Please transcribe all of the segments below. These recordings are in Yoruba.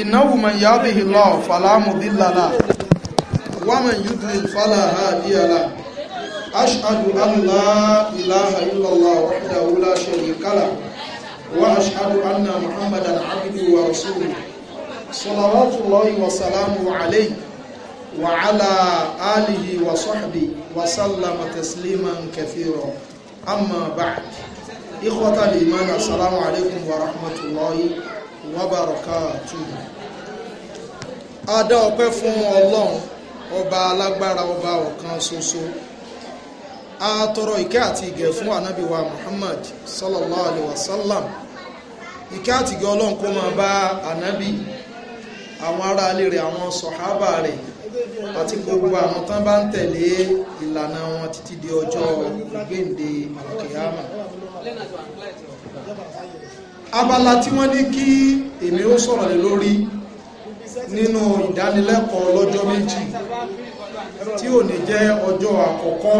إنه من يهده الله فلا مضل له ومن يضلل فلا هادي له أشهد أن لا إله إلا الله وحده لا شريك له وأشهد أن محمدا عبده ورسوله صلوات الله وسلامه عليه وعلى آله وصحبه وسلم تسليما كثيرا أما بعد إخوة الإيمان السلام عليكم ورحمة الله wàbàrọ̀kàtù. adá ọpẹ́ fún ọlọ́run ọba alágbára ọba ọ̀kan ṣoṣo a tọrọ ìkẹ́ àti ìgẹ̀ fún ànábì wa muhammad sallallahu alaihi wasallam ìkẹ́ àti ìgẹ̀ ọlọ́run kó máa bá ànábì àwọn ará ilé rẹ̀ àwọn sọ̀hábà rẹ̀ àti gbogbo àwọn tán bá ń tẹ̀lé ìlànà wọn títí di ọjọ́ ìgbéǹde àkèyàmà abala tí wọ́n ní kí èmi ó sọ̀rọ̀ lé lórí nínú ìdánilẹ́kọ̀ọ́ lọ́jọ́ méjì tí ò ní jẹ́ ọjọ́ àkọ́kọ́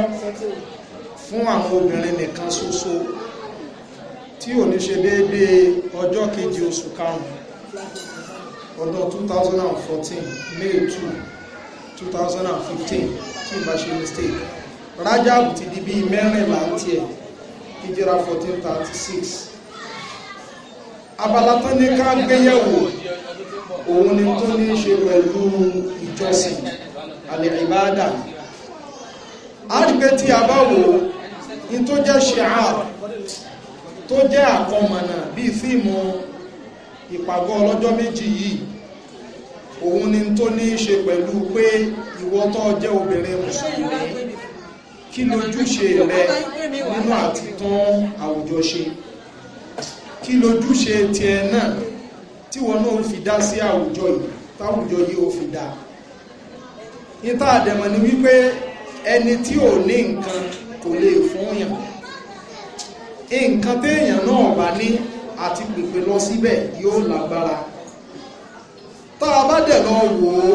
fún àwọn obìnrin nìkan ṣoṣo tí ò ní ṣe déédéé ọjọ́ kejì oṣù karùn-ún ọdún 2014 May 2 2015 tí ìbá ṣe mistake Rajab ti di bíi mẹ́rìnlá tiẹ̀ ìjìra 1436 abala tó ní ká gbéyẹ̀wò òun ni tó ní ṣe pẹ̀lú ìjọsìn àlè ìbáadà a rí tí a bá wò ní tó jẹ́ ṣe'á tó jẹ́ àkọmọ̀nà bíi fíìmù ìpàgọ́ ọlọ́jọ́ méjì yìí òun ni tó ní ṣe pẹ̀lú pé ìwọ jẹ́ obìnrin mùsùlùmí kí lójúṣe rẹ nínú àtìtàn àwùjọ ṣe kí lójúṣe tiẹ̀ náà tí wọn náà fi dá sí àwùjọ yìí táwùjọ yìí ó fi dá níta àdẹ̀mọ̀ ni wípé ẹni tí ò ní nǹkan kò lè fún yàn nǹkan téèyàn náà bá ní àti pèpè lọ síbẹ̀ yóò lágbára tá a bá dẹ̀ lọ wò ó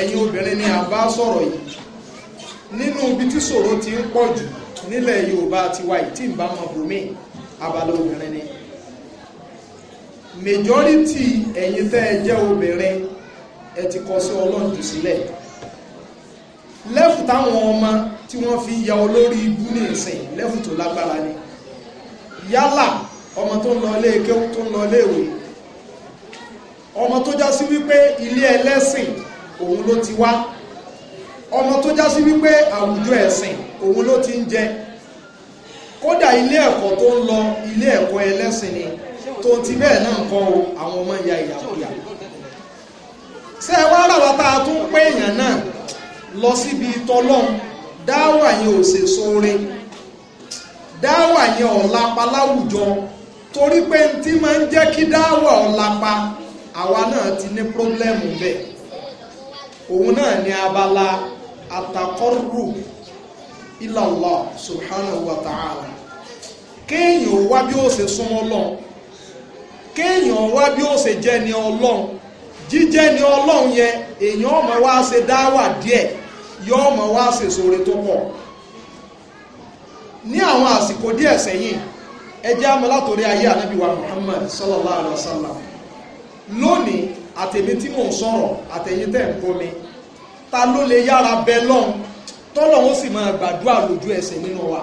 ẹ̀yin obìnrin ni a bá sọ̀rọ̀ yìí nínú ibi tí ṣòro ti ń pọ̀ jù nílẹ̀ Yorùbá tiwa yìí tí ń bá mọ̀ bòmí abala obìnrin ni majority ẹ̀yin tẹ́ ẹ jẹ́ obìnrin ẹ ti kọ sí ọlọ́run jù sílẹ̀ lẹ́fù táwọn ọmọ tí wọ́n fi ya olórí ibú ní ìsìn lẹ́fù tó lágbára ni yálà ọmọ tó ń lọ ilé kéwú tó ń lọ ilé ìwé ọmọ tó já sí wípé ilé ẹlẹ́sìn òun ló ti wá ọmọ tó já sí wípé àwùjọ ẹ̀sìn òun ló ti ń jẹ kódà ilé ẹ̀kọ́ tó ń lọ ilé ẹ̀kọ́ ẹlẹ́sìn ni tó ti bẹ́ẹ̀ náà kọ́ o àwọn ọmọ ìyá ìyàkúyà ṣé ẹ wá ràwá tá a tún pé èèyàn náà lọ síbi tọlọ́n dáwà yẹn ò ṣe sóore dáwà yẹn ọ̀lapa láwùjọ torí pé tí máa ń jẹ́ kí dáwà ọ̀lapa àwa náà ti ní pírọ́blẹ́mù bẹ́ẹ̀ òun náà ní abala àtàkọ́rù ilallah subhanahu wa ta'ala kéèyàn wá bí ó ṣe súnmọ́ lọ́n kéèyàn wá bí ó ṣe jẹ́ ni ọlọ́run jíjẹ́ ni ọlọ́run yẹn èèyàn ọmọ wa ṣe dáwà díẹ̀ yọ ọmọ wa ṣe sóore tó pọ̀ ní àwọn àsìkò díẹ̀ sẹ́yìn ẹ àmọ́ látòrí ayé ànábì wa Muhammad sallallahu alayhi wa sallam lónìí àtẹ̀mí tí mò ń sọ̀rọ̀ àtẹ̀yìn tẹ̀ ń kó mi ta ló lè yára bẹ lọ́hùn tọ́lọ́hún sì máa gbàdúrà lójú ẹsẹ̀ nínú wa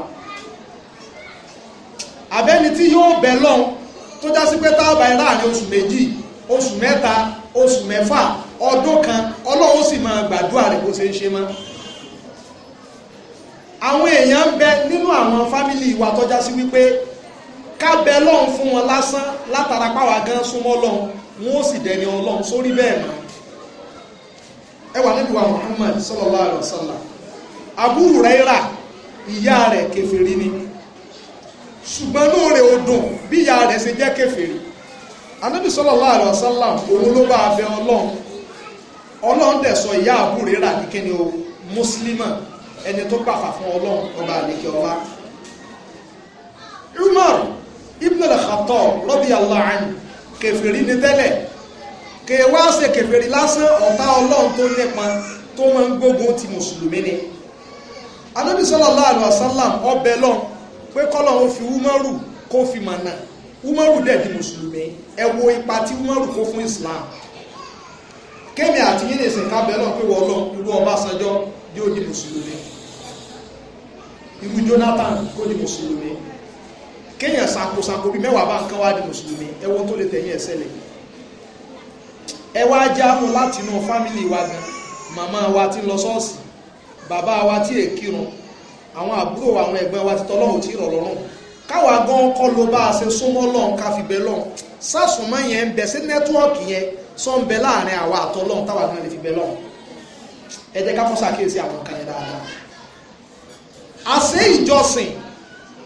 àbẹ́ni tí yóò bẹ lọ́hùn tó já sí pé táàbà ẹ̀ láàrin oṣù méjì oṣù mẹ́ta oṣù mẹ́fà ọdún kan ọlọ́run sì máa gbàdúrà rẹ̀ bó ṣe ń ṣe mọ́ àwọn èèyàn ń bẹ nínú àwọn fámìlì wa tó já sí wípé kábẹ́ lọ́hún fún wọn lásán látara páwa gan súnmọ́ lọ́hún wọn ó sì dẹni ọlọ́hún sórí bẹ́ẹ̀ mọ́ ẹ wà níbi wa Muhammad sallallahu alaihi wasallam Abu Huraira ìyá rẹ̀ kẹfìrí ni ṣùgbọ́n inú rẹ̀ ò bí ìyá rẹ̀ ṣe jẹ́ kèfèrí anábì sallallahu alaihi wasallam òun ló bá abẹ ọlọ́run ọlọ́run dẹ̀ sọ ìyá o mùsùlùmá ẹni tó gbàfà fún ọlọ́run ọba àlekè Umar ibn al-Khattab radiyallahu anhu kèfèrí ní tẹ́lẹ̀ kèwá ṣe kèfèrí lásán ọ̀tá ọlọ́run tó nípa tó máa ń gbógun ti mùsùlùmí ni anábì pé kọ́lọ̀ fi Umaru kó fi mọ̀nà Umaru dẹ̀ di mùsùlùmí ẹ wo ipa tí Umaru kó fún Islam kémi àti yín nìsín kábẹ́ náà pé wọ́n lọ irú Ọbásanjọ́ yóò di mùsùlùmí irú Jonathan kó di mùsùlùmí kéèyàn sakosako bíi mẹ́wàá bá nǹkan wá di mùsùlùmí ẹwọ́n tó lè tẹ̀yìn ẹ̀sẹ̀ lẹ̀ ẹ wá já mú látinú fámìlì wa gan màmá wa ti lọ sọ́ọ̀sì bàbá wa ti èkírun àwọn àbúrò àwọn ẹ̀gbọ́n wa ti tọ́lọ́hùn tí ìrọ̀ lọ́rùn káwa gan kọ́ ló bá a ṣe súnmọ́ lọ́hùn ká fi bẹ lọ́hùn sásùnmọ́ yẹn ń bẹ sí nẹ́tíwọ́ọ̀kì yẹn sọ ń bẹ láàrin àwa àtọ́lọ́hùn táwa gan lè fi bẹ lọ́hùn ẹ jẹ́ ká fọ́sà kíyèsí àwọn kan yẹn dáadáa. àṣé ìjọsìn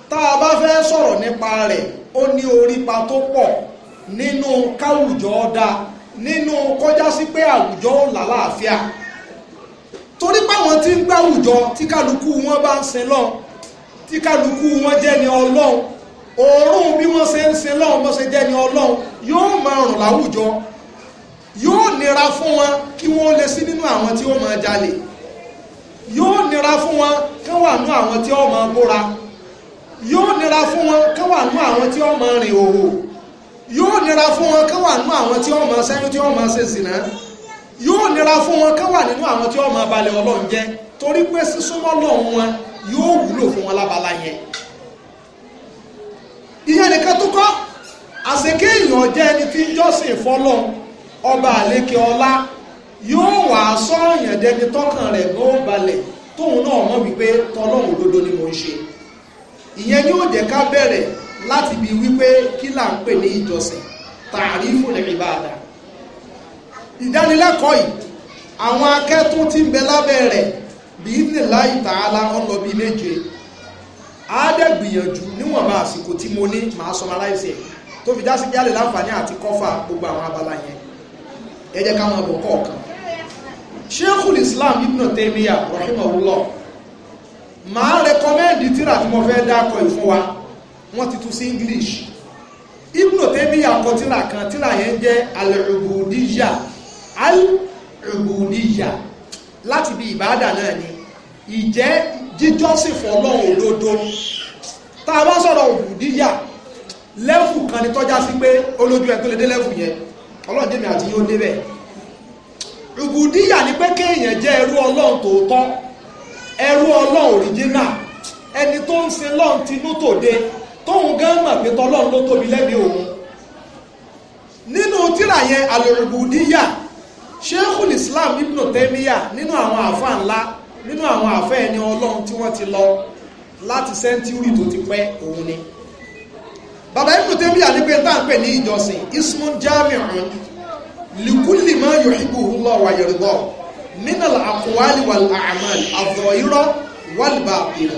tá a bá fẹ́ sọ̀rọ̀ nípa rẹ̀ ó ní orípa tó pọ̀ nínú káwùjọ dáa nínú kọjá sí pé àwùjọ làlàáfíà torí páwọn tí ń gbáwùjọ tí kálukú wọn bá ń sin lọ́hùn tí kálukú wọn jẹ́ ni ọlọ́hun òórùn bí wọ́n ṣe ń sin lọ́hùn bó ṣe jẹ́ ni ọlọ́hun yóò máa rùn láwùjọ yóò nira fún wọn kí wọ́n lè sí nínú àwọn tí ó máa jalè yóò nira fún wọn kí wọ́n wà nú àwọn tí ó máa bóra yóò nira fún wọn kí wọ́n wà nú àwọn tí ó máa rìn òhò yóò nira fún wọn kí wọ́n wà nú àwọn tí ó máa ṣẹ́yún tí ó máa ṣe zìnà yóò nira fún wọn kán wà nínú àwọn tí ọmọ abalẹ̀ ọlọ́run jẹ́ torí pé sísúnmọ́ lọ́run wọn yóò wúlò fún wọn lábala yẹn ìyẹn nìkan tó kọ́ àṣekè èèyàn jẹ́ ẹni tí ń jọ́sìn fọ́lọ́run ọba àlékè ọlá yóò wà sọ́ọ̀yàn dẹni tọ́kàn rẹ̀ ló balẹ̀ tóun náà mọ̀ wípé tọ́lọ́run òdodo ni mo ń ṣe ìyẹn yóò jẹ́ ká bẹ̀rẹ̀ láti bi wípé kí là ń pè ní ìjọsìn tààrífù ní ìbáàdà ìdánilẹ́kọ̀ọ́ yìí àwọn akẹ́tún tí ń bẹ lábẹ́ rẹ̀ bíi nílá ìtàhálà ọlọ́bí méje àádẹ́gbìyànjú níwọ̀nba àsìkò tí mo ní màá sọmaláìsì ẹ̀ tó fi jásí jálè láǹfààní àti kọ́fà gbogbo àwọn abala yẹn ẹ káwọn ọ̀bọ̀ kọ̀ọ̀kan Sheikhul Islam Ibn Taymiyyah rahimahullah màá rẹkọmẹ́ndì tíra tí mo fẹ́ dákọ̀ ìfún wa wọ́n ti tú sí English Ibn Taymiyyah kọ tíra kan tíra yẹn jẹ́ al-Ubudiyyah al-ubudiyya láti bí ìbáàdà náà ni ìjẹ́ jíjọ́sìn fọlọ́run òdodo tá a bá sọ̀rọ̀ ubudiyya lẹ́fù kan ni tọ́já sí pé olójú ẹ̀ tó lè dé lẹ́fù yẹn ọlọ́run dèmi àti yóò débẹ̀ ubudiyya ni pé kéèyàn jẹ́ ẹrú ọlọ́run tòótọ́ ẹrú ọlọ́run òrìjínà ẹni tó ń sin lọ́run tinú tòde tóun gan mọ̀ pé tọ́lọ́run ló tóbi lẹ́mìí òun nínú tíra yẹn al sheikhul islam ibn taymiya nínú àwọn àfa ńlá nínú àwọn àfa ẹni ọlọ́run tí wọ́n ti lọ láti sẹ́ńtúrì tó ti pẹ́ òun ni bàbá ibn taymiya ní pé táà ń pè ní ìjọsìn ismun jami'un likulli ma yuhibbuhu Allah wa yarda min al-aqwali wal a'mal adh wal batina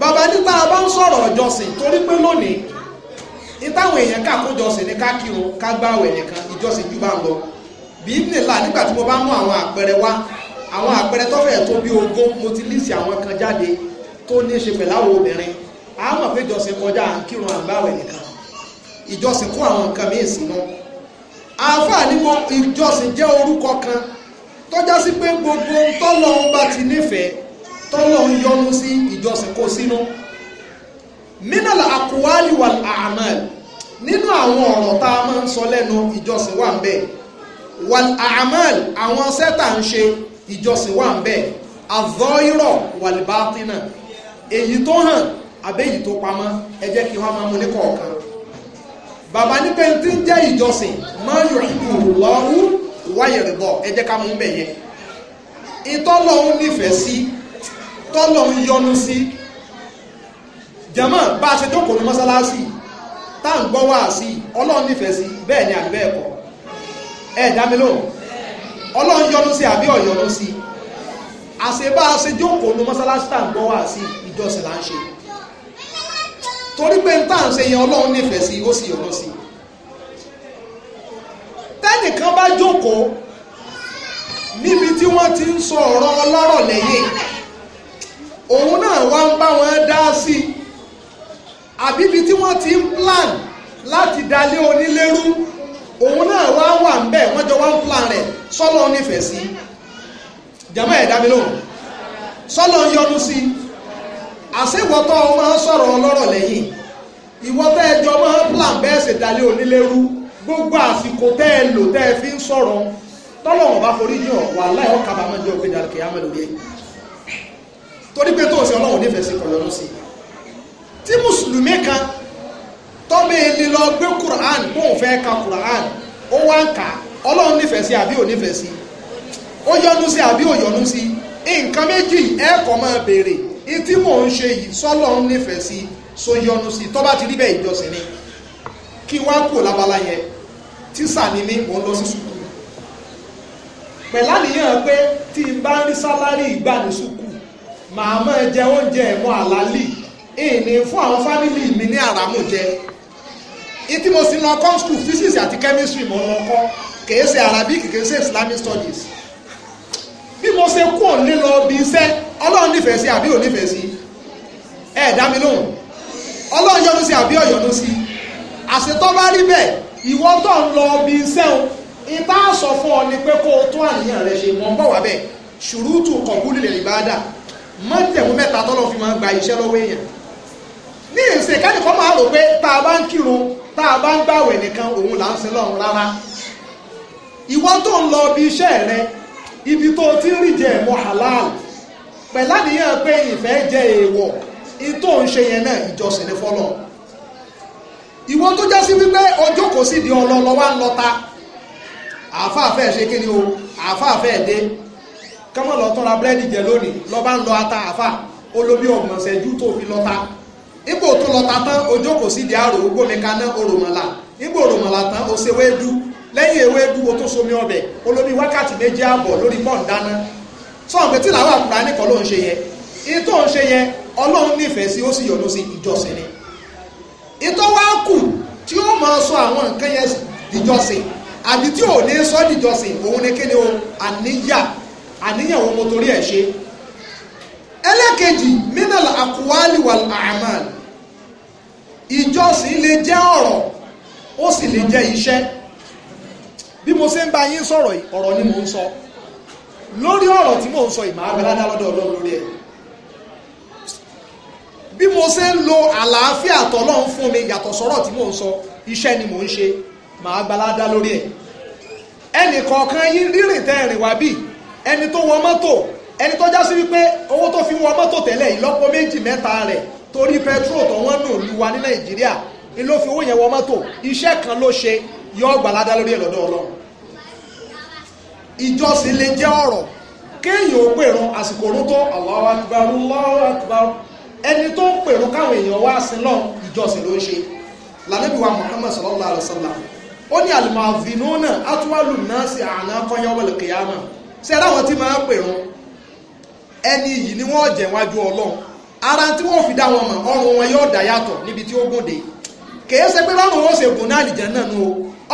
bàbá ní tá a bá ń sọ̀rọ̀ ìjọsìn torí pé lónìí ìtàwọn èèyàn kà kó jọsìn ní ká kírun ká gbàwẹ̀ nìkan ìjọsìn jù bá ń lọ bíbí nìlá nígbà tí mo bá mú àwọn àpẹẹrẹ wá àwọn àpẹẹrẹ tó fẹ̀ tó bí ogún mo ti lísì àwọn kan jáde tó ní ṣe pẹ̀lú àwọn obìnrin a mọ̀ pé ìjọsìn kọjá kírun àgbáwẹ̀ nìkan ìjọsìn kó àwọn nǹkan míì sínú àáfàá ní mo ìjọsìn jẹ́ orúkọ kan tọ́já sí pé gbogbo tọ́lọ́hún bá ti nífẹ̀ẹ́ tọ́lọ́hún yọ́nú sí ìjọsìn kó sínú mínàlá àkùwálì àmàl nínú àwọn ọ̀rọ̀ tá a máa ń sọ lẹ́nu ìjọsìn wà ń bẹ́ẹ̀ wal amal àwọn sẹ́tà ń ṣe ìjọsìn wà ń bẹ̀ àzọ́yìrọ̀ wal bátínà èyí tó hàn àbẹ́yì tó pamọ́ ẹ jẹ́ kí wọ́n máa mú ní kọ̀ọ̀kan bàbá ní pé tí ń jẹ́ ìjọsìn máa yọ ìbò lọ́rú wáyẹ̀rẹ̀ bọ̀ ẹ jẹ́ ká mú bẹ̀ yẹn ìtọ́lọ́hún nífẹ̀ẹ́ sí tọ́lọ́hún yọ́nú sí jàmáà bá a ṣe jókòó ní mọ́sálásì tá à ń gbọ́ wá sí ọlọ́run nífẹ̀ẹ́ sí bẹ́ẹ̀ ni àbí bẹ́ẹ̀ ẹ dá mi lóhùn ọlọ́run yọ́nú sí àbí ọ̀yọ́nú sí àṣebá ṣe jókòó ní mọ́sálásí tá à ń gbọ́ wá sí ìjọsìn là ń ṣe torí pé n tá à ń ṣe yẹn ọlọ́run nífẹ̀ẹ́ sí ó sì yọ́nú sí tẹ́nìkan bá jókòó níbi tí wọ́n ti ń sọ ọ̀rọ̀ ọlọ́rọ̀ lẹ́yìn òun náà wá ń bá wọn dá sí àbíbi tí wọ́n ti ń plan láti dalé onílérú òun náà wá wà ń bẹ́ẹ̀ wọ́n jọ wá ń plan rẹ̀ sọ́lọ́ nífẹ̀ẹ́ sí jàmọ́ ẹ̀dá mi lóhùn sọ́lọ́ ń yọnu sí àṣewọ́tọ́ máa ń sọ̀rọ̀ ọlọ́rọ̀ lẹ́yìn ìwọ́tẹ́ ẹjọ́ máa ń plan bẹ́ẹ̀ ṣèdálé onílérú gbogbo àsìkò tẹ́ ẹ lò tẹ́ ẹ fi ń sọ̀rọ̀ tọ́lọ̀wọ̀n bá forí yàn wà láì ọkà bá mọ́jọ́ ògbé dàrú kìí àmàlò yẹ torí pé tó ṣe ọlọ́run nífẹ̀ẹ́ sí kọ̀yọ́rọ́ sí tí mùsùlùmí kan tọ́bẹ̀ èlé lọ gbé quran bóun fẹ́ ka quran ó wá ń kà ọlọ́run nífẹ̀ẹ́ sí àbí ò nífẹ̀ẹ́ sí ó yọnu sí àbí ò yọnu sí nǹkan méjì ẹ̀ẹ́kọ̀ máa béèrè ìtí mò ń ṣe yìí sọ́lọ́run nífẹ̀ẹ́ sí so yọnu sí tọ́ba ti rí bẹ́ẹ̀ ìjọsìn ni kí wá kú lábala yẹn tíṣà ni mí mò ń lọ sí sùkúù pẹ̀láníyàn pé tí n bá ń rí sálárì ìgbà ní sùkúù màá máa jẹ oúnjẹ ẹ̀mọ́ àlálì ìní fún àwọn fámìlì mi ní àràmù jẹ ìtí mo sì lọ kọ́ school physics àti chemistry mo lọ kọ́ kìí ṣe arabic kìí ṣe islamic studies bí mo ṣe kú òní lọ bí iṣẹ́ ọlọ́run nífẹ̀ẹ́ sí àbí ò nífẹ̀ẹ́ sí ẹ dá mi lóhùn ọlọ́run yọ́nú sí àbí ọ̀yọ́nú sí àṣetọ́ bá rí bẹ́ẹ̀ ìwọ tó ń lọ bí iṣẹ́ o ìbá sọ fún ọ ni pé kó o tún àníyàn rẹ ṣe mọ́ ń bọ̀ wá bẹ́ẹ̀ ṣùrùtù kọ̀gúlìlẹ̀ ìbáadà mọ́tẹ̀mú mẹ́ta tọ́lọ́ fi máa gba iṣẹ́ lọ́wọ́ èèyàn ní ìsìnkáyìí máa rò pé tá a bá ń kírun tá a bá ń gbàwẹ̀ nìkan òun là ń sin lọ́run rárá ìwọ tó ń lọ ibi iṣẹ́ rẹ ibi tó ti ń rí jẹ ẹ̀mọ́ halal pẹ̀lú àníyàn pé ìfẹ́ jẹ èèwọ̀ ìtò ń ṣe yẹn náà ìjọsìn ní fọlọ́ ìwọ tó já sí wípé ọjọ́ kò sí di ọlọ́lọ́ wá ń lọ́ta àáfàáfẹ́ ṣe kí ni o àáfàáfẹ́ dé kọ́mọ́ lọ́tọ́ra búrẹ́dì jẹ lónìí lọ́ba ń lọ ata àáfà olóbi ọ̀gbọ̀nsẹ̀jú tó fi lọ́ta ipò tó lọ ta tán ojókòó sí di àrò gbómi kaná oròmọ̀là ipò oròmọ̀là tán o ṣe wéédú lẹ́yìn ewédú o tó somi ọbẹ̀ olómi wákàtí méjì ààbọ̀ lórí pọ́ùn dáná sọ̀rọ̀ pé tí làwọn àkùrá nìkan ló ń ṣe yẹn ìtò ń ṣe yẹn ọlọ́run nífẹ̀ẹ́ sí ó sì yọ́nú sí ìjọsìn ni ìtò wá kù tí ó máa sọ àwọn nǹkan yẹn dìjọsìn àbí tí ò ní sọ dìjọsìn òun ni kí ni o àníyà àníyàn òun mo torí ẹ̀ ṣe ẹlẹ́kejì minal aqwali wal a'mal ìjọsìn lè jẹ́ ọ̀rọ̀ ó sì lè jẹ́ iṣẹ́ bí mo ṣe ń bá yín sọ̀rọ̀ ọ̀rọ̀ ni mo ń sọ lórí ọ̀rọ̀ tí mo ń sọ ìmọ̀ abẹ́ládá lọ́dọ̀ ọlọ́run lórí ẹ̀ bí mo ṣe ń lo àlàáfíà tọ́lọ́run fún mi yàtọ̀ sọ́rọ̀ tí mo ń sọ iṣẹ́ ni mo ń ṣe màá gbaládá lórí ẹ̀ ẹnì kọ̀ọ̀kan yín rírìn tẹ́ ẹ̀rìn wá bí ẹni tó wọ mọ́tò ẹni tó já sí wípé owó tó fi wọ mọ́tò tẹ́lẹ̀ ìlọ́po méjì mẹ́ta rẹ̀ torí petrol tó wọ́n nù lù wá ní nàìjíríà ni ló fi owó yẹn wọ mọ́tò iṣẹ́ kan ló ṣe yọ gbàládá lórí ẹ̀ lọ́dọ̀ ọlọ́run ìjọsìn lè jẹ́ ọ̀rọ̀ kéèyàn ó pèrun àsìkò orun tó Allahu Akbar ẹni tó ń pèrun káwọn èèyàn wá sí náà ìjọsìn ló ń ṣe lànàbí wa Muhammad sallallahu alaihi wasallam ó ní àlùmọ̀ àvinú náà á tún wá lù náà sí àná kọ́yọ́wọ́lẹ̀ kìyàmà sí ẹ láwọn tí máa ń pèrun ẹni yìí ni wọ́n jẹ́ wájú ọlọ́run ara tí wọ́n fi dá wọn mọ̀ ọrùn wọn yóò dá yàtọ̀ níbi tí ó gòdè kèé ṣe pé báwọn wọn ṣe gùn náà lìjẹ́ náà nù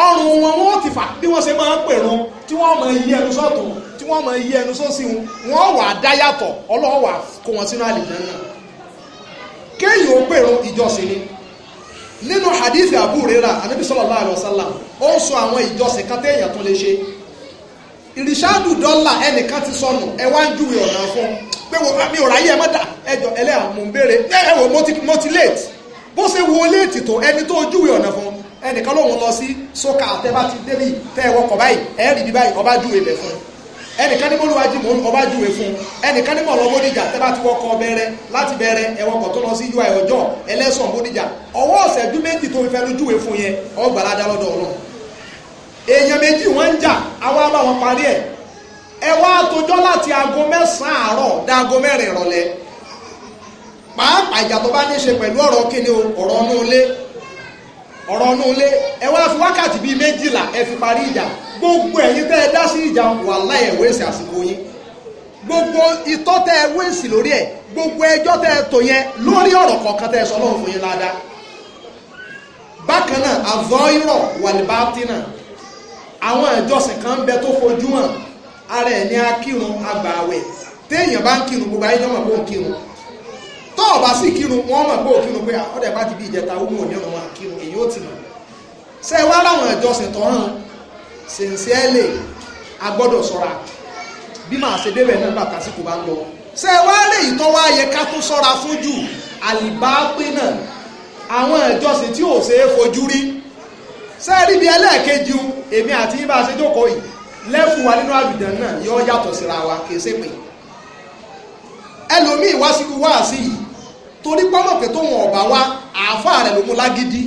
o ọrùn wọn wọn ti fà bí wọ́n ṣe máa ń pèrun tí wọ́n máa yí ẹnu sọ́tún tí wọ́n máa yí ẹnu sósì wọn wà á dá yàtọ̀ ọlọ́run wà kó wọn sínú àlìjẹ́ náà kéèyàn ó pèrun ìjọsìn ni nínú hadith Abu Hurairah anabi sallallahu alaihi wasallam ó ń sọ àwọn ìjọsìn kan téèyàn tó lè ṣe ìrìṣàdù dọ́là ẹnìkan ti sọnù ẹ wá ń júwe ọ̀nà fún pé wo mi ò ráyè ẹ mọ́ta ẹjọ ẹlẹ́yà mò ń béèrè ẹ wò motilate bó ṣe wo late tó ẹni tó júwe ọ̀nà fún ẹnìkan lòun lọ sí sókà àtẹ́bá ti débì tẹ́ ẹ wọkọ̀ báyìí ẹ rí bí báyìí ọba júwe bẹ̀ fún ẹnìkan ní mọ́lúwájú mò ń ọba júwe fún ẹnìkan ní mọ̀lọ́ bódìjà tẹ́bá ti wọkọ̀ bẹ̀rẹ̀ láti bẹ̀rẹ̀ ẹ wọkọ̀ tó lọ sí ui ọjọ́ ẹlẹ́sàn bódìjà ọwọ́ ọ̀sẹ̀ ju méjì tó fi fẹ́ lójúwe fún yẹn ọgbàlájà lọ́dọ̀ ọlọ́run èèyàn méjì wọ́n ń jà àwọn parí ẹ wá àtòjọ́ láti aago mẹ́sàn-án àárọ̀ dá aago mẹ́rin ìrọ̀lẹ́ pàápàá ìjà tó bá ní ṣe pẹ̀lú ọ̀rọ̀ kíni ọ̀rọ̀ ọ̀nù ilé ọ̀rọ̀ gbogbo ẹ̀yin tẹ́ ẹ dá sí ìjà wàhálà àsìkò gbogbo ìtọ́ tẹ́ ẹ wéṣì lórí gbogbo ẹjọ́ tẹ́ ẹ tò yẹn lórí ọ̀rọ̀ kọ̀ọ̀kan tẹ́ ẹ sọ lọ́wọ́ fún yín ládàá bákan àwọn ìjọsìn kan ń bẹ tó fojú hàn ara ẹ̀ ní akírun agbààwẹ̀ téèyàn bá ń kírun gbogbo ayé lọ́mọ̀ bó ń kírun tó o bá sì kírun wọ́n mọ̀ bó ń kírun pé ọ̀dẹ̀ bá ti bí ìjẹta ó mú òní ọ̀nà wọn kírun èyí ó ti mọ̀ ṣe wá láwọn ìjọsìn tó hàn sincerely a gbọ́dọ̀ ṣọ́ra bí màá ṣe débẹ̀ náà bàtà sí kò bá ń lọ ṣe wá lè ìtọ́ wá yẹ ká tún ṣọ́ra fún jù àlìbá pé náà àwọn ìjọsìn tí ò ṣe fojú rí sẹ́ẹ̀rí bíi ẹlẹ́ẹ̀kejì o èmi àti yín bá a ṣe jókòó yìí lẹ́fù wa nínú àlùjá náà yóò yàtọ̀ síra wa kì í ṣe pé ẹlòmíì wá sí wá sí yìí torí pọ́nmọ̀ pé tó wọn ọ̀bà wa àáfàá rẹ̀ ló mú lágídí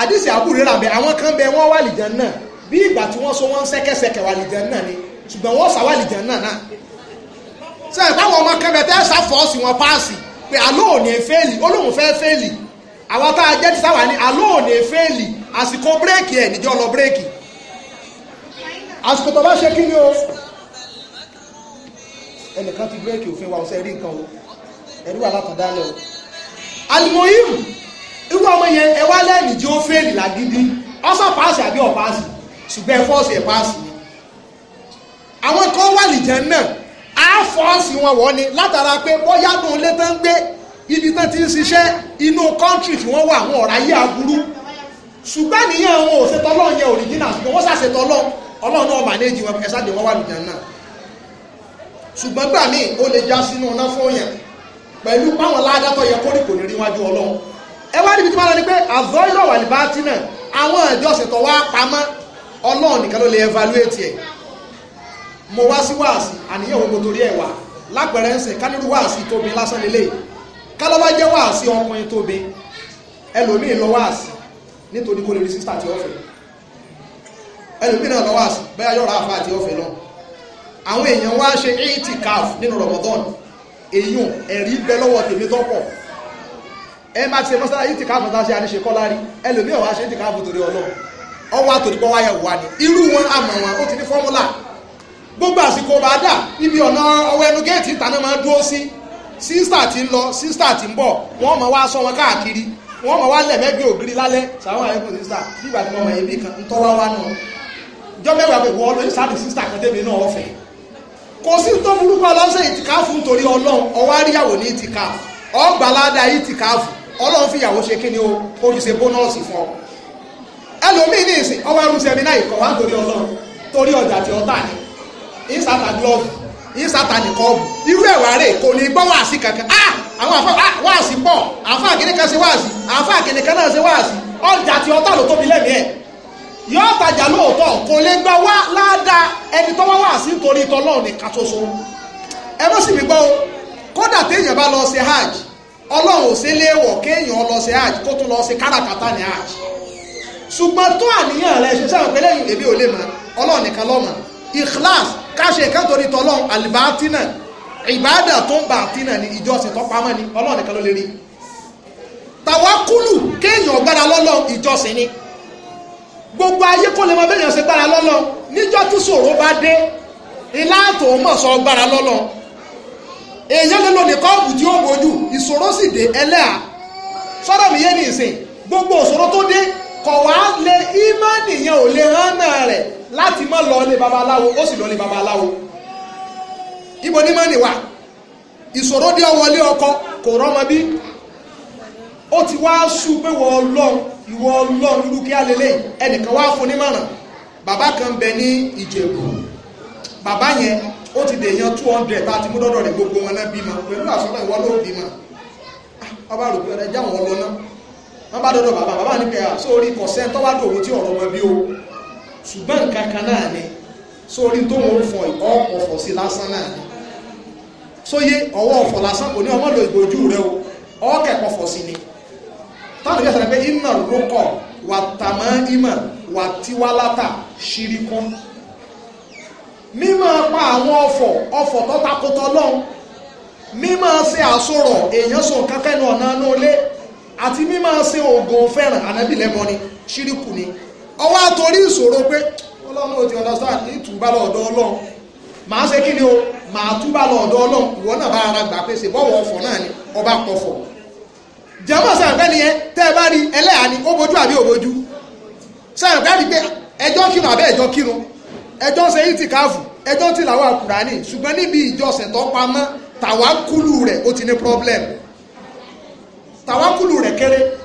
àdìsí àbúrò rà bẹ́ẹ̀ àwọn kan bẹ́ẹ̀ wọ́n wà lìjà náà bí ìgbà tí wọ́n so wọ́n sẹ́kẹsẹkẹ wà lìjà náà ni ṣùgbọ́n wọ́n sá wà lìjà náà náà sẹ́yìn táwọn ọmọ kan bẹ́ẹ̀ tẹ́ sá fọ́ọ̀sì wọn páàsì pé àlọ́ òní fẹ́ẹ̀lì olóhùn fẹ́ẹ́ fẹ́ẹ̀lì àwa tá a jẹ́ ti sáwà ní alóòní fẹ́ẹ̀lì àsìkò bírèkì ẹ̀ níjọ́ lọ bírèkì àsìkò tó bá ṣe kí ni o ẹnìkan ti bírèkì òfin wa ọ̀sẹ̀ rí nǹkan o ẹ̀rú wà látàdá lẹ̀ o alimoyim irú ọmọ yẹn ẹ wá lẹ́ẹ̀mí tí ó fẹ́ẹ̀lì lágídí ọ́sà páàsì àbí ọ̀páàsì ṣùgbọ́n ẹ fọ́ọ̀sì ẹ̀ páàsì àwọn kan wà lìjẹ́ náà á fọ́ọ̀sì wọn wọ́ ni látara pé bóyá nù ilé tán gbé ibi tán ti ń ṣiṣẹ́ inú kọ́ńtì tí wọ́n wà àwọn ọ̀rá yé aburú ṣùgbọ́n nìyẹn àwọn òṣètò ọlọ́run yẹn original ṣùgbọ́n wọ́n ṣàṣetò ọlọ́run ọlọ́run náà mànéjì wọn ẹ̀sà dé wọ́n wà lùjẹ́ náà ṣùgbọ́n gbà míì ó lè já sínú ọ̀nà fún yẹn pẹ̀lú báwọn ládàtọ̀ yẹ kórì kò ní rí wájú ọlọ́run ẹ wá níbi tí wọ́n lọ ni pé àzọ́ ìrọ̀ wà nípa tí náà àwọn ìjọsìn tó wá pamọ́ ọlọ́run nìkan ló lè evaluate ẹ̀ mo wá sí wáàsì àníyàn òun mo torí ẹ̀ wà lápẹ̀rẹ̀ ń sìn kánírú wáàsì tóbi lásán lélẹ́yìí kálọ́wá jẹ́ wáàsí ọkùnrin tóbi ẹlòmíì lọ wáàsí nítorí kó lè rí sísítà tí ó fẹ́ ẹlòmíì náà lọ wáàsí bẹ́ẹ̀ yọ̀rọ̀ àfa àti ọ̀fẹ́ lọ àwọn èèyàn wá ṣe eighty calf nínú Ramadan èèyàn ẹ̀rí bẹ lọ́wọ́ tèmi tọ́pọ̀ ẹ má ti ṣe mọ́sálá eighty calf tá a ṣe àníṣe kọ́ lárí ẹlòmíì ọ̀wá ṣe eighty calf torí Ọlọ́run ọwọ́ àtòdìpọ̀ wáyà wà ní irú wọn àmọ̀ wọn ó ti ní fọ́múlà gbogbo àsìkò bá dà ibi ọ̀nà ọwọ́ ẹnu géètì ìtàná máa dúró sí sísítà ti ń lọ sísítà tí ń bọ̀ wọ́n mọ̀ wá sọ wọn káàkiri wọ́n mọ̀ wá lẹ̀mẹ́gbẹ́ ògiri lálẹ́ sàwọn àyẹ̀kọ́ sísítà nígbà tí wọ́n mọ̀ ẹ̀mí kan ń wá náà jọ mẹ́wàá pé wọ́n lóyún sáàdì sísítà kan náà ọ̀fẹ́ kò sí tó burúkú ọlọ́sẹ̀ nítorí ọlọ́run ọwọ́ àríyàwó ní ọgbàládà ọlọ́run fìyàwó ìsátani kọ́ọ̀bù irú ẹ̀wà rẹ̀ kò ní gbọ́ wáàsí kankan ah àwọn àfa ah wáàsí pọ̀ àfa àkíní kan ṣe wáàsí àfa àkíní kan náà ṣe wáàsí ọjà tí ọtá ló tóbi lẹ́mìí ẹ̀ yóò tajà lóòótọ́ kò lè gba wá ládàá ẹni tó wá wáàsí nítorí tọ́lọ́ọ̀ nìkan ṣoṣo ẹ mọ́ sì mí gbọ́ o kódà téèyàn bá lọ ṣe hajj ọlọ́run ò sí léèwọ̀ kéèyàn lọ ṣe hajj kó tún lọ ṣe káràkátà ní hajj ṣùgbọ́n tó àníyàn rẹ ṣe sẹ́wọ̀n pẹ́lẹ́yìn èmi ò lè mọ̀ ọlọ́run nìkan lọ́mọ̀ ikhlas káṣe nǹkan torí tọ́lọ́run alibatina ìbádà tó ń bàtínà ní ìjọsìn tó pamọ́ ni ọlọ́run nìkan ló lè rí tàwákùlù kéèyàn gbára lọ́lọ́ ìjọsìn ni gbogbo ayé kó lè mọ béèyàn ṣe gbára lọ́lọ́ níjọ́ tí ṣòro bá dé ilá tó mọ̀ sọ gbára lọ́lọ́ èèyàn lè lò ní kọ́ọ̀bù tí ó bojú ìṣòro sì dé ẹlẹ́à sọ́dọ̀ mi yé ní ìsìn gbogbo ìṣòro tó dé kọ̀ wá lé ò lè hánà rẹ̀ láti má lọ ilé babaláwo ó sì lọ ilé babaláwo ibo ní mọ́ni wà ìṣòro dé ọwọlé ọkọ kò rọ́mọ bí ó ti wá sú pé wọ́n ọlọ́run ìwọ ọlọ́run irú kí á lélẹ̀ ẹnìkan wá fún nímọ̀ràn bàbá kan bẹ ní ìjẹ̀bù bàbá yẹn ó ti dèèyàn two hundred bá ti mú dọ́dọ̀ rẹ̀ gbogbo wọn náà bímọ pẹ̀lú àsọ́nà ìwọ ló bímọ ah, ọba rò pé ọ̀rẹ́ jáwọn ọlọ́nà wọn bá dọ́dọ̀ bàbá bàbá ní pé ah, sórí kọ̀sẹ́ tọ́wádùn òun tí ọ̀rọ̀ wọn bí o ṣùgbọ́n nǹkan kan náà ni sórí tó ń fọ ọ̀pọ̀fọ̀ sí lásán náà ni sóyé ọwọ́ ọ̀fọ̀ lásán kò ní ọmọ lò ìgbòjú rẹ o ọ̀kẹ́pọ̀fọ̀ sí ni táwọn ìjọba sọ̀rọ̀ pé iná rókọ̀ wà tàmọ́ ìmọ̀ wà tiwálátà ṣirikún mímọ́ pa àwọn ọ̀fọ̀ ọ̀fọ̀ tó takotọ́ lọ́hùn mímọ́ ṣe àsorọ̀ èèyàn sọ nǹkan kẹ́nu náà lé àti mímọ́ ṣe oògùn fẹ́ràn ànábìlẹ́mọ ni ṣirikù ni ọwọ́ àtòrí ìṣòro pé ọlọ́run ti understand ní ìtùbá lọ́dọ̀ ọlọ́run màá ṣe kí ni o màá túbá lọ́dọ̀ ọlọ́run ìwọ náà bá ara gbà pé ṣe bọ́wọ́ náà ni ọba pọ̀fọ̀ jẹ́mọ̀ sàǹfẹ́ nìyẹn tẹ́ ẹ bá rí ẹlẹ́yà ni ó bojú àbí òbojú sàǹfẹ́ rí pé ẹjọ́ kírun àbẹ́ ẹjọ́ kírun ẹjọ́ ṣe yìí ti káàfù ẹjọ́ ti làwọn ṣùgbọ́n níbi tó pamọ́ tàwákùlù rẹ̀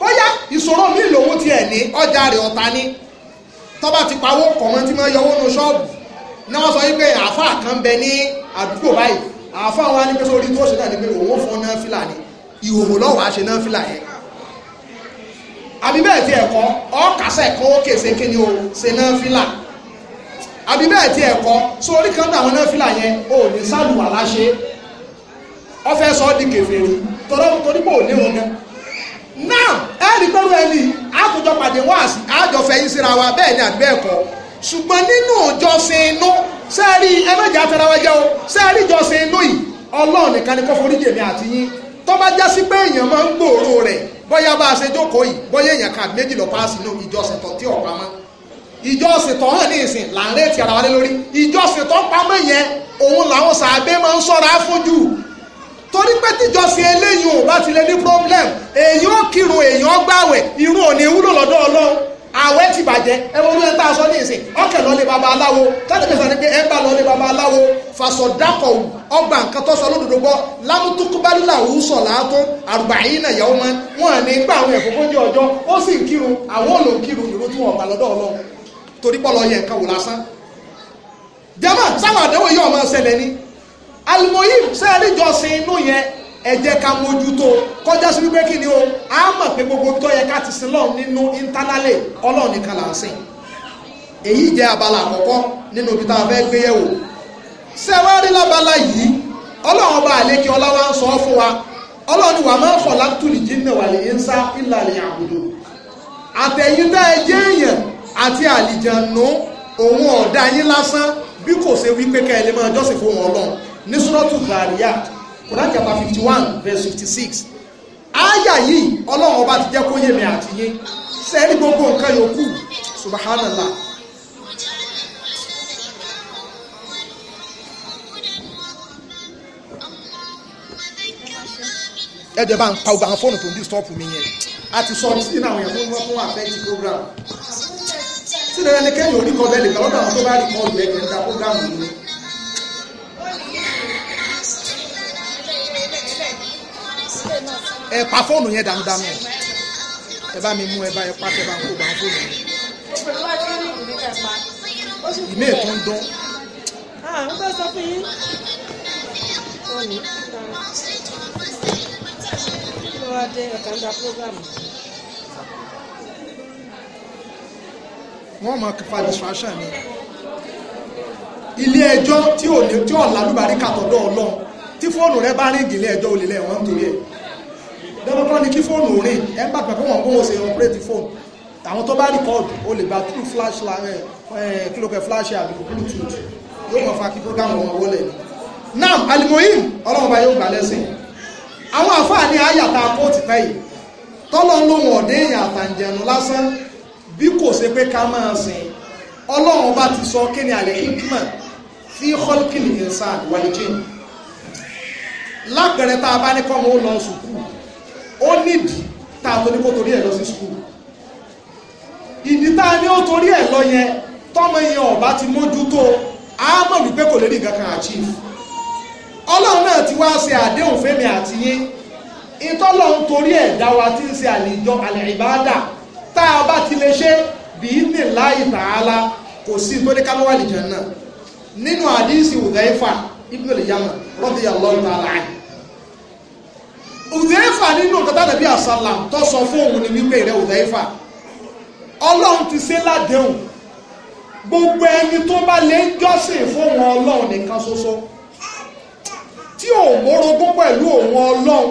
bóyá ìṣòro mi lòun ti ẹ̀ ní ọjà rẹ̀ ọ̀tá ní tọ́ba ti pawó kọ̀mọ́ tí máa yọwọ́ nu ṣọ́ọ̀bù ní wọ́n sọ wípé àáfàá kan bẹ ní àdúgbò báyìí àáfàá wa ní pé sórí tó ṣe náà ni pé òun fọ́ náà fìlà ni ìhòòhò lọ́wọ́ àṣẹ náà fìlà yẹn àbí bẹ́ẹ̀ ti ẹ̀kọ́ ọ̀kasẹ̀ kan ó kèsè kí ni o ṣe náà fìlà àbí bẹ́ẹ̀ ti ẹ̀kọ́ sórí kan náà àwọn náà fìlà yẹn ò ní sálùwà láṣẹ ọ fẹ́ sọ ọ́ di kèfèrè torí pé ò ní òun gan now ẹ̀rí pẹ̀lú ẹni àtòjọ pàdé wáàsí àjọfẹ́ yín síra wa bẹ́ẹ̀ ni àbí bẹ́ẹ̀ kọ́ ṣùgbọ́n nínú ìjọsìn inú sẹ́ẹ̀rí ẹlẹ́jà tẹ́ra wa jẹ́ o sẹ́ẹ̀rí ìjọsìn inú yìí ọlọ́run nìkan ni kó forí jì èmi àti yín tó bá já sí pé èèyàn máa ń gbòòrò rẹ̀ bóyá bá a ṣe jókòó yìí bóyá èèyàn kan méjì lọ paasi inú ìjọsìn tó tí ọ̀pá mọ́ ìjọsìn tó hàn ní ìsìn là ń rétí ara wa lé lórí ìjọsìn tó pamọ́ yẹn òun làwọn sàbẹ́ máa ń ṣọ́ra fójú torí pé tíjọsìn eléyìí ò bá ti lè ní problem èèyàn kírun èèyàn gbàwẹ̀ irun ò wúlò lọ́dọ̀ Ọlọ́run àwẹ̀ ti bàjẹ́ ẹ wọ́n lóye tá a sọ ní ìsìn ọkẹ́ lọ́lé baba aláwo táwọn ẹgbẹ́ sani pé ẹ bá lọ́lé baba aláwo fàṣọdákọ̀ ọgbà nǹkan tó sọ lódodo gbọ́ lámútúkúbálùlà òwúsọ̀ làátún àrùbáyìn náà yàwó máa wọn ní gbà àwọn ẹ̀fọ́fọ́jú ọjọ́ ó sì ń kírun àwọn ò lò ń kírun ìró tí wọn ọ̀gbà lọ́dọ̀ Ọlọ́run torí pọ̀ lọ yẹ nǹkan wò lásán. jẹ́mọ̀ sáwọn àdéhùn yóò máa ṣẹlẹ̀ ni alimoyim sẹ́ẹ̀rìjọ sin inú yẹn ẹ jẹ́ ká mójútó kọjá sí wípé kí ni o a mọ̀ pé gbogbo tó yẹ ká ti sin lọ́ọ̀ nínú íńtánálẹ̀ ọlọ́ọ̀ nìkan là ń sìn èyí jẹ́ abala àkọ́kọ́ nínú ibi tá a fẹ́ gbé yẹ̀wò sẹ́wárí lábala yìí ọlọ́run ọba àlékí ọlá wa ń sọ fún wa ọlọ́run ni wà máa ń fọ̀ látùlì jìnnà wà lè ń sá ìlàlẹ̀ àbùdó àtẹ̀yìndá ẹjẹ́ èèyàn àti àlìjànú òun ọ̀dá yín lásán bí kò ṣe wípé kẹ́ ẹ lè máa jọ́sìn fún wọn ọlọ́run ní suratu Dhariyat Quran chapter fifty one verse fifty six àyà yìí ọlọ́run ọba ti jẹ́ kó yé mi àti yín sẹ́ẹ̀rí gbogbo nǹkan yòókù subhanallah. ẹjọ bá ń pa ọgbà àwọn fóònù tó ń dí stọọpù mi yẹn a sọ ọtí sínú àwọn yẹn fún wọn fún àfẹẹtì program sínú ẹni kẹyìn orí kọ bẹ́ẹ̀ lè gbà lọ́dọ̀ àwọn tó bá rí kọ ọgbẹ kẹta program yìí ẹ pa fóònù yẹn dánudánu ẹ bá mi mú ẹ bá ẹ pa tẹ bá ń kó bá ń fóònù yẹn. ìmí ètò ń dún. ó bá sọ fún yín. ló wá dé ọ̀kan gba prógrámù. wọ́n máa fa distraction ni ilé ẹjọ́ tí ò lálùbárí kàtọ́dọ̀ ọlọ́run tí fóònù rẹ bá ríngì ilé ẹjọ́ olè lẹ́wọ̀n nítorí ẹ̀ lọ́nà tó ní kí fóònù rìn ẹ̀ ń bàgbà pé wọ́n bó ṣe ọ̀pẹ́rẹ́tì fóònù àwọn tó bá rìkọ́ọ̀dù ó lè gba true flash eh, eh, kílókẹ́ flash àbí bluetooth yóò mọ̀ fa kí program wọn wọlé náà alimoyim ọlọ́run bá yóò gbà lẹ́sìn àwọn àfáà ní àyàtà kóòtù pẹ́ yìí tọ́lọ́ lóhun ọ̀dẹ́ èèyàn àtàǹjẹ̀nu lásán bí kò ṣe pé ká máa sìn ọlọ́run bá ti sọ kí ni àlẹ́ hikman fi khalqil insan wal jinn lápẹ̀rẹ̀ tá a bá ní kọ́mọ ó lọ sùkúù ó nídìí tá a torí kó torí ẹ̀ lọ sí skul ìdí tá a ní ó torí ẹ̀ lọ yẹn tọ́mọ yẹn ọ̀bá ti mójútó a mọ̀ wípé kò lè rí nǹkan kan achieve ọlọ́run náà ti wá ṣe àdéhùn fẹ́mi àti yín ìtọ́lọ́run torí ẹ̀dá wa ti ń ṣe àlejò àlẹ́ ìbáàdà tá a bá ti lè ṣe bíi nílá ìtàhálà kò sí tó ní kálọ́wà lè náà nínú àdísì Hudhayfa ibn al-Yaman radiyallahu ta'ala anhu Udaifa nínú nǹkan tá nàbí tó sọ fún òun ni wípé rẹ Udaifa ọlọ́run ti ṣe ládéhùn gbogbo ẹni tó bá lè ń jọ́sìn fún òun ọlọ́run nìkan ṣoṣo tí ò mórogún pẹ̀lú òun ọlọ́run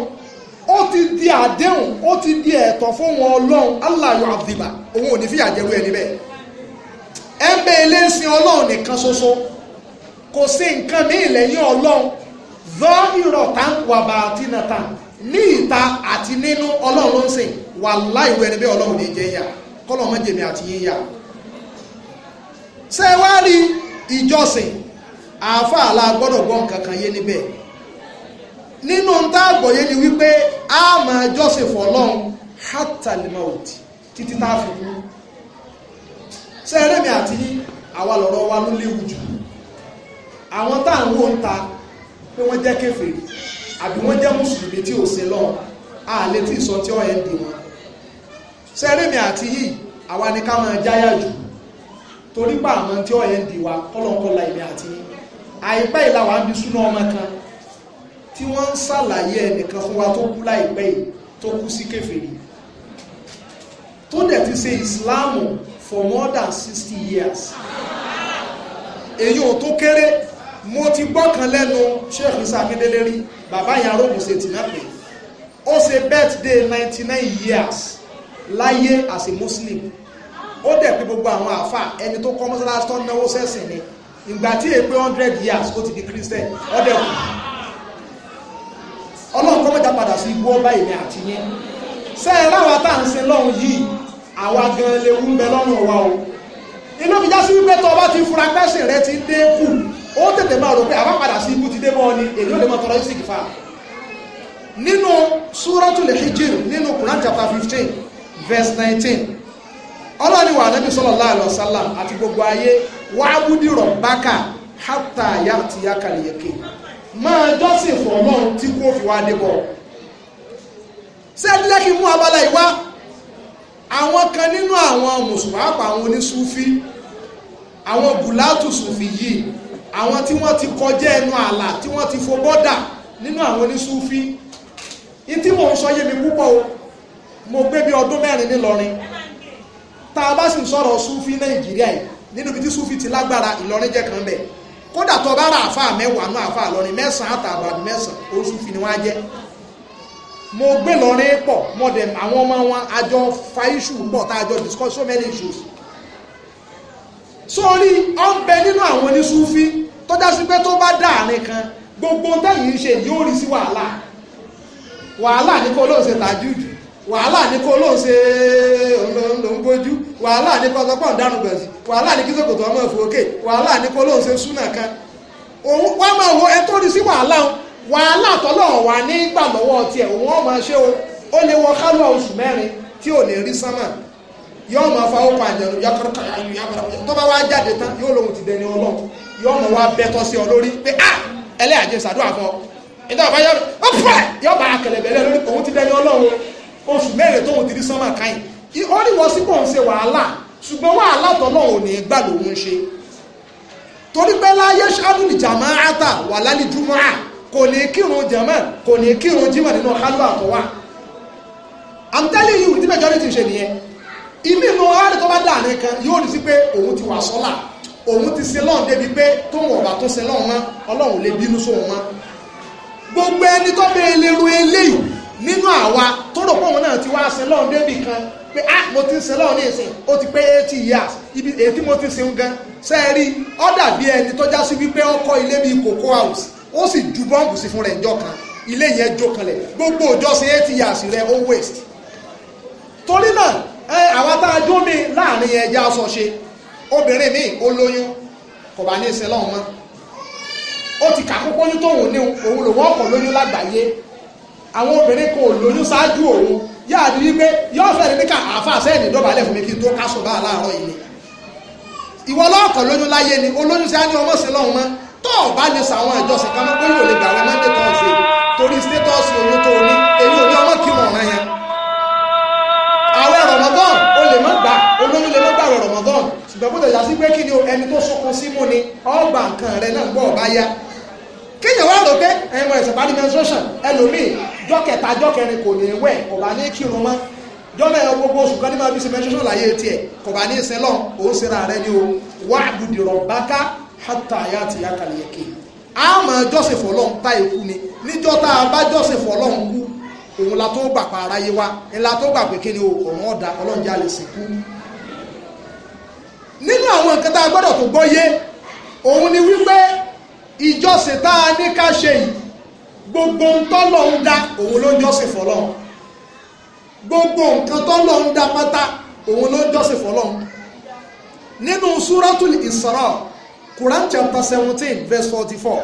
ó ti di àdéhùn ó ti di ẹ̀tọ́ fún òun ọlọ́run aláyọ̀ àdìbà òun ò ní fìyà jẹ́rú ẹni bẹ́ẹ̀ ẹ ń bẹ eléṣin ọlọ́run nìkan ṣoṣo kò sí nǹkan míì lẹ́yìn ọlọ́run zọ́ ìrọ̀tà wàbà àtinàtà ní ìta àti nínú ọlọ́run ló ń sìn wà láìwé ẹni bí ọlọ́run ní jẹ́ yà kọ́lọ̀ mọ́jèmí àti yíyà ṣe wá rí ìjọsìn àáfàá la gbọ́dọ̀ gbọ́ nǹkan kan yé níbẹ̀ nínú tá àgbọ̀yé ni wípé a máa jọ́sìn fọlọ́run hátàlímọ́ọ̀t títí tá a fi kú ṣe ẹlẹ́mì àti yí àwa lọ́rọ̀ wa ló léwu jù àwọn tá à ń wò ń ta pé wọ́n jẹ́ kéfèé àbí wọ́n jẹ́ mùsùlùmí tí ò sin lọ́hùn a lè tí ìsọ tí ọ̀yẹ́ ń di wọn sẹ́rẹ́mì àti yìí àwa ni ká máa jáyà jù torí pa àmọ́ tí ọ̀yẹ́ ń di wa kọ́lọ̀kọ́lá ilẹ̀ àti yìí àìpẹ́ ìlàwà ń bi súná ọmọ kan tí wọ́n ń ṣàlàyé ẹnìkan fún wa tó kú láìpẹ́ yìí tó kú sí kèfèrí tó dẹ̀ ti ṣe ìsìláàmù for more than sixty years èyí ò tó kéré mo ti gbọ́kàn lẹ́nu Sheikh Isa Akindele rí bàbá yẹn arógun ṣe tì náà pé ó ṣe birthday ninety nine years láyé as a muslim ó dẹ̀ pé gbogbo àwọn àáfà ẹni tó kọ́ mọ́sálásí tó náwó sẹ́sìn ni ìgbà tí èpè hundred years ó ti di christian ó dẹ̀ kù ọlọ́run kọ́ mẹ́ta padà sí ibú ọba èmi àti yín ṣé ẹ láwa tá à ń sin lọ́run yìí àwa gan-an lè wú ń bẹ lọ́rùn wa o inú mi já sí wípé tó o ti fura pẹ́sìn rẹ ti dé kù ó tètè máa rò pé àbá sí ibú ti dé mọ́ ni èyí ó lè máa tọrọ ìsìnkì fa nínú súratul hijr nínú Quran chapter fifteen verse nineteen ọlọ́ni wà nábì sallallahu alaihi wasallam àti gbogbo ayé wa'budi rabbaka hatta ya'tiyakal yaqin máa jọ́sìn fún ọlọ́run tí kò fi wá dé bọ̀ sẹ́ẹ̀dí lẹ́kì mú abala ìwá àwọn kan nínú àwọn mùsùlùmí àpà àwọn onísúfí àwọn gùlátù sùfí yìí àwọn tí wọ́n ti kọjá ẹnu ààlà tí wọ́n ti fo bọ́dà nínú àwọn onísúfí ìtí mò ń sọ yé mi púpọ̀ o mo gbé bí ọdún mẹ́rin nílọrin tá a bá sì ń sọ̀rọ̀ súfí nàìjíríà yìí nínú ibi tí súfí ti lágbára ìlọrin jẹ́ kan bẹ̀ kódà tó bá ra àfáà mẹ́wàá náà àfáà lọrin mẹ́sàn-án àtàbàbí mẹ́sàn-án ó súfí ni wọ́n á jẹ́ mo gbé lọrin pọ̀ mọ́dẹ̀ àwọn ọmọ wọn àjọ fa issue pọ̀ tá a jọ discuss so many issues sórí ọ̀nbẹ nínú àwọn oníṣúfí tó já sí pé tó bá dáàrin kan gbogbo tẹ́yìn ṣe yóò rí sí wàhálà wàhálà ní kó lóun ṣe tàjúdù wàhálà ní kó lóun ṣe òǹgbójú wàhálà ní kó sọpọ̀ dánù bẹ̀sì wàhálà ní kí sòkòtò ọmọ ìfòkè wàhálà ní kó lóun ṣe súnà kan òun wá máa wo ẹ tó rí sí wàhálà wàhálà tọ́lọ̀ wà nígbà lọ́wọ́ tiẹ̀ òun ọ̀ máa ṣe o ó lè wọ kálọ̀ oṣù mẹ́rin tí ò ní rí sánmà yóò máa fa ọkọ̀ àjẹnù yàtọ̀ kàyànù yàbàrà tó bá wá jáde tán yóò lóhun ti dẹni ọlọ́run yóò máa wá bẹ́tọ́ sí ọ lórí pé ah ẹlẹ́yàjẹ sàdúrà fọ ìdá ọ̀fà yọ ọ̀fà yọ bá akẹlẹ̀bẹ̀lẹ̀ lórí òun ti dẹni ọlọ́run oṣù mẹ́rin tóun ti rí sánmà káyìn ó ní wọ́n sí pọ̀ ń ṣe wàhálà ṣùgbọ́n wàhálà tọ́lọ́ ò ní gbà lòun ṣe torí pé láyé ṣáàdùn ìjàmá àtà wà lálẹ́ júmọ́ à kò ní kírun jàmá kò ní kírun jímọ̀ nínú kálọ̀ àtọ̀wà I'm telling you the majority ṣe nìyẹn ìmí inú ara tó bá dà nìkan yóò ní sí pé òun ti wà sọ́là òun ti sin lọ́run débi pé tóun ọ̀bà tó sin lọ́run mọ́ ọlọ́run lè bínú sóun mọ́ gbogbo ẹni tó bẹ eléru eléyìí nínú àwa tó rò pọ̀wọ́n náà ti wá sin lọ́run débi kan pé ah mo ti ń sin lọ́run ní ìsìn ó ti pé eighty years ibi èyí tí mo ti ń sin gan sẹ́ẹ̀rí ó dàbí ẹni tó já sí wípé ó kọ́ ilé bíi cocoa house ó sì ju bọ́ǹbù sí fún rẹ̀ ńjọ́ kan ilé yẹn jó kanlẹ̀ gbogbo òjọ́sìn eighty years rẹ̀ ó waste torí náà ẹ àwa tá a dún mi láàrin ẹja aṣọ ṣe obìnrin mi ó lóyún kò bá ní ìsinlọ mọ́ ó ti kà kókó ní tóun ní òun lòun ọkọ lóyún lágbàáyé àwọn obìnrin kò lóyún ṣáájú òun yáà rí wípé yóò fẹ́ẹ́ ní ká àáfàá sẹ́yìn ìdọ́balẹ̀ fún mi kí n tó kásùn bá láàárọ̀ yìí ni ìwọ lọ́ọ̀kan lóyún láyé ni olóyún sí á ní ọmọ sí lọ́hùn mọ́ tó o bá lè sàwọn ìjọsìn kan mọ́ pé yóò lè gbà wọ́n mọ́ndé tọ́sí torí stétọ́sì oyún tó o ní èyí ò ní ọmọ kí ṣùgbọ́n bó tẹ̀yà sí pé kí ni o ẹni tó sunkún sí mú ni ọgbà nǹkan rẹ náà gbọ́ ọ̀bá yá kéèyàn wá rò pé ẹ̀mọ ẹ̀sẹ̀ bá ní menstruation ẹlòmíì jọ́kẹta jọ́kẹrin kò ní wẹ̀ kò bá ní kírun mọ́ jọ́mẹ̀ ẹ̀ gbogbo oṣù kan ní máa bí ṣe menstruation láyé tiẹ̀ kò bá ní ìsìn lọ òun ṣera rẹ ni o wà á dùdì rọ̀báká hátà ayá àti ìyá kàlẹ̀ yẹ̀kẹ́ a máa jọ́sìn fọlọ́n tá ikú ni níjọ́ tá a bá jọ́sìn fọlọ́n kú òun la tó gbà pa aráyé wa ńlá tó gbà pé kí ni o ọ̀run ọ̀dà ọlọ́run lè sìnkú nínú àwọn nǹkan tá a gbọ́dọ̀ tó gbọ́yé òun ni wípé ìjọsìn tá a ní ká ṣe yìí gbogbo nǹkan lọ ń dá òun ló ń jọ́sìn fọlọ́ gbogbo nǹkan tó lọ ń dá pátá òun ló ń jọ́sìn fọlọ́ nínú súrọ́tùlì ìsọ̀rọ̀ Quran chapter seventeen verse forty four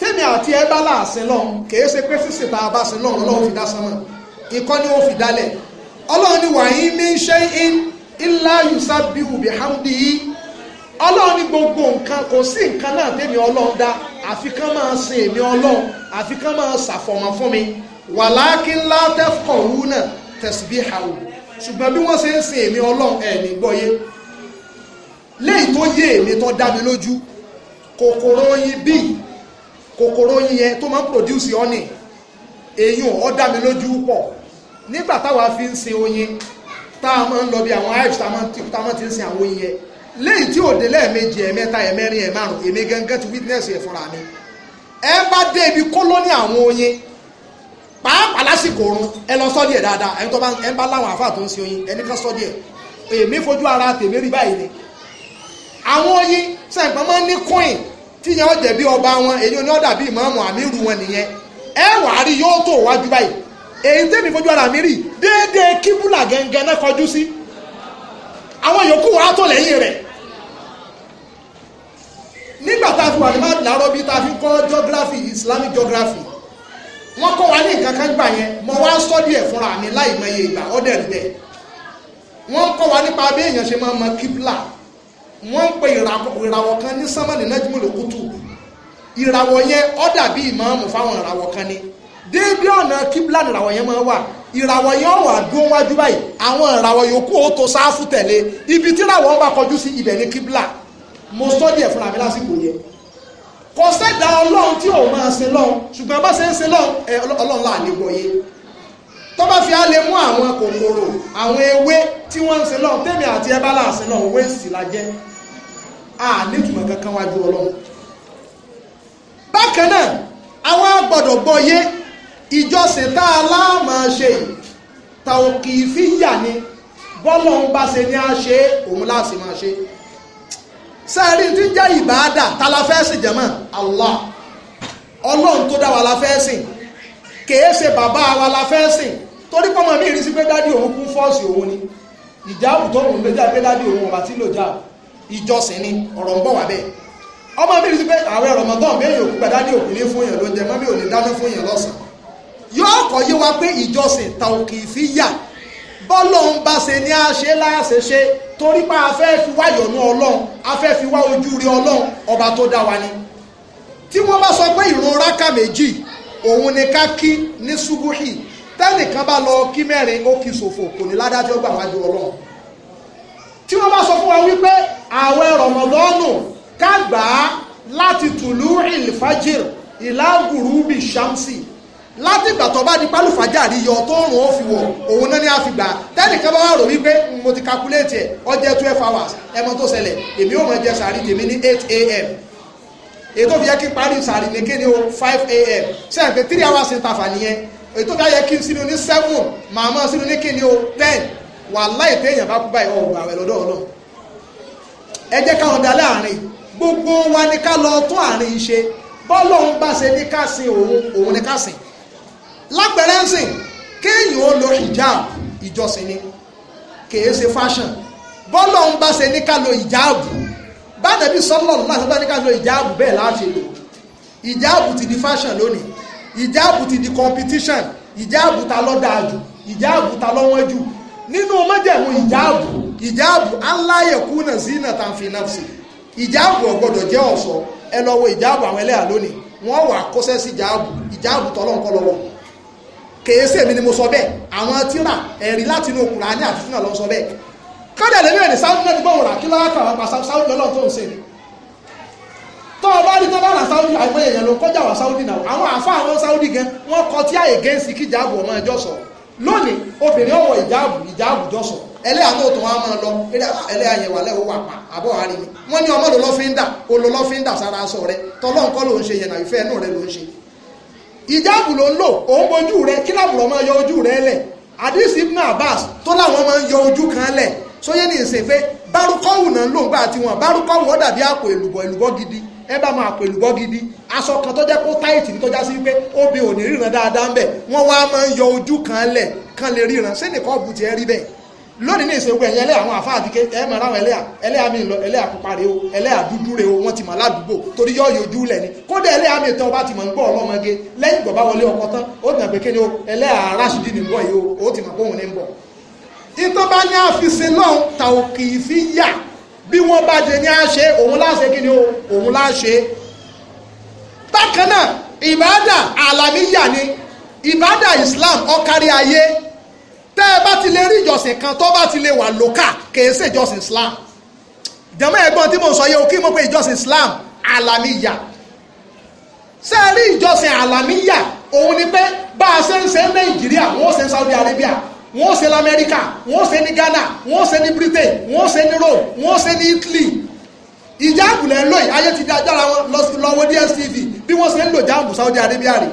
tèmi àti ẹ bá láàsìn lọ kìí ṣe pé sísè tá a bá sin lọ Ọlọ́run fi dá sánmọ̀ ìkọ́ni ó fi dálẹ̀ Ọlọ́run ni wàá yín mí ṣe é ilá yusa bíu bihamdi yìí ọlọ́run ní gbogbo nǹkan kò sí nǹkan náà tẹ̀mí ọlọ́run dá àfi kán máa sin èmi ọlọ́run àfi kán máa ṣàfọ̀mọ́ fún mi wàlákin la tafqahuna tasbihahu ṣùgbọ́n bí wọ́n ṣe ń sin èmi ọlọ́run ẹ̀ ní gbọ́yé léyìí tó yé èmi tó dá mi lójú kòkòrò yin bíi kòkòrò yin yẹn tó máa ń produce honey èyí ò dá mi lójú pọ̀ nígbà táwa fi ń sin oyin tá a máa ń lọ bí àwọn hives tá a máa ti ń sin àwọn yẹn léyìí tí òde lẹ́ẹ̀mejì ẹ̀mẹ́ta ẹ̀mẹ́rin ẹ̀márùn èmi gangan ti witness ẹ̀ fúnra mi ẹ bá dé ibi kólóní àwọn oyin pàápàá lásìkò oorun ẹ lọ sọ́dí ẹ̀ dáadáa ẹni tó bá ẹ bá láwọn àáfàá tó ń sin oyin ẹni ká sọ́dí ẹ̀ èmi fojú ara tèmi rí báyìí ni àwọn oyin sẹ̀ǹpẹ́ máa ń ní coin tí yẹn ọ̀dẹ̀ bí ọba wọn èyí ni ọ̀dà bí ìmọ̀ọ́mù àmírù wọn nìyẹn ẹ wàá rí yóò tó wájú báyìí èyí tẹ́mi fojú ara mi rí déédéé kíbúlà gẹ́gẹ́ náà kọjú sí àwọn yòókù wa tó lẹ́yìn rẹ̀ nígbà tá a fi wà ní máàdì láàárọ̀ bí tá a fi kọ́ geography Islamic geography wọ́n kọ́ wa ní nǹkan kan gbà yẹn mo wá sọ́dí ẹ̀ fúnra mi láì mọye ìgbà ọ̀dẹ̀ rí bẹ́ẹ̀ wọ́n kọ́ wa nípa bí èèyàn ṣe máa mọ kíbúlà wọ́n ń pe ìràwọ̀ kan ní sámánì nájúmọ̀lòkútù ìràwọ̀ yẹn ó dàbí ìmáàmù fáwọn ìràwọ̀ kan ni déédéé ọ̀nà kíbla nìràwọ̀ yẹn máa wà ìràwọ̀ yẹn ọ̀wọ̀ àdúró wájú báyìí àwọn ìràwọ̀ yòókù ó tó sáfù tẹ̀lé ibi tí ìràwọ̀ ń bá kọjú sí ibẹ̀ ní kíbla mo sọ́dí ẹ̀ fúnra mi lásìkò yẹn kò sẹ́dá ọlọ́run tí òun máa ṣe lọ́run ṣùgbọ́n bá ṣe ń ṣe lọ́run ọlọ́run láàlẹ́ wọ̀nyé tó bá fi á lè mú àwọn kòkòrò àwọn ewé tí wọ́n ń ṣe lọ́run tèmi àti ẹ bá là ṣe lọ́run owó èsì la jẹ́ a nítumọ̀ kankan wájú ọlọ́run bákan náà àwọn gbọ́dọ̀ gbọ́ ìjọsìn tá a láàmà ṣe tàwọn kì í fi yà ni bọ́lọ̀ ń bá ṣe ni a ṣe òun láti máa ṣe sẹ́ẹ̀rí tí jẹ́ ìbáàdà ta la fẹ́ sìn jẹ́mọ́ Allah ọlọ́run tó dá wa la fẹ́ sìn kèé ṣe bàbá wa la fẹ́ sìn torí pọ́mọ mi rí sí pé dádì òun kún fọ́ọ̀sì òun ni ìjáàbù tó rùn lójú àgbé dádì òun ọ̀bà tí lò jáàbù ìjọsìn ni ọ̀rọ̀ ń bọ̀ wá bẹ́ẹ̀ ọmọ mi rí sí pé ààrẹ rọmọdán bẹ́ẹ̀ yòókù gbàdádì òkú ní fún yàn lóúnjẹ mọ́mí ò ní fún yàn lọ́sàn yóò kọ́ yé wa pé ìjọsìn tàwọn kì í fi yà bọ́lọ̀ ń bá ṣe ní àṣẹ láṣẹ ṣe torí pé a fẹ́ fi wá ìyọ̀nú ọlọ́run a fẹ́ fi wá ojú rí ọlọ́run ọba tó dá wa ni tí wọ́n bá sọ pé ìrun rákà méjì òun ni ká kí ní ṣubúhì tẹ́nìkan bá lọ kí mẹ́rin ó kí ṣòfò kò ní ládájọ́ gbà wájú ọlọ́run tí wọ́n bá sọ fún wa wípé ààwẹ̀ rọ̀mọ̀lọ́nù ká gbà á láti tùlú ìlfàjìr ìlàgùrú bíi ṣámsì láti ìgbà tó bá di pálùfájà rí yọ tó rùn ó fi wọ̀ òun náà ni a fi gbà tẹ́nìkan bá wà rò wípé hmm, mo ti calculate ẹ̀ ó jẹ́ twelve hours ẹmọ tó ṣẹlẹ̀ èmi ò mọ̀ jẹ sàárì tèmi ní eight a.m. ètò fi yẹ kí n parí sàárì ní kéde o five a.m. sẹ́yìn pé three hours ń tafà nìyẹn ètò fi yẹ kí n sínú ní seven màá mọ̀ sínú ní kéde o ten wàláhì téèyàn bá kú báyìí ọ̀hún àwẹ̀ lọ́dọ̀ ọ̀nà ẹ jẹ́ káwọn da láàrin gbogbo wa ni ká lọ tún àárín ṣe bọ́lọ́hún bá ṣe ní ká sin òun lápẹ̀rẹ́ ń sìn kéèyàn ó lo hijab ìjọsìn ni kèé ṣe fashion bọ́lọ̀ ń bá ṣe ní ká lo hijab bá nàbí sọ́lọ̀ náà sọ́tọ́ ní ká lo hijab bẹ́ẹ̀ láti lò hijab ti di fashion lónìí hijab ti di competition hijab ta ló dáa jù hijab ta ló wọ́n jù nínú májẹ̀mú hijab hijab aláyẹ̀kú náà sí náà tàn fi náà sí hijab ò gbọ́dọ̀ jẹ́ ọ̀ṣọ́ ẹ lọ wo hijab àwọn ẹlẹ́yà lónìí wọ́n wà kóṣẹ́ sí hijab hijab tọ́lọ́nkọ́ lọ́wọ́ kèé sèmi ni mo sọ bẹẹ àwọn tíra ẹ̀rí láti inú Kùránì àti súnà ló sọ bẹ́ẹ̀ kọ́dà lè bẹ̀rẹ̀ sáwọn náà ti gbọ́wọ̀n rà kí lọ́wọ́ kà pa sáwọn lọ́lọ́ tó ń bá rí bá rà sáwọn kọjá wà sáwọn náà àwọn àfa àwọn sáwọn gan wọn kọ tí àyè kí ìjáàbù ọmọ ẹjọ́ sọ lónìí obìnrin ọwọ́ ìjáàbù ìjáàbù jọ sọ ẹlẹ́yà tó tó wọn máa lọ ẹlẹ́yà ìjáàbù ló ń lò òun bojú rẹ kí láàbùrọ̀ máa yọ ojú rẹ lẹ̀ àdìsí ibn abbas tó láwọn máa ń yọ ojú kan lẹ̀ sóyè ní ìsèfé bárúkọ́wù náà ń lò bárúkọ́wù ó dàbí àpò èlùbọ̀ gidi ẹ bá máa gidi aṣọ kan tó jẹ́ kó táìtì ní tọ́já sí pé ríran ń bẹ̀ wọ́n wá kan lẹ̀ kan lè ríran lónìí ní ìṣègùn ẹ̀yìn ẹlẹ́yà àwọn àfáà àdìkẹ́ ẹ mọ̀ ráwọn ẹlẹ́yà ẹlẹ́yà mi lọ ẹlẹ́yà pupa rèé o ẹlẹ́yà dúdú rèé o wọ́n ti mọ̀ ládùúgbò torí yọ yọjú lẹ̀ ni kódà ẹlẹ́yà mi tán ọba ti mọ̀ ń gbọ́ ọlọ́mọge lẹ́yìn ìgbọ̀bá wọlé ọkọ tán ó tàn pé kíni o ẹlẹ́yà aráṣùdì ní bọ̀ yìí o ó ti mọ̀ pé òun ní bọ̀. ìtàn bá ní àfisìn náà ta òkì fi yà bí wọ́n bá jẹ ní àṣẹ òun láṣẹ kíni o òun láṣẹ. bákan náà ìbádà àlàmíyà ni ìbádà Islam ó kárí ayé tẹ́ ẹ bá ti lè rí ìjọsìn kan tó bá ti lè wà lókà kìí ṣe ìjọsìn Islam jàmọ́ ẹ̀gbọ́n tí mo sọ yẹ o kí mo pe ìjọsìn Islam alamiya ṣé ẹ rí ìjọsìn alamiya òun ni pé bá a ṣe ń ṣe Nàìjíríà wọ́n ṣe Saudi Arabia wọ́n ṣe lamẹ́ríkà wọ́n ṣe ní Ghana wọ́n ṣe ní Britain wọ́n ṣe ní Rome wọ́n ṣe ní Italy ìjáàbù lẹ́ ń lò yìí ayé ti di ajára wọn lọ́wọ́ DSTV bí wọ́n ṣe ń lò jáàbù Saudi Arabia rèé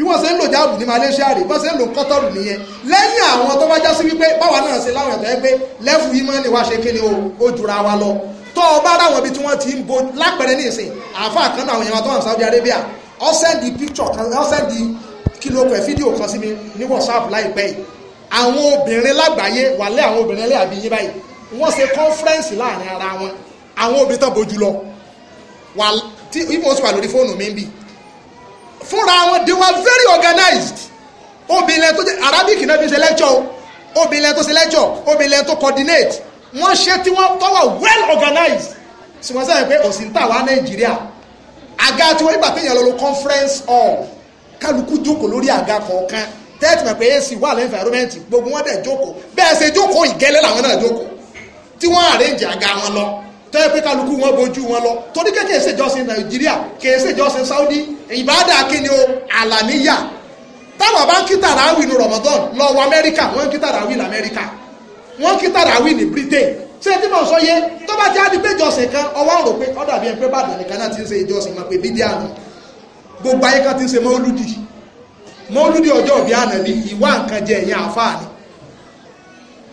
bí wọ́n ṣe ń lò jáàbù ní Malaysia rè bọ́n ṣe ń lò kọ́tọ́rù nìyẹn lẹ́yìn àwọn tó bá já sí wípé báwa náà ṣe láwọn ẹ̀tọ́ ẹgbẹ́ lẹ́fù yìí máa ń lè wá ṣe kí ni ó jura wa lọ tó o bá ráwọn ibi tí wọ́n ti ń bo lápẹ̀rẹ̀ ní ìsìn àáfàá kan náà àwọn èèyàn tó wà ní Saudi Arabia ó sẹ́ndì picture kan ó sẹ́ndì kìlọ̀ pẹ̀ fídíò kan sí mi ní WhatsApp láìpẹ́ yìí àwọn obìnrin lágbàáyé wàlẹ́ àwọn obìnrin lẹ́ àbí yín báyìí wọ́n ṣe kọ́nfẹ́rẹ́nsì láàrin ara wọn àwọn obìnrin tó bojú lọ wà tí ìmọ̀ oṣù wà lórí fóònù mi ń bì fúnra wọn they were very organized obìnrin tó arabic náà fi ṣe lecture o obìnrin tó ṣe lecture obìnrin tó coordinate wọ́n ṣe tí wọ́n tọ́wọ̀ well organized sì wọ́n sẹ́yìn pé òsìntà wa nàìjíríà àga tí wọ́n nígbà téèyàn lọ lo conference hall kálukú jókòó lórí àga kọ̀ọ̀kan tẹ́tì mọ̀ pé ac wà lẹ́yìn environment gbogbo wọn dẹ̀ jókòó bẹ́ẹ̀ ṣe jókòó ìgẹ́lẹ́ làwọn náà jókòó tí wọ́n arrange àga wọn lọ tẹ́ pé kálukú wọn bojú wọn lọ torí kéèké ìṣèjọsìn nàìjíríà kéè ìṣèjọsìn saudi ìbáàdà kíni o àlàníyà táwọn bá ń kí tàràwì ní ramadan lọ wọ amẹ́ríkà wọ́n ń kí tàràwì ní amẹ́ríkà wọ́n ń kí tàràwì ní britain ṣé tí mo sọ yé tó bá ti á di pé ìjọsìn kan ọwọ́ ń rò pé ọ̀dà bíi ẹgbẹ́ bàdàn nìkan náà ti ń ṣe ìjọsìn máa pè bídí àná gbogbo ayé kan ti ń ṣe mọ́lúdì mọ́lúdì ọjọ́ ìbí àná ni ìwà nǹkan jẹ ìyẹn àfáà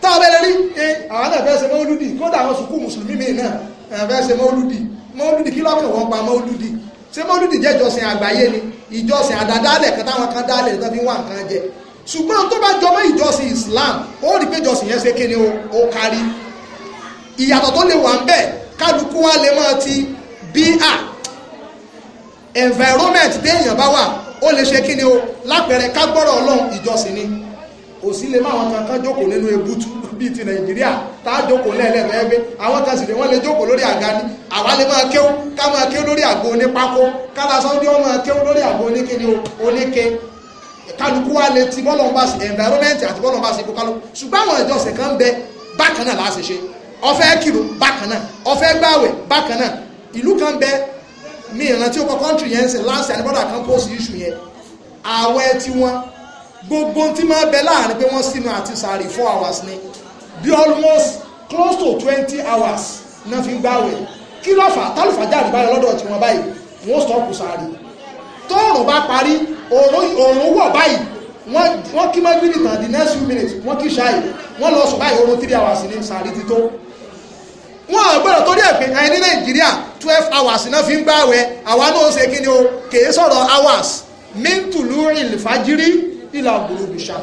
tá a bẹ̀rẹ̀ rí ẹ àwọn náà fẹ́ ṣe mọ́lúdì kódà àwọn sùkú mùsùlùmí mi náà ẹ fẹ́ ṣe mọ́lúdì mọ́lúdì kí lọ́kàn wọn pa mọ́lúdì ṣé mọ́lúdì jẹ́ ìjọsìn àgbáyé ni ìjọsìn àdádálẹ̀ kan táwọn kan dálẹ̀ tó fi wá nǹkan jẹ ṣùgbọ́n tó bá jọmọ́ ìjọsìn Islam ó rí pé ìjọsìn yẹn ṣe kí ni ó kárí ìyàtọ̀ tó lè wà ń bẹ̀ kálukú wa lè máa ti bí à environment téèyàn bá wà ó lè ṣe kí ni o lápẹẹrẹ ká gbọ́rọ̀ Ọlọ́run ìjọsìn ni òsì lè má àwọn kan kan jókòó nínú ebútu bíi ti nàìjíríà tá a jókòó lẹ́ẹ̀lẹ́gbẹ́ ẹgbẹ́ àwọn kan sì lè wọ́n lè jókòó lórí àga ni àwa lè máa kéwú ká máa kéwú lórí àgbo onípákó kára sọ́ndé wọ́n máa kéwú lórí àgbo oníkéni oníke kálukú wa lè ti bọ́lọ̀ bá sí environment àti bọ́lọ̀ ń bá sí ipò kálukú ṣùgbọ́n àwọn ìjọsìn kan bẹ bákan náà láti ṣe ọfẹ́ kìlọ̀ bákan náà ọfẹ́ gbàwẹ̀ bákan náà country yẹn ń sìn láǹsì àníbọ̀dà kan post issue yẹn àwẹ̀ tiwọn gbogbo tí máa bẹ láàrin pé wọ́n sínú àti sàárì four hours ni be almost close to twenty hours náà fi gbáwẹ̀ kí ló fà tálùfà jáde báyìí lọ́dọ̀ tí wọ́n báyìí wọ́n stọ́ọ̀kù sàárì tóòrùn bá parí òòrùn wọ̀ báyìí wọ́n kí mọ́ minute and the next few minutes wọ́n kí ṣáì wọ́n lọ sùn báyìí oorun three hours ní sàárì ti tó wọ́n àgbẹ̀rẹ̀ torí ẹ̀ pé ẹni ní nàìjíríà twelve hours náà fi ń gbààwẹ̀ àwa náà ṣe kí ni o kèé sọ̀rọ̀ hours mintulu ìlfàjírí ilà ògbòrò bìṣà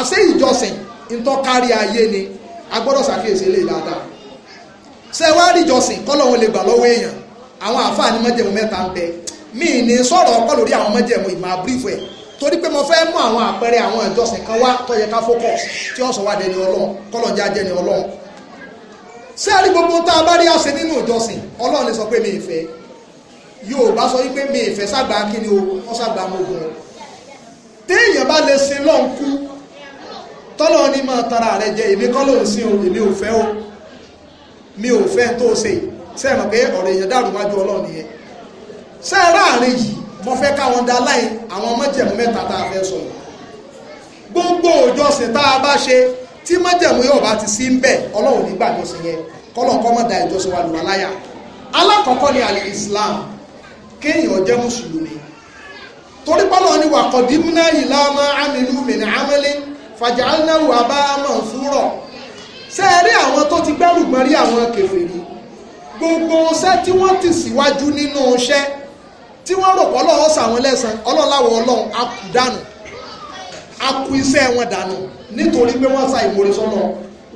àṣẹ ìjọsìn ntọ́kárí ayé ni a gbọ́dọ̀ ṣàkíyèsí lè dáadáa ṣe wá rí ìjọsìn kọ́lọ́hún lè gbà lọ́wọ́ èèyàn àwọn àfáà ní májẹ̀mú mẹ́ta ń bẹ míì ní sọ̀rọ̀ ọkọ lórí àwọn májẹ̀mú ìmọ̀ àbúrífù ẹ̀ torí pé mo fẹ́ mú àwọn àpẹẹrẹ àwọn ìjọsìn kan wá tó ká focus tí ó sọ wá dẹni ọlọ́run kọ́lọ́n já jẹni ọlọ́run ṣé àrí gbogbo tá a bá rí àṣẹ nínú ìjọsìn ọlọ́run ní sọ pé mi ìfẹ́ yóò bá sọ wípé mi ìfẹ́ ságbà téèyàn bá lè sin lọ́n kú tọ́lọ́ ní máa tara rẹ jẹ èmi kọ́ ló ń sin o èmi ò fẹ́ o mi ò fẹ́ tó o ṣe sẹ́ẹ̀mọ̀ pé ọ̀rọ̀ èèyàn dàrú wájú ọlọ́run yẹn sẹ́ẹ̀ láàrin yìí mo fẹ́ káwọn da láì àwọn májẹ̀mú mẹ́ta tá a fẹ́ sọ gbogbo ìjọsìn tá a bá ṣe tí májẹ̀mú yóò bá ti sí ń bẹ̀ ọlọ́run nígbà ìjọsìn yẹn kọ́lọ̀ kọ́ mọ̀ da ìjọsìn wa lù wá láyà alákọ̀ọ́kọ́ ni àlè Islam kéèyàn jẹ́ mùsùlùmí torí pọ́lọ́ ni wà kọ̀dímúná ìlà ọmọ amìlú mìnà amẹ́lé fàjálnáwó àbámọ̀ fúrọ̀ ṣé ẹ rí àwọn tó ti gbẹ́rù gbọ́n rí àwọn kèfèrí gbogbo iṣẹ́ tí wọ́n ti síwájú nínú iṣẹ́ tí wọ́n rò pọ́lọ́ ọ̀sà àwọn lẹ́sàn ọlọ́láwọ̀ ọlọ́run á kú dànù á kú iṣẹ́ wọn dànù nítorí pé wọ́n sa ìmòrè sọ́nà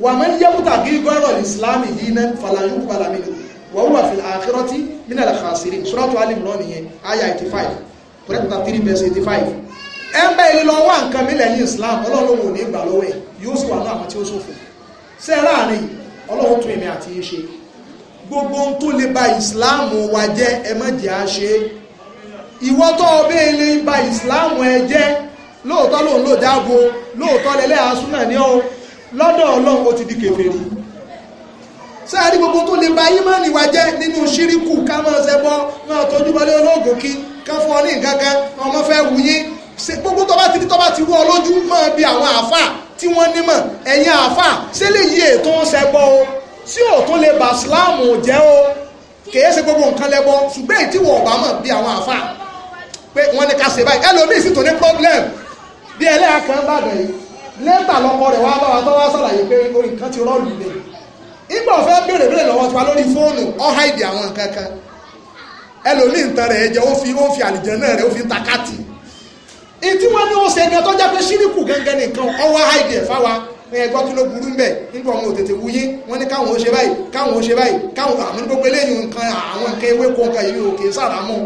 wà mọ́ ní yẹ́kútà kí gọ́rọ̀ ìsìláàmì yìí náà fàlàyé kúbalàmì wọ́n wà fìlà àkírọ́tì mínàlá kàṣírí sọ́nà tó alìmùrán nìyẹn áyà 85 Quran verse eighty five ẹ ń bẹ́ẹ̀ lọ wá nǹkan mi lẹ́yìn Islam ọlọ́run ò ní gbà lọ́wọ́ ẹ̀ yóò sì wà ní àwọn tí ó ṣòfò ṣe láàrin ọlọ́run tún èmi àti yín gbogbo ohun tó lè ba Islam wa jẹ́ ẹ má jẹ́ á ṣe ìwọ tó o bẹ́ẹ̀ lè ba Islam ẹ jẹ́ lóòótọ́ lòun lò jáàbò lóòótọ́ lẹ́lẹ́ àásùnà ní ọ lọ́dọ̀ ọlọ́run ti di kèfèrí sáàrí gbogbo tó lè ba ímánì wa jẹ́ nínú ṣíríkù ká máa ṣẹbọ máa tọ́jú wọlé olóògùn kí ká fún ọ ní nǹkan kan ọmọ fẹ́ wù yín gbogbo tó bá ti rí tó bá ti rú ọ lójú máa bi àwọn àáfàá tí wọ́n nímọ̀ ẹ̀yin àáfàá ṣé lè yí ètò ṣẹbọ o tí ò tó lè bà síláàmù jẹ́ o kìí ṣe gbogbo nǹkan lẹ́bọ ṣùgbọ́n èyí tí wọ́n ọ̀bà mọ̀ bí àwọn àáfàá pé wọ́n ní ká ṣe báyìí ẹlòmíì sì tó ní problem bí ẹlẹ́yà kan bàbẹ̀ yìí lẹ́tà lọ́kọ rẹ̀ wá bá wa tó wá ṣàlàyé pé orin kan ti rọ́ọ̀lù lè nígbà ọ̀fẹ́ béèrè béèrè lọ́wọ́ tiwa lórí fóònù ọ̀há ìdí àwọn nǹkan kan ẹlòmíì tán rẹ̀ jẹ́ ó fi ó fi àlìjẹ́ náà rẹ̀ ó fi ń ta káàtì ìtí wọn ní ó ṣe ẹgbẹ́ tó jẹ́ pé ṣíríkù gẹ́gẹ́ nìkan ọwọ́ ọ̀há ìdí ẹ̀ fáwa ẹgbọ́ tí ló burú ń bẹ̀ nígbà ọmọ òtètè wuyé wọ́n ní káwọn ó ṣe báyìí káwọn ó ṣe báyìí káwọn àmì gbogbo eléyìí nǹkan àwọn nǹkan ewé kó nǹkan yìí òkè sára mọ́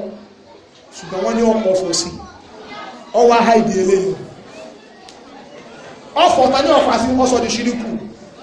ṣùgbọ́n wọ́n ní ọkọ̀ ọ̀fọ̀ sí ọwọ́ àìdí eléyìí ọ̀fọ̀ ta ní ọ̀fọ̀ àti ọ̀sọ̀ di ṣíríkù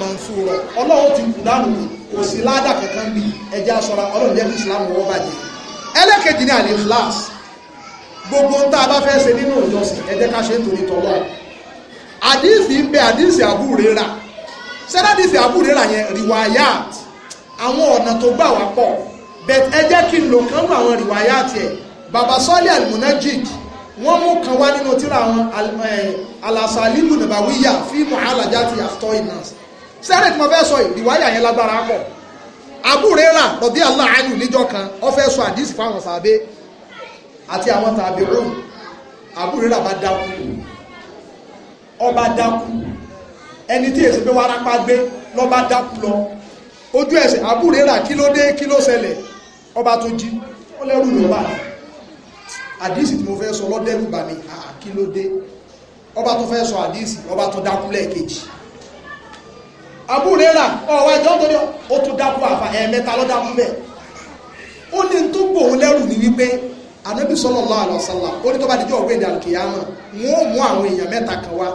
mansura ọlọ́run ti kù dànù kò sí ládà kankan bí ẹjẹ́ aṣọra ọlọ́run jẹ́ kí islam wọ́ bàjẹ́ ẹlẹ́kejì ní àlè class gbogbo ń tá a bá fẹ́ ṣe nínú ìjọsìn ẹjẹ́ ká ṣe ń torí tọ́lọ́ àdìsí ń bẹ àdìsí àbúrera sẹ́dádìsí àbúrera yẹn riwayat àwọn ọ̀nà tó gbà wá pọ̀ bẹ́ẹ̀ ẹjẹ́ kí n lò kán lù àwọn riwayat yẹn bàbá sọ́lé almunajid wọ́n mú kan wá nínú tíra àwọn alasalimu nàbàwíyà fíìmù alájá ti sẹ́rẹ̀ tí mo fẹ́ sọ yìí ìwáyà yẹn lágbára pọ̀ àbúrẹ́rà rọ̀bí allah anhu níjọ́ kan ó fẹ́ sọ àdìsí fáwọn sàbẹ́ àti àwọn tàbí rome àbúrẹ́rà bá dákú ọba dákú ẹni tí èsì pé wárápá gbé lọ́ba dákú lọ ojú ẹsẹ̀ àbúrẹ́rà kí ló dé kí ló ṣẹlẹ̀ ọba tó jí ó lẹ́rù ló bá àdìsí tí mo fẹ́ sọ lọ́dẹ́rù bà mí àkí ló dé ọba tó fẹ́ sọ àdìsí ọba tó dákú lẹ́ẹ̀kejì àbúrẹ́rà ọ̀wá ìjọ tó ní ó tún dákú àfà ẹ̀ẹ̀mẹ́ta lọ́dá mú bẹ́ẹ̀ ó ní tó gbòun lẹ́rù ní wípé anábì sallallahu alaihi wasallam ó ní tó bá dijọ́ ọ̀gbẹ́ ìdí àlùkìyàmọ̀ wọn ó mú àwọn èèyàn mẹ́ta kan wá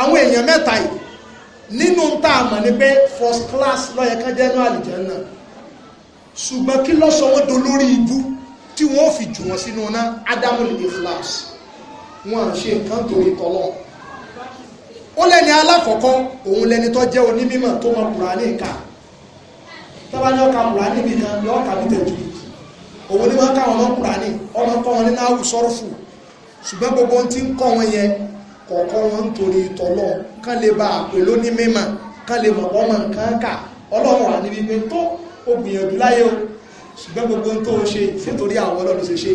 àwọn èèyàn mẹ́ta yìí nínú tá a mọ̀ ni pé first class lọ́yẹ kan jẹ́ náà àlùjánnà ṣùgbọ́n kí ló sọ wọ́n dolórí ibú tí wọ́n fi jù wọ́n sínú náà ádámù ní ikhlas wọn à ń ṣe nǹkan torí tọ́lọ́ọ̀ ó lẹ́ni alákọ̀ọ́kọ́ òun lẹni tó jẹ́ onímọ̀ tó mọ kùránì kà tọ́ba ní ọkà kùránì bí kan ní ọkà bí tẹ̀jú òun ni wọ́n ká wọn kùránì ọmọ kọ́ wọn ní náà sọ́rọ̀fù ṣùgbọ́n gbogbo ohun tí ń kọ́ wọn yẹn kọ̀ọ̀kọ́ wọn ń torí tọ́lọ́ kán lè ba àpè lóní mímọ̀ kán lè mọ̀ ọmọ nǹkan kà ọlọ́run wà níbi pé tó o gbìyànjú láyé o ṣùgbọ́n gbogbo ohun tó o ṣe nítorí àwọn ọlọ́run ṣe ṣe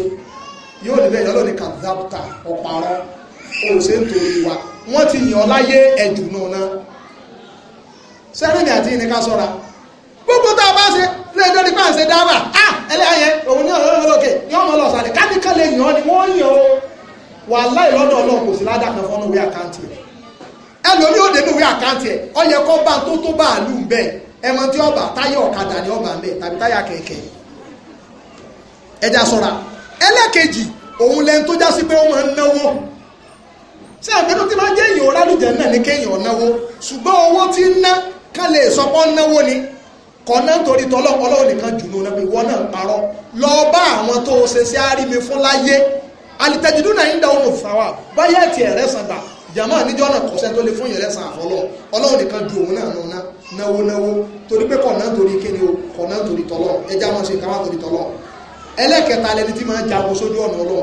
yóò wọ́n ti yàn láyé ẹ̀jù náà sẹ́rìnì àti ìníká sọ́ra gbogbo tá a bá ṣe lẹ́jọ́ ní pàṣẹ dáàbà á ẹlẹ́yẹ òun ní ọ̀rọ̀ lókè ní ọmọ ọlọ́sàdé káníkà lè yàn ni wọ́n yàn wà láì lọ́dọ̀ kò sí ládàá kan àkáǹtì ẹ̀ ìwé àkáǹtì ẹ̀ ọ yẹ kó bá tó tó ọba ọ̀kadà ni ọba ṣé àgbẹ̀dọ̀ tí máa jẹ́ èèyàn rálùjẹ́ náà ní kéèyàn náwó ṣùgbọ́n owó tí ń ná kán lè sọpọ́ náwó ni kọ̀ọ̀nà torí tọ́lọ́ ọlọ́run nìkan jù lóun náà ìwọ náà parọ́ lọ bá àwọn tó ṣe sí àrími fún láyé alìtẹ̀jìdú náà ń da ohun fàwa báyẹ̀ tí ẹ̀rẹ́ san gbà jàmáà níjọ́ náà kò sẹ́ni tó lè fún ìyẹ̀rẹ́ san àfọlọ́ ọlọ́run nìkan ju òun náà náà náwó náwó torí pé kọ̀ọ̀nà torí kíni o kọ̀ọ̀nà torí tọ́lọ́ ẹja máa ṣe káwá torí tọ́lọ́ ẹlẹ́kẹta lẹni tí máa ń jagun sójú ọ̀nà ọlọ́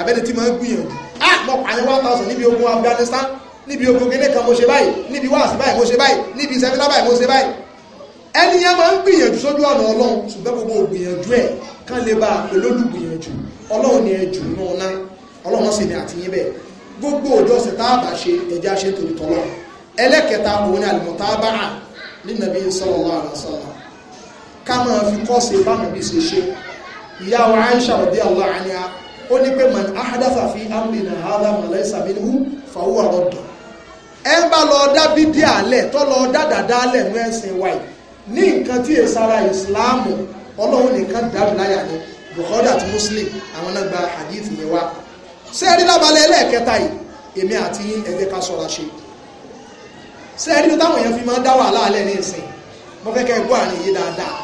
abẹ́ni tí máa ń gbìyànjú ah mo pààyàn one thousand níbi ogun Afghanistan níbi ogun gẹ́gẹ́ kan mo ṣe báyìí níbi wáàsí báyìí mo ṣe báyìí níbi sẹ́mínà báyìí mo ṣe báyìí ẹni yẹn máa ń gbìyànjú sójú ọ̀nà ọlọ́run ṣùgbọ́n gbogbo ògbìyànjú ẹ̀ kán lè bá olódù gbìyànjú ọlọ́run ni ẹ jù náà ná ọlọ́run sì ni àtìyín bẹ́ẹ̀ gbogbo òjò sì tá a bá ṣe ẹja ṣe torí tọ́lọ́ ẹlẹ́kẹta òun ni àlùmọ̀tá bá hàn nínàbí sallallahu alaihi wasallam ká máa fi kọ́ sí bá nàbí ṣe ṣe ìyá wa Aisha radiyallahu anha ó ní pé man ahadafa fi amrina hadha ma laysa minhu fahuwa radd ẹ ń bá lọ dá bídí àlẹ̀ tó lọ dá dàda àlẹ̀ ní ẹ̀sìn wáyé ní nǹkan tí èsàrà ìsìláàmù ọlọ́run nìkan dàrú láyà ni Bukhari àti Muslim àwọn náà gba hadith yẹn wá ṣé ẹ rí lábalẹ̀ ẹlẹ́ẹ̀kẹta yìí èmi àti yín ẹ jẹ́ ká ṣọ́ra ṣe ṣé ẹ rí ní táwọn èèyàn fi máa dá wàhálà alẹ́ ní ìsìn mo gbọ́ àrùn yìí dáadáa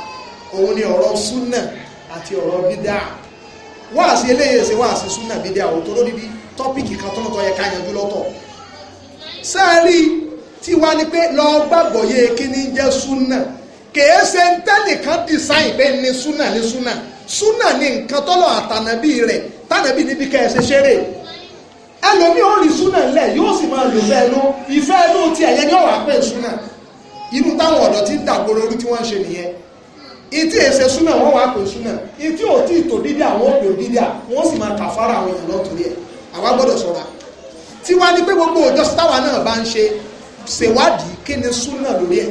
òun ni ọ̀rọ̀ súnà àti ọ̀rọ̀ bídáà wáàsí eléyè ṣe wáàsí súnà bídẹ́ àwọn tó lódìdí tọ́pìkì kan tó lọ́tọ̀ yẹ ká yanjú lọ́tọ̀ sáárì tí wá ni pé lọ gbàgbọ́ yé kíní jẹ́ súnà kèé ṣe ń tẹ́nìkan design pé ní súnà ní súnà súnà ní nǹkan tọ́lọ̀ àtànàbí rẹ̀ tànàbí níbi ká ẹ ṣe ṣeré ẹlòmíì ó rí súnà lẹ̀ yóò sì máa lò fẹ́ ẹnu ìfẹ́ ẹnu ti ẹ̀yẹ ní ọ̀rọ̀ àpẹ́ ìsúnà inú táwọn ọ̀dọ́ ti ń dàgbò lórí tí wọ́n ń ṣe nìyẹn ìtí èsè súnà wọ́n wá pè súnà ìtí ò tí ìtò dídí àwọn òpè òdídí à wọ́n sì máa kàfárà àwọn èèyàn lọ́tòrí ẹ̀ àwa gbọ́dọ̀ sọ́ra tí wá ní pé gbogbo òjò sítáwà náà bá ń ṣe ṣèwádìí kí ni súnà lórí ẹ̀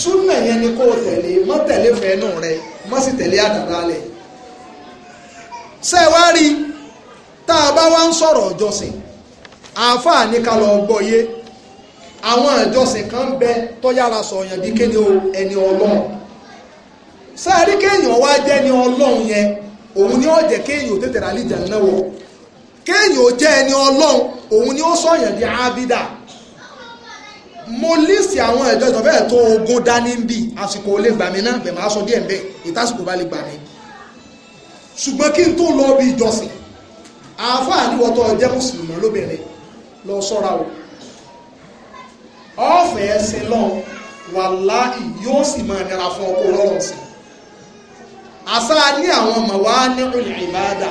súnà yẹn ni kó o tẹ̀lé mọ́ tẹ̀lé fẹ́ẹ́nù rẹ mọ́ sì tẹ̀lé àdàdà lẹ̀ ṣe tá a bá wá ń sọ̀rọ̀ ọ̀jọ́sìn àáfàá ní ká lọ gbọ́ yé àwọn ìjọsìn kan bẹ tó sọ̀yàn bí kéde ẹni ọlọ́run sáàrí kéèyàn wá jẹ́ ni ọlọ́run yẹn òun ni ó jẹ́ kéèyàn ò tètè rálí ìjà náà wọ̀ kéèyàn ò jẹ́ ẹni ọlọ́run òun ni ó sọ̀yàn di abida. mo lísì àwọn ẹ̀jọ́ ìtàn bẹ́ẹ̀ tó ogún dání ń bì àsìkò olè gbà mí náà bẹ̀rẹ̀ máa sọ díẹ̀ bẹ́ẹ̀ ìtàsìkò bá lè gbà mí ṣùgbọ́n kí n tó lọ bí ìjọsìn àáfàá níwọ̀tọ̀ jẹ́ mùsùlùmí lóbìnrin lọ sọ́ra o ọ̀fẹ́ ẹ̀sìn lọ́n wàláì yóò sì máa nira fún ọkọ̀ lọ́rùn sí i àṣà ní àwọn màwá ní olè ìbáadà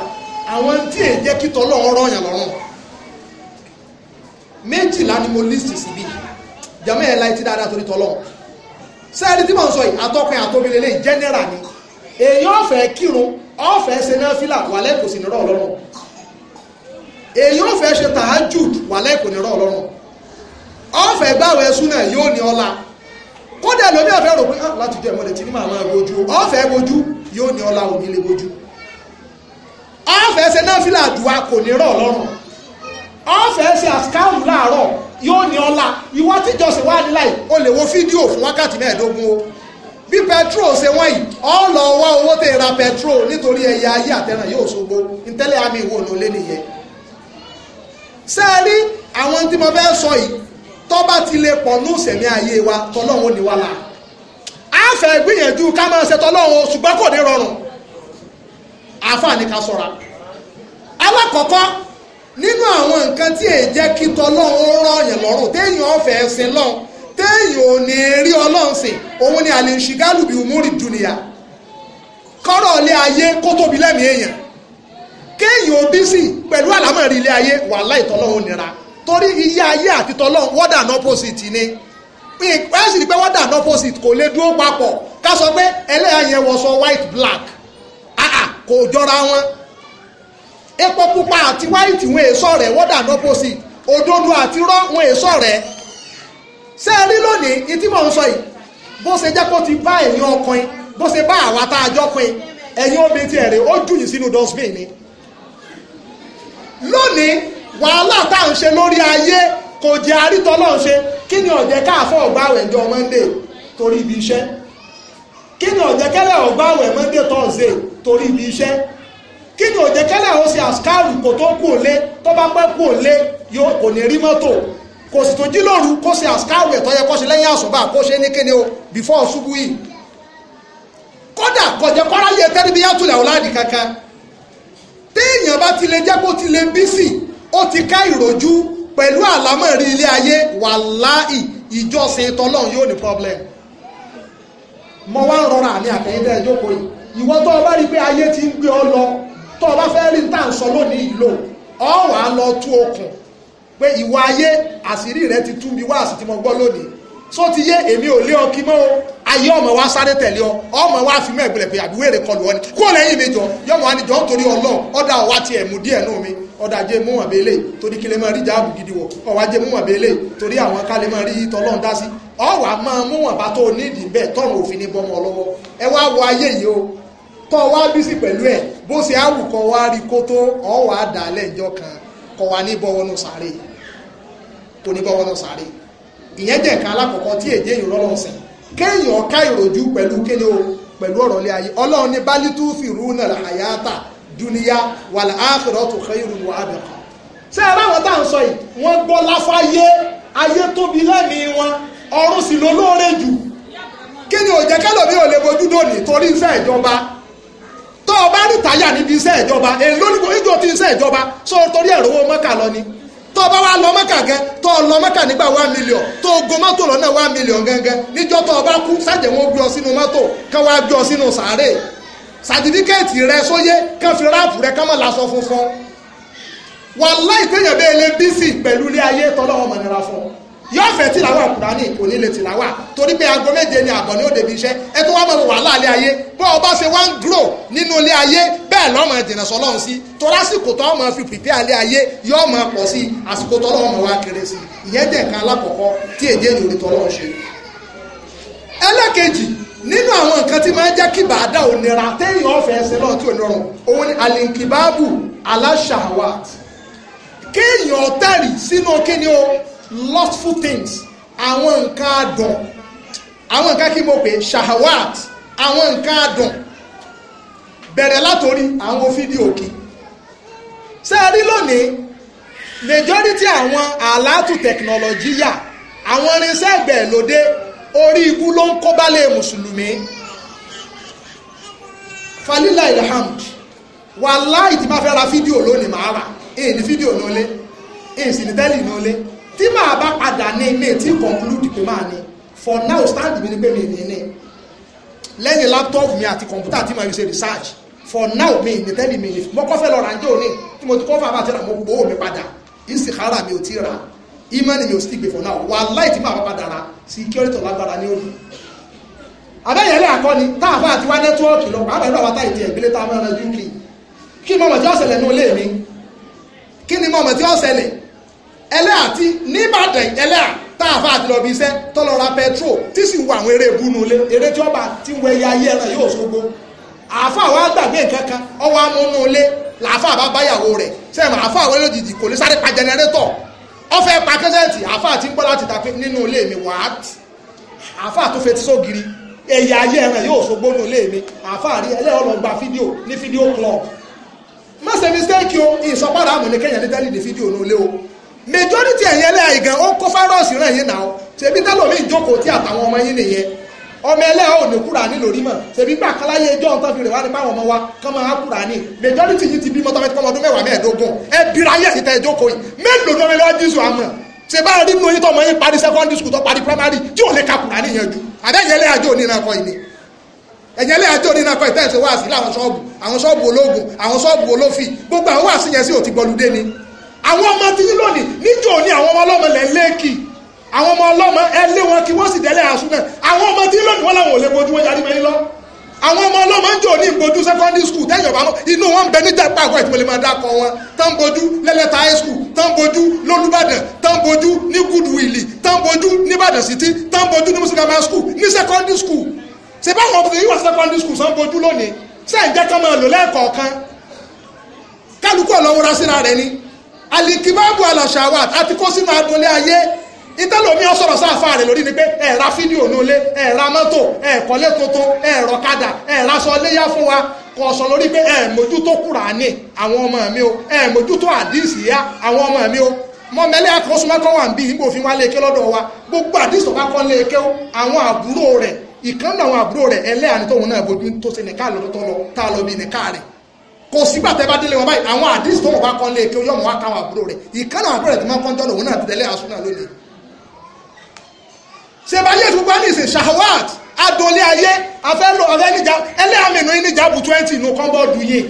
àwọn tí èyí jẹ́ kí tọ́lọ́ ọ̀rọ̀ yàn lọ́rùn méjìlá ni mo list síbi jàmẹ́ ẹ̀ láì tí dáadáa torí tọ́lọ́ sẹ́ẹ̀rì tí mò ń sọ yìí àtọkùn àtobìnrin lè general ni èyí ọ̀fẹ́ kírun ọ̀fẹ́ ṣe náà fílà wàlẹ́ kò sí nírọ̀ ọlọ́run èyí ọ̀fẹ́ ṣe tahajjud wàlẹ́ kò nírọ̀ ọlọ́run ọ̀fẹ́ gbàwẹ̀ súnà yóò ní ọlá kódà lómi ọ̀fẹ́ rò ah, láti jẹ́ ìmọ̀lẹ̀ tí ní màmá ẹ̀ ọ̀fẹ́ wojú yóò ní ọlá òní lè bójú ọ̀fẹ́ ṣe náfìlà àdúrà kò ní rọ̀ lọ́rùn ọ̀fẹ́ ṣe àṣkáàrù láàárọ̀ yóò ní ọlá ìwọ tíjọsìn wà níláì o lè wo fídíò fún wákàtí mẹ́ẹ̀ẹ́dógún o bí petrol ṣe wọ́n yìí ọ lọ wá owó tẹ̀ ra petrol nítorí ẹ̀yà ayé àtẹ̀ràn yóò ṣogbo ntẹ́lẹ̀ àmì ìwò ló lé nìyẹn sẹ́ẹ̀rí àwọn tí mo fẹ́ sọ yìí tọ́ bá ti lè pọ̀ ní òsèmí ayé wa tọ́lọ́run ò ní wá láà fẹ́ gbìyànjú ká máa ṣe tọ́lọ́run ṣùgbọ́n kò ní rọrùn àáfàá ni ká sọ̀ra alákọ̀ọ́kọ́ nínú àwọn nǹkan tí èyí jẹ́ kí tọ́lọ́run rọ̀yàn lọ́rùn téèyàn ọ̀fẹ́ ẹ̀sìn lọ́hùn téèyàn ò ní rí ọlọ́run sìn òun ni àlè ṣìgálù bíi umuri dunia kọ́rọ̀ ilé ayé kó tóbi lẹ́mìí èèyàn kéèyàn òbí sì pẹ̀lú àlámọ̀rí ilé ayé wàhálà ìtọ́lọ́run nira torí iye ayé àti tọ́lọ́run wọ́dà náà pósìtì ni wọ́n sì rí pé wọ́n dà ní opposite kò lè dúró papọ̀ ká sọ pé ẹlẹ́yà yẹn wọ sọ white black kò jọra wọn epo pupa àti white wọn èso rẹ̀ wọ́n dà ní opposite òdodo àti rọ́ wọn èso rẹ̀ ṣé ẹ rí lónìí ìtí mò ń sọ yìí bó ṣe jẹ́ kó ti bá ẹ̀yin ọkùnrin bó ṣe bá àwa tá a jọkùnrin ẹ̀yin obìnrin ti ẹ̀rẹ̀ ó jù yín sínú dustbin ni lónìí wàhálà tá à ń ṣe lórí ayé kò jẹ́ àrítọ́ lọ́n ṣe kí ni ọ̀jẹ́ káàfọ́ ọ̀gbáwẹ̀ ọjọ́ monday torí ibi iṣẹ́ kí ni ọ̀jẹ́ kẹ́lẹ̀ ọ̀gbáwẹ̀ monday thursday torí ibi iṣẹ́ kí ni ọ̀jẹ́ kẹ́lẹ̀ ó ṣe àṣkáàrù kò tó kù òlé tó bá pẹ́ kù òlé yóò kò ní rí mọ́tò kò sì tó jí lóru kó ṣe àṣkáàrù ẹ̀ tó yẹ kó ṣe lẹ́yìn àṣùbà kó ṣe ní kíni o before ṣubú yìí kódà kọ̀jẹ́ kọ́ráyé tẹ́lifíyàtúlẹ̀ ọ̀làdì kankan téèyàn bá ti lè jẹ́ kó ti lè bí sí ó ti ká ìròjú pẹ̀lú àlámọ̀rí ilé ayé wàláì ìjọsìn tọ́lọ́run yóò ní problem mo wá ń rọra àmì àtẹ̀yìndẹ́ ìjókòó yìí ìwọ tó o bá rí pé ayé ti ń gbé ọ lọ tó o bá fẹ́ rí tá à ń sọ lónìí yìí ọ wà á lọ tú okùn pé ìwọ ayé àṣírí rẹ ti tú mi wá àṣì tí mo gbọ́ lónìí só ti yé èmi ò lé ọ kí mọ́ o ayé ọmọ wa sáré tẹ̀lé ọ ọmọ wa fi mọ́ ẹ̀gbẹ̀rẹ̀ pé àbí wèrè ọ ni kó lẹ́yìn mi jọ yọmọ wa ni jọ ń torí ọlọ́ọ̀ ọ̀dà ọ̀wá tiẹ̀ mú díẹ̀ nù mi ọ̀dà jẹ́ mú wọn bẹ́ẹ̀lẹ̀ torí kí lè máa rí jáàbù gidi wọ̀ ọ̀wá jẹ́ mú wọn bẹ́ẹ̀lẹ̀ torí àwọn ká lè máa rí tọ́lọ́n dá sí ọ̀wà máa mú wọn bá tó nídìí bẹ́ẹ̀ tọ́run òfin ní bọ́mọ lọ́wọ́ ẹ wá wọ ayé yìí o kọ́ wá bí sí pẹ̀lú ẹ̀ bó ṣe àwùkọ wá rí kó tó ọ̀wà dà lẹ́jọ́ kan kọ́ wa ní bọ́wọ́nù sáré kò ní bọ́wọ́nù sáré ìyẹn jẹ́ nǹkan alákọ̀ọ́kọ́ tí èdè yìí kéèyàn ká o pẹ̀lú ọ̀rọ̀ lé ayé ọlọ́run ní bálítú fìrú náà àyáàtà dúníyà wal akhiratu khayrun wa abqa ṣé ẹ ráwọn tá à ń sọ yìí wọ́n gbọ́ láfáyé ayé tóbi lẹ́mìí wọn ọ̀run sì ló lóore jù kí ni òjẹ́ kẹ́lòmí ò lè bojú dòní torí iṣẹ́ ìjọba tó o bá ní táyà níbi iṣẹ́ ìjọba èyí ló ní ìjọ ti iṣẹ́ ìjọba sọ torí ẹ̀rọ owó mọ́kà lọ ni tó o bá wá lọ mọ́kà gẹ́ tó o lọ mọ́kà nígbà one million tó o go mọ́tò lọ́nà one million gẹ́gẹ́ níjọ́ tó o bá kú sájẹ̀ wọn gbé ọ sínú mọ́tò kán gbé ọ sínú sàárè sàtífíkẹ́ẹ̀tì rẹ sóyé kán fi ráàpù rẹ kán mọ̀ lásọ funfun wà láì téèyàn bẹ́ẹ̀ lé bísí pẹ̀lú ilé ayé tọ́lọ́wọ́ mọ̀nira fún un yóò fẹ́ tìlàwà kùránì kò ní lè tìlàwà torí pé aago méje ni àbọ̀ ní òde ibi iṣẹ́ ẹ tó wá mọ̀ wà láàlẹ́ ayé bọ́ ọba ṣe wá ń dúró nínú ilé ayé bẹ́ẹ̀ lọ́mọ ìdènà sọlọ́run sí torí àsìkò tó ọmọ fi pìpẹ́ alẹ́ ayé yóò máa pọ̀ sí àsìkò tó ọmọ wa kéré sí ìyẹn jẹ́ nǹkan alákọ̀ọ́kọ́ tí èdè ìròyìn tọ́lọ́run ṣe. ẹlẹ́kejì nínú àwọn nǹkan tí máa ń jẹ́ kí bàdá ò nira téèyàn ọ̀fẹ́ ẹsẹ̀ náà tí ò nírọ̀rùn òun ni alinkibabu aláṣàwàt kéèyàn tẹ̀rì sínú kíni o lustful things àwọn nǹkan adùn àwọn nǹkan kí mo pè ṣàwàt àwọn nǹkan adùn bẹ̀rẹ̀ látòrí àwọn fídíò kì ṣe rí lónìí majority àwọn àlàtù tẹkinọ́lọ́jì yà àwọn irinṣẹ́ ìgbẹ̀lódé orí ibú ló ń kó bálẹ̀ mùsùlùmí falila ilhamd wàláì tí máa fẹ́ ra fídíò lónìí màá rà èyí ní fídíò ní olé èyí sì ní tẹ́lì ní olé tí màá bá padà ní ilé tí conclude pé máa ní for now stand mi ní pé mi ní ní lẹ́yìn laptop mi àti kọ̀ǹpútà tí màá fi ṣe research for now mi ní tẹ́lì mi ní mọ́kọ́fẹ́ lọ́ra ń jẹ́ òní tí mo ti kọ́ fún abájẹ́ rà mo gbowó mi padà ìsìkára mi ò tí ì rà imani mi stick before now wà láìtì máa bá dára security lágbára ní òní abẹ́yẹlẹ́ àkọ́ni táàfà àti wá nẹ́tíwọ́ọ̀kì lọ pàápàá ìlú àwátá ìdí ẹ̀gbẹ́lẹ́ tá a máa rẹ̀ uk kí ni mọ̀mọ̀ tí ó ṣẹlẹ̀ ní olé mi kí ni mọ̀mọ̀ tí ó ṣẹlẹ̀ ẹlẹ́ àti níbàdàn ẹlẹ́ à táàfà àti lọ bí iṣẹ́ tọ́lọ ra petro tí sì wo àwọn eré ìbúnú ilé eré tí ó bá ti wẹ ya ayé ẹran yóò ṣogbo àáfà wa gbàgbé nǹkan kan ọwọ́ amúnú ilé làáfà bá báyàwó rẹ̀ sẹ́yìn àáfà àwọn ẹlòdìdì kò ní sáré pa jẹnẹrétọ̀ ó fẹ́ pa kẹ́sẹ̀tì àáfà tí ń gbọ́ láti tàpé nínú ilé mi wàát àáfà tó fetí sógiri ẹ̀yà ayé ẹ̀rẹ̀ yóò ṣogbó nínú ilé mi àáfà rí ẹlẹ́ọ̀lọ́gba fídíò ní fídíò club má ṣe mistake o ìsọpadà àmọ̀ ní kẹ́yìn lẹ́tẹ́lì ní fídíò ní ilé o majority ẹ̀yìn ẹlẹ́yà ìgàn ó kó fáírọ́ọ̀sì rẹ̀ yín náà ṣèbí tẹ́lómi ìjókòó tí àtàwọn ọmọ yín nìyẹn ọmọ ẹlẹ́hà ò ní kúránì lórí mọ̀ ṣèbí gbà kan láyé ẹjọ́ ọ̀tọ́ fi rè wá ní báwọn ọmọ wa kán máa kúránì majority yìí ti bímọ tọ́mọ tí wọ́n ọdún mẹ́wàá mẹ́ẹ̀ẹ́dógún ẹ bira ayé ẹ̀sìn tẹ́ ẹjọ́ kò yìí mélòó ni ọmọ ẹlẹ́wà jésù àmọ́ ṣe bá rí nínú yín tọmọ yín parí secondary school tó parí primary tí ò lè ka kúránì yẹn ju àbẹ́yẹn ẹlẹ́hà jò ní ìrànkọ́ yìí ni ẹ̀yẹ́ lẹ́yìn àti onínà kọ́ ìtẹ́ẹ̀sẹ̀ wá sí láwọn ṣọ́ọ̀bù àwọn ṣọ́ọ̀bù ológun àwọn ṣọ́ọ̀bù olófì gbogbo àwọn wá sí yẹn sí òtí gbọlúdé ni àwọn ọmọ tí yín lónìí níjọ́ ní àwọn ọmọ ọlọ́mọ lẹ̀ àwọn ọmọ ọlọ́mọ ẹlé wọn kí wọ́n sì dẹ́lẹ̀ àṣù náà àwọn ọmọ tí lónìí wọn làwọn ò lè bojú wọn yarí mẹ́rin lọ àwọn ọmọ ọlọ́mọ ń jò ní ìbojú secondary school tẹ́yìn ọ̀bá inú wọn ń bẹ níjà pàgọ́ ìtumọ̀ lè máa dákọ̀ wọn tán bojú lẹ́lẹ́ta high school tán bojú lólúbàdàn tán bojú ní goodwill tán bojú nìbàdàn city tán bojú ní musulman school ní secondary school ṣe báwọn ọmọ yìí wà secondary school sàn bojú lónìí ṣe ń jẹ́ kán máa lò lẹ́ẹ̀kọ̀ọ̀kan alikibabu alashawat àti kó sínú adúlé ìtẹ́lómi ọ̀sọ̀rọ̀ sáfà rẹ̀ lórí ni pé ẹ ra fídíò ní ilé ẹ ra mọ́tò ẹ kọ́lé tuntun ẹ rọ̀kadà ẹ raṣọ léyà fún wa kò sọ lórí pé ẹ mójútó kùránì àwọn ọmọ mi o ẹ mójútó àdìsí yá àwọn ọmọ mi o mọ̀mẹ́lẹ́ akọ́sùmọ́kọ́ wà ń bí ìgbò òfin wa léèké lọ́dọ̀ wa gbogbo àdìsí ọba kọ́ léèké o àwọn àbúrò rẹ̀ ìkànnì àwọn àbúrò rẹ̀ ẹlẹ́yàní tóun náà bójú tó ṣe nìka lọ́dọ̀ tó lọ tá a lọ bí nìka rẹ̀ kò sígbà tẹ́ bá délé wọn báyìí àwọn àdìsí tóun ọba kọ́ léèké o yọ̀mọ̀ wá káwọn àbúrò rẹ̀ ìkànnì àbúrò rẹ̀ tó máa ń kọ́ ṣèbáyé ìdúgbà ní ìsìn shahawat adolé ayé afẹ́lò ọ̀rẹ́ níjà ẹlẹ́àmìnú níjàbù twenty inú kọ́ńbọ́ọ̀dù yìí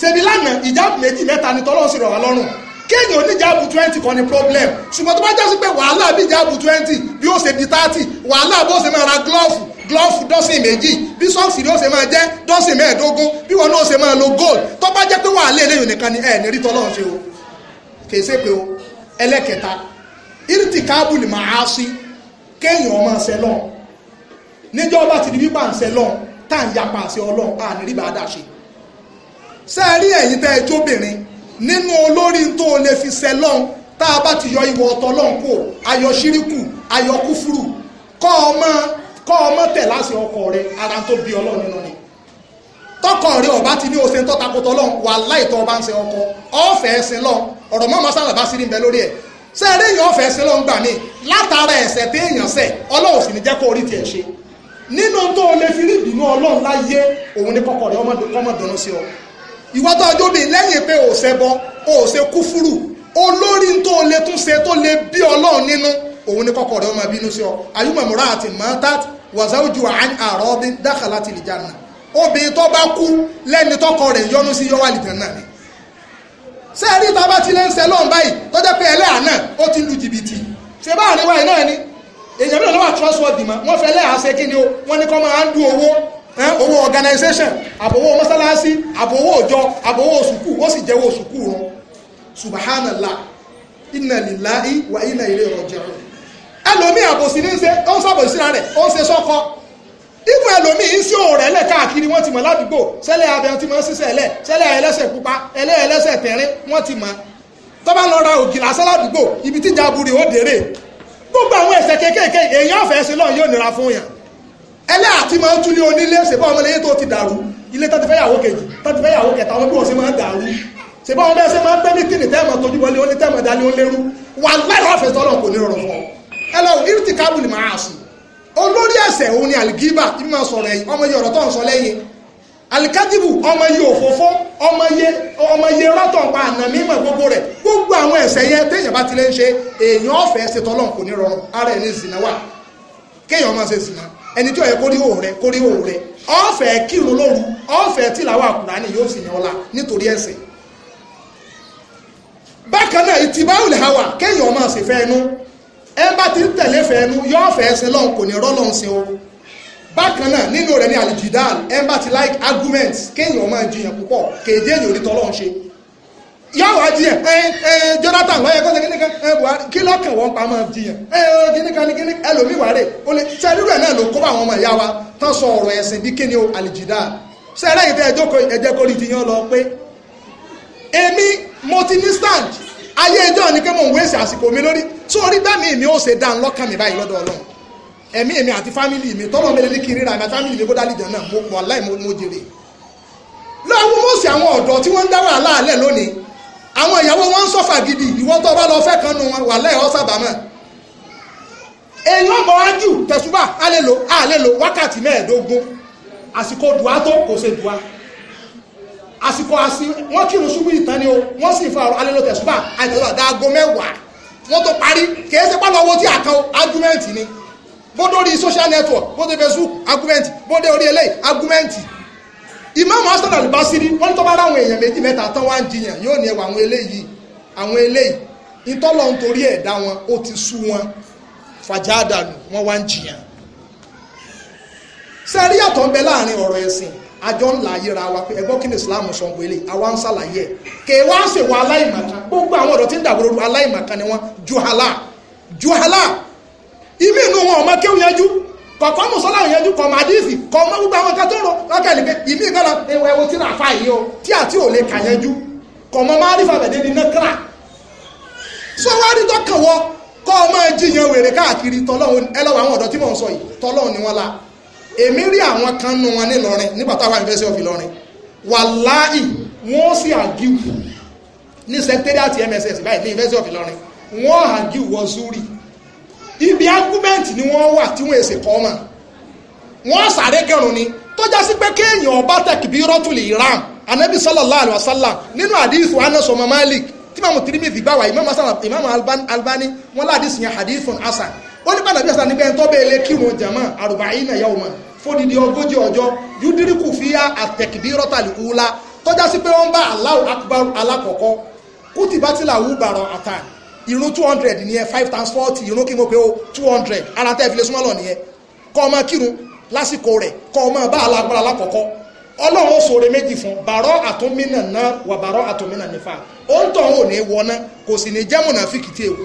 ṣèbí lánàá ìjàbù méjì mẹ́ta ni tọ́lọ́run sì rọ̀ wá lọ́rùn kéèyàn oníjàbù twenty kan ní problem ṣùgbọ́n tó bá jẹ́ sí pé wàhálà bí ìjàbù twenty bí ó ṣe di thirty wàhálà bó ṣe máa ra glove glove dọ́sìn méjì bí sọ́ọ̀sì ló ṣe máa jẹ́ dọ́sìn mẹ́ẹ̀ẹ́dógún bí wọn náà ṣe máa lo gold tó bá jẹ́ pé wàhálà eléyìí nìkan ni ẹ̀ ní rí tọ́lọ́run ṣe o kèé ṣe pé o ẹlẹ́kẹta iriti káàbùlì máa á sí kéèyàn ọmọ ṣe lọ́n níjọ́ bá ti di wípà ń ṣe lọ́n tá à ń yapa àṣẹ ọlọ́n à ní rí bàdà ṣe ṣe rí ẹ̀yin tẹ́ ẹ jóbìnrin nínú olórí tó o lè fi ṣe lọ́n tá a bá ti yọ ìwọ ọ̀tọ̀ lọ́n kó ayọ̀ ṣíríkù ayọ̀ kúfúrú kọ́ ọmọ kọ́ ọmọ tẹ̀ láṣẹ ọkọ rẹ ara tó bí ọlọ́run nínú ni tọkọ rẹ ọba ti ní o ṣe ń tọ́takùtọ̀ lọ́n wàláì tó ọba ń ṣe ọkọ ọ̀fẹ́ ẹ̀sìn lọ ọ̀rọ̀ mọ́ mọ́sálà bá sí ní lórí ẹ̀ ṣé eré èèyàn ọ̀fẹ́ ṣe ló ń gbà mí látara ẹ̀ṣẹ̀ tí èèyàn ṣẹ̀ ọlọ́run sì ní jẹ́ kó orí tiẹ̀ ṣe nínú tó o lè fi rí ìbínú ọlọ́run láyé òun ní kọ́kọ́ rẹ ọmọ dùnú sí ọ ìwọ tó ọjọ́ bíi lẹ́yìn pé o ṣẹbọ o ṣe kúfúrù olórí tó o lè tún ṣe tó lè bí ọlọ́run nínú òun ní kọ́kọ́ rẹ ọmọ bínú sí ọ ayúmọ̀mọ́ra àti mọ́tàtì wàzáwùjú àrọ́bí dákàlá tìlìjà náà obìnrin tó bá kú lẹ́ni tọkọ rẹ̀ yọnu sí yọ́wálìtàn náà ni ṣé ẹ rí tá bá ti lè ń ṣe lóun báyìí tó jẹ́ pé náà ó ti lu jìbìtì ṣe bá àríwá yìí náà ni èèyàn mìíràn náà wà trustworthy mọ́ wọ́n fẹ́ lẹ́yà ṣe kí ni o wọ́n ní kọ́ máa ń du owó owó organization mọ́sálásí òjọ sùkúù ó sì jẹ́wọ́ sùkúù wa ní ṣe ó ń síra rẹ̀ ìfún ẹlòmíì sí òun rẹ̀ lẹ̀ káàkiri wọ́n ti mọ̀ ládùúgbò sẹ́lẹ̀ abẹ́hùn tí wọ́n ṣiṣẹ́ ẹlẹ̀ sẹ́lẹ̀ ẹlẹ́sẹ̀ pupa ẹlẹ́ ẹlẹ́sẹ̀ tẹ̀rín wọ́n ti mọ̀ tọ́ba lọ ra ògì lásán ládùúgbò ibi tíjà burú ó dèrè gbogbo àwọn ẹ̀ṣẹ̀ kéékèèké èèyàn ọ̀fẹ́ sí lọ́ọ̀ yóò nira fún yàn ẹlẹ́ àti máa ń túlé onílé ṣèbá ọmọ lẹ́yìn tó ti dàrú ilé tó ti fẹ́ yàwó kejì tó ti fẹ́ yàwó kẹta wọn bí wọ́n ṣe máa ń dàrú ṣèbá ọmọ bẹ́ẹ̀ ṣe máa ń gbé ní kíni tẹ́ẹ̀mọ̀ tójú wọlé ó ní tẹ́ẹ̀mọ̀ dání ó lérú wà láì ọ̀fẹ́ tọ́lọ̀ kò ní rọrùn fún ọ ẹ lọ irú ti kábùlì máa sùn olórí ẹ̀ṣẹ̀ òun ni àlìgíbà tí mo sọ̀rọ̀ ẹ̀yìn ọmọ yìí ọ̀rọ̀ tó ń sọ lẹ́yìn alikadibu ọmọ yìí òfófó ọmọ yìí ọmọ yìí rọ́tọ̀ pa àná mímọ̀ gbogbo rẹ̀ gbogbo àwọn ẹ̀ṣẹ̀ yẹn téèyàn bá ti lè ń ṣe èèyàn ọ̀fẹ́ ṣe tọ́lọ́ kò ní rọrùn ara ẹni zina wà kéèyàn máa ṣe zina ẹni tí ó yẹ kórí òun rẹ kórí òun rẹ ọ̀fẹ́ kírun lóru ọ̀fẹ́ tìlàwọ̀ àkùránì yóò sì ní ọlá nítorí ẹ̀ṣẹ̀ bákan náà ìtìbáwìlì hawa kéèyàn máa ṣèfẹ́ ẹnu ẹ bá ti ń tẹ̀lé fẹ́ẹ́nu yóò fẹ́ẹ́ sin lọ́hùn kò ní rọ́lọ́hùn sin o bákan náà nínú rẹ̀ ní alijidal ẹ bá ti like argument kéèyàn máa jiyàn púpọ̀ kéèjé èèyàn orí tọ́lọ́hùn ṣe yóò wá jiyàn ẹ ẹ Jonathan wọ́n yẹ kó ṣe kíníkan ẹ Buhari kí lọ́kàn wọn pa máa jiyàn ẹ ẹ kíníkan ní kíní ẹlòmíì wà rè o lè ṣe rírọ̀ náà ló kó àwọn ọmọ ìyá wa tán sọ ọ̀rọ̀ ẹ̀sìn bí kíni o alijidal ṣe ẹlẹ́yìn tẹ́ ẹjọ́ ẹjẹ́ kórìí ti yan lọ pé èmi mo ti ní stand ayé ìjọ ni pé mò ń wéṣẹ̀ àsìkò mi lórí tó orí bẹ́ẹ̀ mi mi ò ṣe dá lọ́kàn mi báyìí lọ́dọ̀ ọlọ́run ẹ̀mí mi àti fámìlì mi tọ́lọ́ mi lè ní kí ríra mi àti fámìlì mi kó dálì jẹ̀ náà mo pọ̀ aláì mo jèrè lọ́wọ́ mọ̀ọ́sì àwọn ọ̀dọ́ tí wọ́n ń dá wàhálà alẹ́ lónìí àwọn ìyàwó wọn ń sọ́fà gidi ìwọ́ tó bá lọ fẹ́ kan nu wọn wàhálà ẹ̀ ọ́ sábàámọ̀ èèyàn ọmọ wájú tẹ̀sùbà á lè lò á lè lò wákàtí mẹ́ẹ̀ẹ́dógún àsìkò dùá àsìkò àsì wọ́n kírun ṣubú ìtàn ni o wọ́n sì fa alẹ́ ló tẹ̀sùbà àìtẹ̀sùbà dáago mẹ́wàá wọ́n tó parí kìí ṣe pálọ̀ tí àkan argument ni bóde social network bóde facebook argument bóde orí eléyìí argument Imam Hasan al-Basri wọ́n tó bá ráwọn èèyàn méjì mẹ́ta tán wá ń jiyàn yóò ní ẹwà àwọn eléyìí àwọn eléyìí ìtọ́lọ̀ ń torí ẹ̀dá wọn ó ti sú wọn fàjádà wọ́n wá ń jiyàn sẹ́rí ń bẹ láàrin ọ̀rọ̀ ẹ̀sìn àjọ ńlá yíra wa pé ẹgbọ́n kí ni Islam sọ ń wele àwa ń ṣàlàyé ẹ̀ kè wá ṣe wọ gbogbo àwọn ọ̀dọ́ tí ń dàgbòrò aláìmọ̀kan ni wọ́n juhala juhala ìmí inú wọn ọmọ kéwù yẹn jú kọ̀kọ́ mùsọ́lá yẹn jú kọ̀mọ̀ àdìsí kọ̀mọ̀ gbogbo àwọn kan tó rọ lọ́kẹ́ ni pé ìmí ìgbàlá ẹwọ tí nàá fà yìí o tí àti ò lè kà yẹn jú kọ̀mọ̀ máa rí fàbẹ̀dẹ́ ní nẹ́kírà sọ wá rí tọkàn wọ kọ́ ọmọ ẹjì yẹn wèrè káàkiri tọ́lọ́hún ẹlọ́wọ̀ àwọn ọ̀dọ́ tí mò ń sọ yìí tọ́lọ́hún ni wọ́n la èmi rí àwọn kan nu wọn nílọrin nígbà táwa ìfẹsẹ̀ ọ̀fìn lọrin wàláì wọ́n sì àgíwù ní secretariat mss báyìí ní ìfẹsẹ̀ ọ̀fìn lọrin wọ́n àgíwù wọ́n zúrì ibi agúmẹ́ǹtì ni wọ́n wà tí wọ́n èsè kọ́ mọ̀ wọ́n sáré gẹ̀rùn ni tó já sí pé kéèyàn ọba tẹ̀kìbí rọ́tùlì ìram anabi sallallahu alayhi wa sallam nínú àdìsù anas ọmọ malik tí màmú tirimidi gbà wá imam albani wọn láàdìsù yẹn hadithun hasan ó ní bàdàbí ọ̀sán níbẹ̀ tó bẹ́ẹ̀ lé kírun jàmá àrùbá yìí nà yàwó mọ̀ fódìdí ogójì ọjọ́ yúdíríkù fíyà àtẹ̀kìdí rọ́tàlì kúlá tọ́já sí pé wọ́n bá Allahu akbar alákọ̀ọ́kọ́ kùtì bá ti làwù bàrọ̀ àtà ìrun two hundred nìyẹn five times forty ìrun kí n mọ̀ pé ó two hundred ara tẹ́ fi lè súnmọ́ lọ nìyẹn kọ́ ọmọ kírun lásìkò rẹ̀ kọ́ ọmọ bá Allahu akbar alákọ̀ọ́kọ́ ọlọ́run ó sòrè méjì fún bàrọ́ àtúnmínà náà wà bàrọ́ àtúnmínà nífà ó ń tọ̀ ọ́ ò ní wọná kò sì ní jẹ́mùnà fìkìtì èkú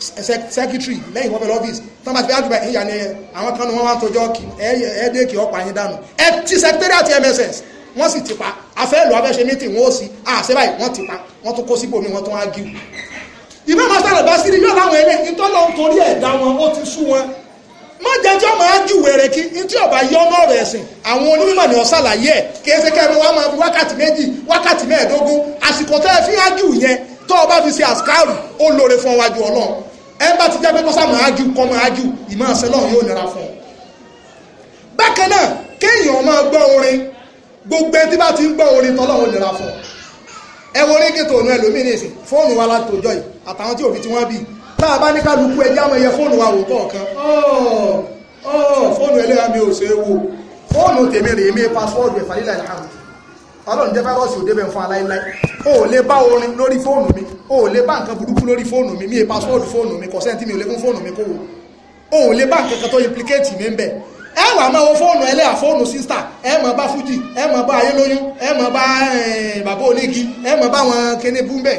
secretary lẹ́yìn wọn bẹ̀rẹ̀ ọ́fíìsì tán bá ti fi ájú báyìí ìyá ni àwọn kan ní wọ́n wá ń tọjọ́ kì ẹ́ẹ́dẹ́kì ọ̀pá yín dànù ẹ ti secretary àti mss wọ́n sì ti pa afẹ́lò abẹ́ṣe meeting wọ́n ó sì àṣẹ báyìí wọ́n ti pa wọ́n tún kó síbò mi wọ́n tún á gíw ìbá master of basiri yóò láwọn ẹlẹ́ ìtọ́lọ́ nítorí ẹ̀dá wọn ó ti sú wọn má jẹjọ́ máa jù wẹ̀rẹ̀ kí n tí ọba yọ ọmọ rẹ̀ sìn àwọn onímọ̀ ni ọ̀sàlàyé ẹ̀ kí ẹsẹ̀ kẹrin wa máa fi wákàtí méjì wákàtí mẹ́ẹ̀ẹ́dógún àsìkò tẹ́ ẹ fi ájú yẹn tọ́ ọba fi ṣe àṣkárù ó lóore fún ọwájú ọlọ́run ẹ bá ti jẹ́ pé kọ́sá máa ájú kọ́ máa ájú ìmọ̀ àṣẹ náà yóò nira fún ọ. bákan náà kéèyàn máa gbọ́ orin gbogbo ẹni tí bá ti ń gbọ́ orin tọ́lọ́run nira fún ọ. ẹ wo orin kìtò ònà ẹlòmíì ní ìsìn fóònù wa láti òjọ yìí àtàwọn tí òfin tí wọ́n bí tá a bá ní kálukú ẹjẹ́ àwọn ẹyẹ fóònù wa wò kọ̀ọ̀kan fóònù ẹlẹ́yà mi ò ṣe é wò fóònù tèmi rèé mi pásíwọ́ọ̀dù ẹ̀fà lílà ìlànà ọlọ́run jẹ́ fáírọ́ọ̀sì ò débẹ̀ fún aláìláì o ò lè bá orin lórí fóònù mi o ò lè bá nǹkan burúkú lórí fóònù mi mi è pásíwọ́ọ̀dù fóònù mi kọ̀sẹ́ tí mi ò lè fún fóònù mi kó wo o ò lè bá nǹkan kan tó implicate mi ń bẹ̀ ẹ wà máa wo fóònù ẹlẹ́yà fóònù sísítà ẹ máa bá fújì ẹ máa bá ayélóyún ẹ máa bá eh, bàbá onígi ẹ máa bá wọn kéne búmbẹ̀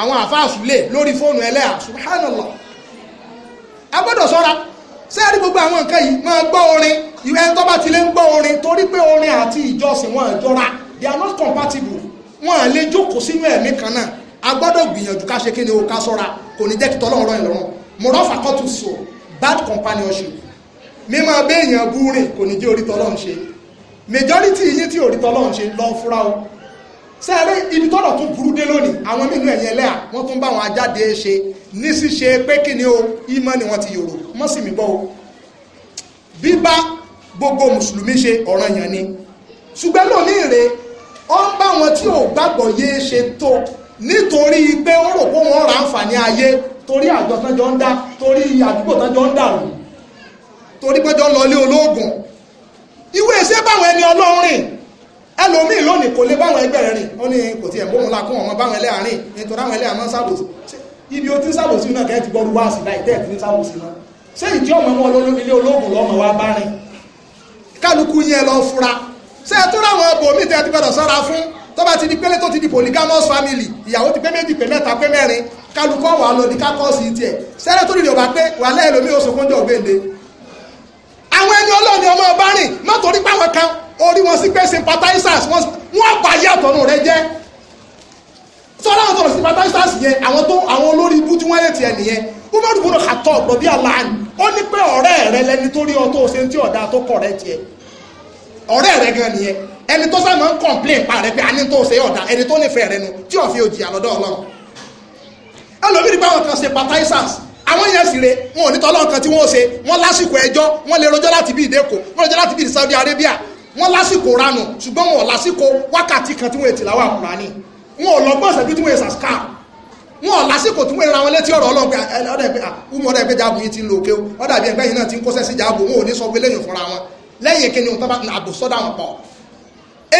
àwọn àfáàsù lè lórí fóònù ẹlẹ́yà subhanallah a gbọ́dọ̀ sọ́ra sẹ́ẹ̀rí gbogbo àwọn nǹkan yìí máa gbọ́ orin ìwé ẹni tó bá ti lè ń gbọ́ orin torí pé orin àti ìjọsìn wọn jọra they are not compatible wọn à lè jókòó sínú ẹ̀mí kan náà a gbọ́dọ̀ gbìyànjú ká ṣe kí ni o ká sọ́ra kò ní jẹ́ títọ́ lọ́rọ̀ ìlọ́run mo rọ́ fàkọ́tù sọ bad companionship mímọ béèyàn búrin kò ní jẹ́ orí tọ́lọ́run ṣe majority yín tí orí tọ́lọ́run ṣe lọ fúra o sẹ́ẹ̀rẹ́ ibi tọ́lọ̀ tún burú dé lónìí àwọn mínú ẹ̀yìn ẹlẹ́à wọ́n tún bá àwọn ajáde ṣe ní ṣíṣe pé kí ni o ìmọ̀ ni wọ́n ti yòrò mọ́ sí mi gbọ́ o bíbá gbogbo mùsùlùmí ṣe ọ̀ranyàn ni ṣùgbọ́n lónìí rèé ó ń bá wọn tí ò gbàgbọ́ yé ṣe tó nítorí pé ó rò pé wọ́n ra àǹfààní ayé torí àjọ tán jọ ń dá torí àdúgbò tán jọ ń dàrú torí pé jọ ń lọlé olóògùn ìwé iṣẹ́ báwọn ẹni ọlọ́run rìn ẹlòmíì lónìí kò lè báwọn ẹgbẹ́ rẹ̀ rìn ó ní kò tiẹ̀ bóun la kún ọmọ báwọn ẹlẹ́yà nítorí àwọn ẹlẹ́yà sábòsí ibi o ti ń sábòsí náà kẹ́ẹ̀ ti gbọ́dọ̀ wá sí láì tẹ́ẹ̀ ti ń sábòsí náà ṣé ìdí ọmọ ọmọ ilé olóògùn lọ́mọ wa bá rìn kálukú yẹn lọ fura ṣé ẹ tún ráwọn ọbọ mi tẹ́ ẹ ti gbọ́dọ̀ sọ́ra fún tó bá ti di pélé tó ti di polygamous family ìyàwó ti pé méjì pé mẹ́ta pé mẹ́rin kálukọ́ wà lọ ní kákọ́ọ̀sì tiẹ̀ sẹ́rẹ́ tó nílò bá pé wà lẹ́yìn lómi òṣòkúnjọ́ ògbéǹde àwọn ẹni ọlọ́ọ̀ni ọmọ ọba rìn má torí páwọn kan orí wọn sí pé sympathizers wọn bá yàtọ̀ nù rẹ jẹ́ sọ́dọ̀ àwọn tọ̀rọ̀ sympathizers yẹn àwọn tó àwọn olórí ibú tí wọ́n yẹ tiẹ̀ nìyẹn umaru gbọdọ̀ kàtọ́ ọ̀gbọ̀n bíi aláàánú ó ní pé ọ̀rẹ́ rẹ lẹni torí ọ ṣe ń tí ọ̀dà tó kọ̀ rẹ tiẹ̀ ọ̀rẹ́ rẹ gan nìyẹn ẹni tó sáà máa ń complain pa rẹ pé a ní tó ṣe ọ̀dà ẹni tó nífẹ̀ẹ́ rẹ nu tí ò fi òjìyà lọ́dọ̀ ọlọ́run ẹlòmíràn báwọn kan ṣe partisans àwọn yẹn sì re wọn ò ní tọ́lọ́ nǹkan tí wọ́n ṣe wọ́n lásìkò ẹjọ́ wọ́n lè rojọ́ láti bí ìdẹ́kọ̀ wọ́n lè rojọ́ láti bí ìdí Saudi Arabia wọ́n lásìkò ranù ṣùgbọ́n wọn ò lásìkò wákàtí kan tí wọ́n ètì láwọn àkùrá ni wọn ò lọ́gbọ́n ṣẹ́jú tí wọ́n èsà ská wọn ò lásìkò tí wọ́n ra wọn létí ọ̀rọ̀ ọlọ́gbẹ́ ọ̀dà ẹgbẹ́ jáàbù yìí ti ń lo òkè ọ̀dà ẹgbẹ́ yìí náà ti ń kọ́sẹ́ sí jáàbù wọn ò ní sọ pé lẹ́yìn fúnra wọn lẹ́yìn kí ni wọn tábà àdó sọ́dà wọn pọ̀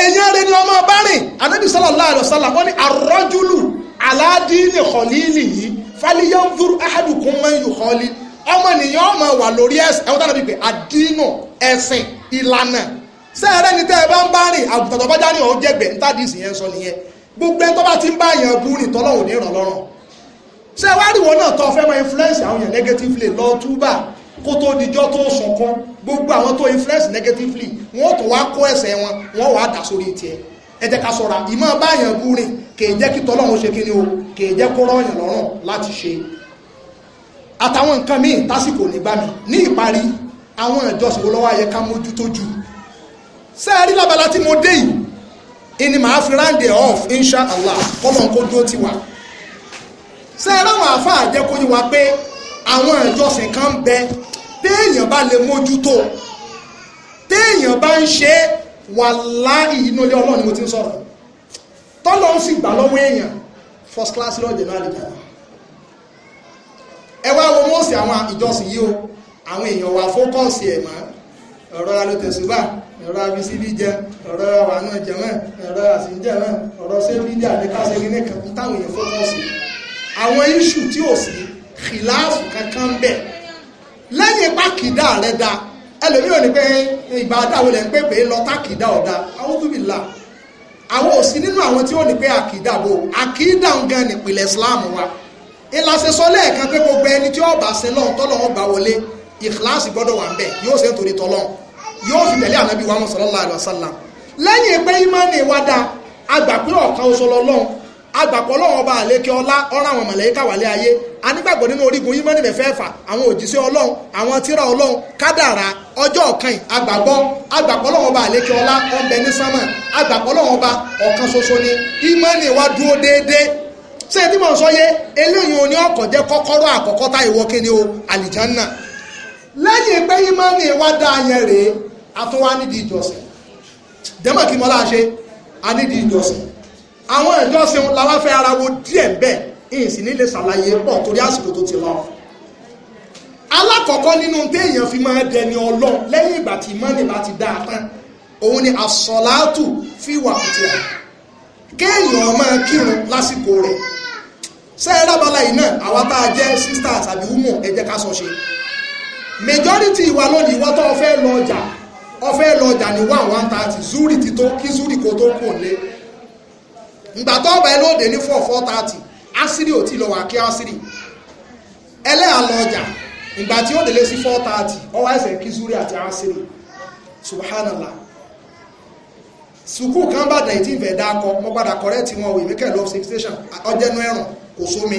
èèyàn rẹ ni ọmọ bá rìn anábì sallallahu alaihi wasallam wọn ni arrajulu ala dini khalilihi falyanzur ahadukum man yukhalil ọmọ nìyẹn ọmọ wà lórí ẹsẹ̀ ẹ̀wọ́n tánà bíi pé àdínù ìlànà sẹ́ẹ̀rẹ́ ni tẹ́ ẹ bá ń bá rìn àbùtàn tó bá já ní ọ̀hún jẹ́gbẹ̀ẹ́ ní tàdísì yẹn sọ nìyẹn gbogbo ẹni tó bá ti ń bá yẹn bú rìn tọ́lọ́hùn ní ìrànlọ́rùn ṣé wá rí wọn náà tọ́ fẹ́ máa influence àwọn yẹn negatively lọ túbà kó tó dijọ́ tó sunkún gbogbo àwọn tó influence negatively wọ́n tó wá kó ẹsẹ̀ wọn wọ́n wá dà sórí tiẹ̀ ẹ jẹ́ ká sọ̀ra ìmọ̀ báyàn bú rìn kèè jẹ́ kí tọ́lọ́run ṣe kíni o kèè jẹ́ kó rọ́ọ̀yàn lọ́rùn láti ṣe àtàwọn nǹkan míì tásìkò ní bá mi ní ìparí àwọn ìjọsìn wo lọ́wọ́ ayẹ ká mójútó jù sẹ́ẹ̀rí lábala tí mo dé yìí ìní màá fi ráǹdẹ̀ off insha allah kọ́lọ́n kó dúró tiwa sẹ́ẹ̀rí àwọn àáfàá jẹ́ kó wa pé àwọn ìjọsìn kan bẹ téèyàn bá lè mójútó téèyàn bá ń ṣe wàláhì inú ilé ọlọ́run ni mo ti ń sọ̀rọ̀ tọ́lọ́ ń sì gbà lọ́wọ́ èèyàn first class lọ́jẹ̀ náà lè jàdá ẹ wá wo mọ́ọ̀sì àwọn ìjọsìn yìí o àwọn èèyàn wà fókọ̀sì ẹ̀ mọ́ ọ̀rọ̀ alótẹ̀sùbà ọ̀rọ̀ abisíbí jẹ ọ̀rọ̀ àwọn jẹ̀mọ́ ọ̀rọ̀ àsìnjẹ̀mọ́ ọ̀rọ̀ sẹ́bíjà ní káṣẹ́rí nìkan táwọn èèyàn fókọ̀sì àwọn iṣu tí ò sí kìláàfù kankan bẹ́ẹ̀ lẹ́yìn pákìdá rẹ̀ da ẹlòmíì ò ní pé ìgbà àdáwò lẹ́ ń pè pé lọ tákìdá ọ̀dà àwọn tóbi là àwọn ò sí nínú àwọn tí ó ní pé àkìdá bò àkìdá ń gan nípìnlẹ̀ Islam wa ìlàsẹ̀ sọ lẹ́ẹ̀kan pé gbogbo ẹni tí ọba sin lọ́hùn tọ́lọ́hùn gbà wọlé ìkíláàsì gbọ́dọ̀ wà ń bẹ̀ yóò ṣe nítorí tọ́lọ́hùn yóò fi tẹ̀lé ànábì wa sallallahu alaihi wasallam lẹ́yìn pé ìmánì wa da agbà pé ọ̀kan oṣù lọ́lọ́hùn agbàpọ̀ lọ́wọ́ ọba àlékè ọlá ọ̀rọ̀ àwọn màláíkà wálé ayé anígbàgbọ́ nínú orígun yìí mọ́nì mẹ́fẹ́ẹ̀fà àwọn òjíṣẹ́ ọlọ́run àwọn tírà ọlọ́run kádàrà ọjọ́ ọ̀kan agbàgbọ́ agbàpọ̀ lọ́wọ́ ọba àlékè ọlá ọ̀bẹ ní sámà agbàpọ̀ lọ́wọ́ ọba ọ̀kan ṣoṣo ni ìmọ̀nì wa dúró déédéé ṣé tí mo sọ yé eléyìí oní ọkọ̀ jẹ́ kọ́kọ́rọ́ o àlìjánná lẹ́yìn pé wa dá yẹn rèé àtúnwá nídìí ìjọsìn àwọn ìjọsìn làwọn fẹ́ ara wo díẹ̀ bẹ́ẹ̀ ìyìn sì nílé ṣàlàyé pọ̀ torí àsìkò tó ti lọ. alákọ̀ọ́kọ́ nínú téèyàn fi máa dẹni ọlọ́ lẹ́yìn ìgbà tí mọ́nì bá ti dáa tán òun ni àsọ̀láàtù fi wà kùtì à kéèyàn máa kírun lásìkò rẹ̀ sẹ́ẹ̀ rábàlá yìí náà àwa tá a jẹ́ sisters àbí wúmọ̀ ẹ jẹ́ ká sọ ṣe majority ìwà lónìí ìwọ́ tó o fẹ́ lọ ọjà o fẹ́ lọ ọjà ní one one thirty zuri ti tó kí zuri kò tó kò lé ìgbà tó ọba ẹ lóde ní four four thirty asiri ò ti lọ wà kí asiri ẹlẹ́yà lọ ọjà ìgbà tí ó délé sí four thirty ọwọ́ ẹsẹ̀ kizuri zuri àti asiri subhanallah sukuu kan bá dàn ìdí ìfẹ́ dákọ mo padà kọ́rẹ́ tí wọn ò ìmíkẹ́ lọ sí station ọjẹ́nu ẹ̀rùn kò sómi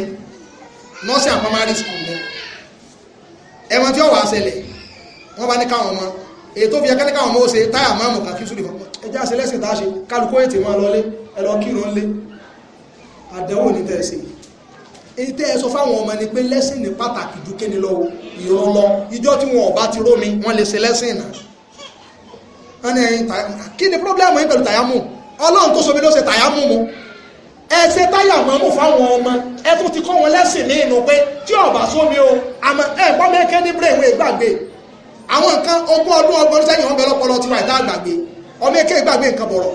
nọ́ọ̀sì and primary school mi ẹ̀wọ̀n tí ó wà á ṣẹlẹ̀ wọ́n bá ní káwọn ọmọ èyí tó fi ẹ̀kẹ́ ní káwọn ọmọ ó ṣe táyà máàmù kan kí ẹjá ṣe lẹ́sìn tá a ṣe kálukú ètè máa lọlé ẹlọ kírun lé àdẹ́wò ní tẹ̀sí èyí tẹ́ ẹ sọ fáwọn ọmọ ni pé lẹ́sìn ní pàtàkì ju kéde lọ ìran lọ ìjọ tí wọn ọba ti rómi wọn lè ṣe lẹ́sìn náà wọn ni ẹyin kí ni pírọ́blẹ́mù yín pẹ̀lú tàyámù ọlọ́run tó somi ló ṣe tàyámù mu ẹ ṣe táyàmù mú fáwọn ọmọ ẹ tún ti kọ́ wọn lẹ́sìn ní inú pé tí ọba sómi o àmọ́ ẹ pọ́n mẹ́kẹ́ ní brèwé àwọn nǹkan ogún ọdún ọgbọ́n sẹ́yìn wọn bẹ lọ́pọlọ ìdá àgbàgbé ọmọ èké gbàgbé nǹkan bọ̀rọ̀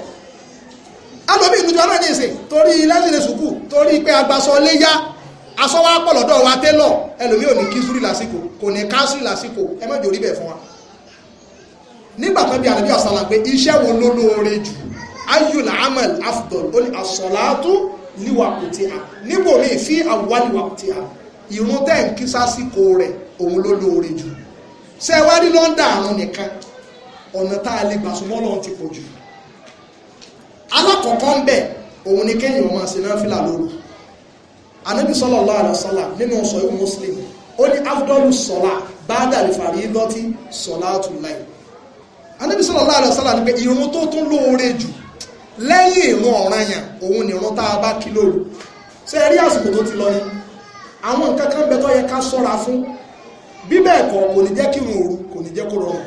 alómi ìlú tiwa náà ní ìsìn torí lẹ́sìlẹ̀ sùkù torí pé agbasọ léyà aṣọ wa pọ̀ lọ́dọ̀ wa tẹ́lọ̀ ẹlòmí ò ní kí súrì lásìkò kò ní ká súrì lásìkò ẹ má jòrí bẹ̀ fún wa nígbà kan bí àlejò àsàlà pé iṣẹ́ wo ló lóore jù ayul amal afdol ó ní asọ̀làtú liwa kùtì à níbo mi fi àwa liwa kùtì à ìrún tẹ́ ń kí sásìkò rẹ̀ òun ló lóore jù ṣé lọ́ndà àrùn nìkan ọ̀nà tá a lè gbà súnmọ́ Ọlọ́run ti pọ̀ jù alákọ̀ọ́kọ́ ń bẹ̀ òun ni kéèyàn máa ṣe náfìlà lóru anabi sallallahu alaihi wasallam nínú ọ̀sọ̀ ìwọ̀n muslim ó ní afdọ́lù sọ̀lá báádà lè fàrí lọ́tí sọ̀lá tùláì anabi sallallahu alaihi wasallam ní pé ìrun tó tún lóore jù lẹ́yìn ìrun ọ̀ranyàn òun ni ìrun tá a bá kí lóru ṣe rí àsìkò tó ti lọ ni àwọn nǹkan kan bẹ tó yẹ ká sọ́ra fún bí bẹ́ẹ̀ kò ní jẹ́ kírun òru kò ní jẹ́ kó rọrùn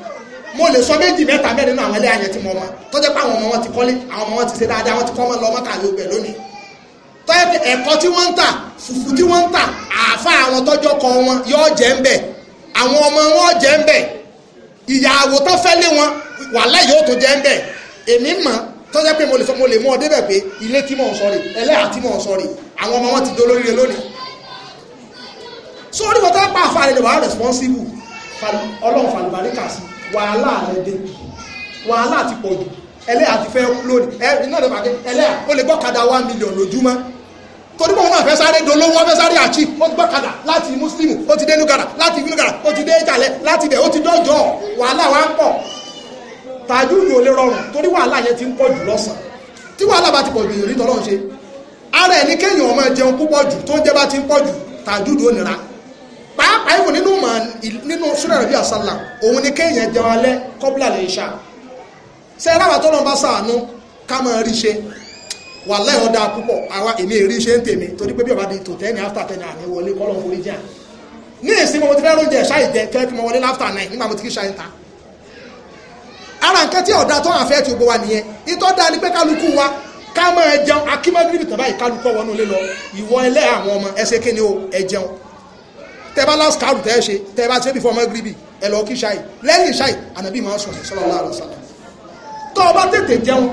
mo lè sọ méjì mẹ́ta mẹ́rin náà àwọn ẹlẹ́yà yẹn tí mo mọ tó jẹ́ pé àwọn ọmọ wọn ti kọ́lé àwọn ọmọ wọn ti ṣe dáadáa wọn ti kọ́ ọmọ lọ ọmọ kàwé ọgbẹ lónìí tó yẹ pé ẹ̀kọ́ tí wọ́n ń tà fùfú tí wọ́n ń tà àáfà àwọn tọ́jọ́ kọ wọn yóò jẹ́ ń bẹ̀ àwọn ọmọ wọn jẹ́ ń bẹ̀ ìyàwó tó fẹ́ lé wọn wàhálà yóò tó jẹ́ ń bẹ̀ èmi mọ̀ tó jẹ́ pé mo lè sọ mo lè mú ọ débẹ̀ pé ilé tí mò ń sọ rè ẹlẹ́yà tí mò ń sọ rè àwọn ọmọ wọn ti dolórí rẹ lónìí sórí wọn tó pa àfa rẹ lè wà responsible ọlọ́run fàlùbáríkà sí wàhálà rẹ dé wàhálà ti pọ̀ jù ẹlẹ́yà ti fẹ́ lónìí ẹ̀rí náà lọ́pàá kẹ́ ẹlẹ́yà ó lè bọ́kadà one million lójúmọ́ torí pé òun náà fẹ́ sáré dolówó wọn fẹ́ sáré àchí ó ti bọ́kadà láti muslimu ó ti dé nugara láti nugara ó ti dé ìjàlẹ̀ láti ibẹ̀ ó ti dọ́jọ́ wàhálà wa ń pọ̀ tàjúlù ò lè rọrùn torí wàhálà yẹn ti ń pọ̀ jù lọ́sàn-án tí wàhálà bá ti pọ̀ jù èyí tọ́lọ́ ṣe ara ẹni kéèyàn ọmọ jẹun púpọ̀ jù tó ń jẹ bá ti ń pọ̀ jù tàjúlù ò pàápàá ìwò nínú mọ̀ nínú súnà rẹ̀ bí àsálà òun ni kéèyàn jẹun alẹ́ kọ́bílà lè ṣá ṣe ráwà tó lọ́n bá sàánú ká máa rí ṣe wà lẹ́yìn ọ̀dà púpọ̀ àwa èmi èrí ṣe ń tèmi torí pé bí ọba di tò tẹ́ni after ten àní wọlé kọ́lọ̀ forí jà ní ìsinmi mo ti fẹ́ lóúnjẹ ṣáì jẹ kẹ́kí mo wọlé láftà náà nígbà mo ti kí ṣáì ta ara nǹkan tí ọ̀dà tó hàn fẹ́ ti gbogbo wa nìyẹn ìtọ́ da ni pé kálukú wa ká máa jẹun akímọ́dúnrún tàbá ìkálukọ́ wọnú lé lọ ìwọ ẹlẹ́ àwọn ọmọ tẹ bá last card tẹ ṣe tẹ bá ṣe before magribi ẹ lọ kí ṣáì lẹ́yìn ṣáì ànábì máa sùn sallallahu alaihi wasallam tó o bá tètè jẹun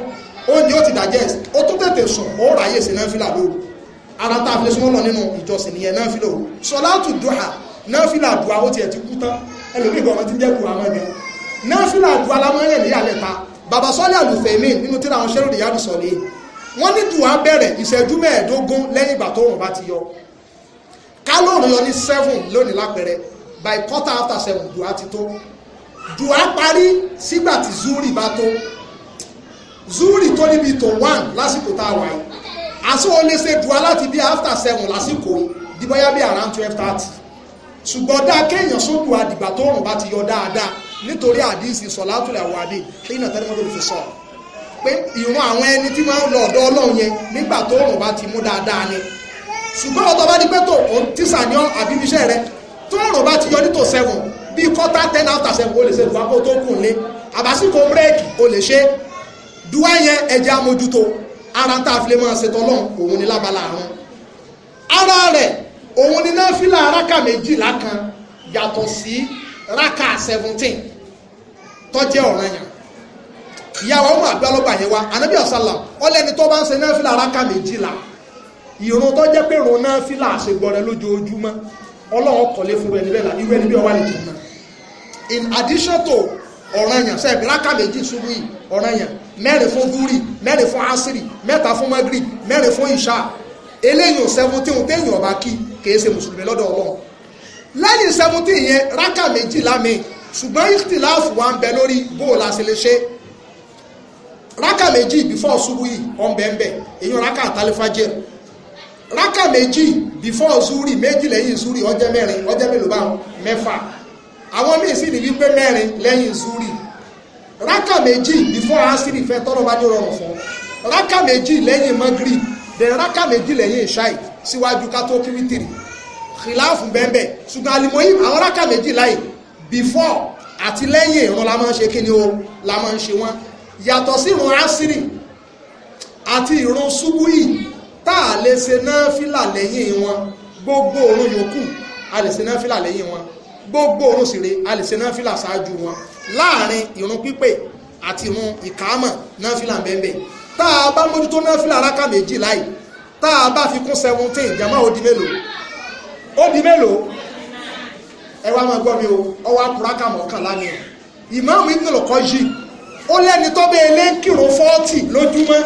oúnjẹ ó ti digest ó tún tètè sùn ó ráyè sí náfìlà lóru ara tá a fi súnmọ́ lọ nínú ìjọsìn nìyẹn náfìlà òru sọláàtù dùhà náfìlà dùhà ó tiẹ̀ ti kú tán ẹlòmíì gan ọmọ ti jẹ́ dùhà mọ́ni náfìlà dùhà lámọ́yẹ̀ níyàlẹ̀ ta bàbá sọ́lé àlùfẹ̀mí nínú tíra àwọn sẹ́rù ìyá àdùsọ̀lẹ̀ wọ́n ní dùhà bẹ̀rẹ̀ ìṣẹ́jú mẹ́ẹ̀ẹ́dógún lẹ́yìn ìgbà tó rùn bá ti yọ kálórì yọ ní seven lónìí lápẹẹrẹ by quarter after seven dùá ti tó dùá parí sígbà tí zuri bá tó zuri tó níbi tó one lásìkò tá a wà yìí àṣọ olè ṣe dùá láti bí after seven lásìkò dìbọ́yá bí around twelve thirty ṣùgbọ́n dáa kéèyàn sódù àdìgbà tó rùn bá ti yọ dáadáa nítorí àdìsí sọ̀látùlẹ̀ àwọn àdè lẹ́yìn náà tẹ́lẹ̀ mọ́tò fi sọ pé ìwọ̀n àwọn ẹni tí máa ń lọ ọ̀dọ̀ ọlọ́run yẹn nígbà tó rùn bá ti mú dáadáa ni ṣùgbọ́n ọ̀tọ̀ bá ní pé tó o tíṣà ní ọ àbí iṣẹ́ rẹ tó rò bá ti yọ ní tò seven bíi quarter ten after seven o lè ṣe dùwà kó tó kù ní àbásíkò bírèkì o lè ṣe dùwà yẹn ẹ̀jẹ̀ amójútó ara tá a fi lè máa ṣètò ọlọ́run òun ni lábala àrùn ara rẹ̀ òun ni náà fílà rákà méjìlá kan yàtọ̀ sí rákà seventeen tọ́jẹ́ ọ̀ranyàn ìyá wa ó àbí ọlọ́gbà yẹn wa ànábì ọ̀sálà ọlẹ́ni tó bá ń ṣe náà fílà rákà méjìlá ìrún tó jẹ́ pé ìrún náà fi láàṣẹ gbọ́rẹ lójoojúmọ́ ọlọ́run kọ̀lé fún rẹ̀ níbẹ̀ irú ẹni bí ọwá lè jẹun náà in addition to ọ̀ranyàn sẹ́ẹ̀bì rákà méjì ṣubú yìí ọ̀ranyàn mẹ́rin fún gúrì mẹ́rin fún asiri mẹ́ta fún magrib mẹ́rin fún ìṣá eléyìí seventeen téèyàn ọba kí kèé ṣe mùsùlùmí lọ́dọ̀ ọlọ́run lẹ́yìn seventeen yẹn rákà méjìlá mi ṣùgbọ́n ìtìláàfù wa ń bẹ lórí bóòlù àṣẹlẹ́ṣẹ́ rákà méjì before ṣubú yìí ọ̀ ń bẹ́ẹ̀ bẹ́ẹ̀ èyí rákà àtàlẹ́fàjẹ́ rákà méjì before zuri méjì lẹ́yìn zuri ọjẹ́ mẹ́rin ọjẹ́ mélòó báwọn mẹ́fà àwọn míì sì ní wípé mẹ́rin lẹ́yìn zuri rákà méjì before asiri fẹ́ tọ́lọ́ bá ní rọrùn fún rákà méjì lẹ́yìn magri then rákà méjì lẹ́yìn shai síwájú kátó kíwítìrì kìláàfù bẹ́ẹ̀bẹ́ ṣùgbọ́n alimoyim àwọn rákà méjì láì before àti lẹ́yìn ìrun la máa ń ṣe kí ni o la máa ń ṣe wọ́n yàtọ̀ sí ìrun asiri àti ìrun subuhi tá a lè ṣe náfìlà lẹ́yìn wọn gbogbo òrun yòókù a lè ṣe náfìlà lẹ́yìn wọn gbogbo òrun sìrè a lè ṣe náfìlà ṣáájú wọn láàrin ìrun pípé àti ìrun ìkámọ̀ náfìlà bẹ́ẹ̀ tá a bá mójútó náfìlà rákà méjì láì tá a bá fi kún seventeen jama ó di mélòó ó di mélòó ẹ wá máa gbọ́ mi o ọwọ́ apuraka mọ̀ọ́kànlá ni ìmáàmù Ibn al-Qayyim ó lẹ́ni tó bẹ́ẹ̀ kírun fọ́ọ̀tì lójúmọ́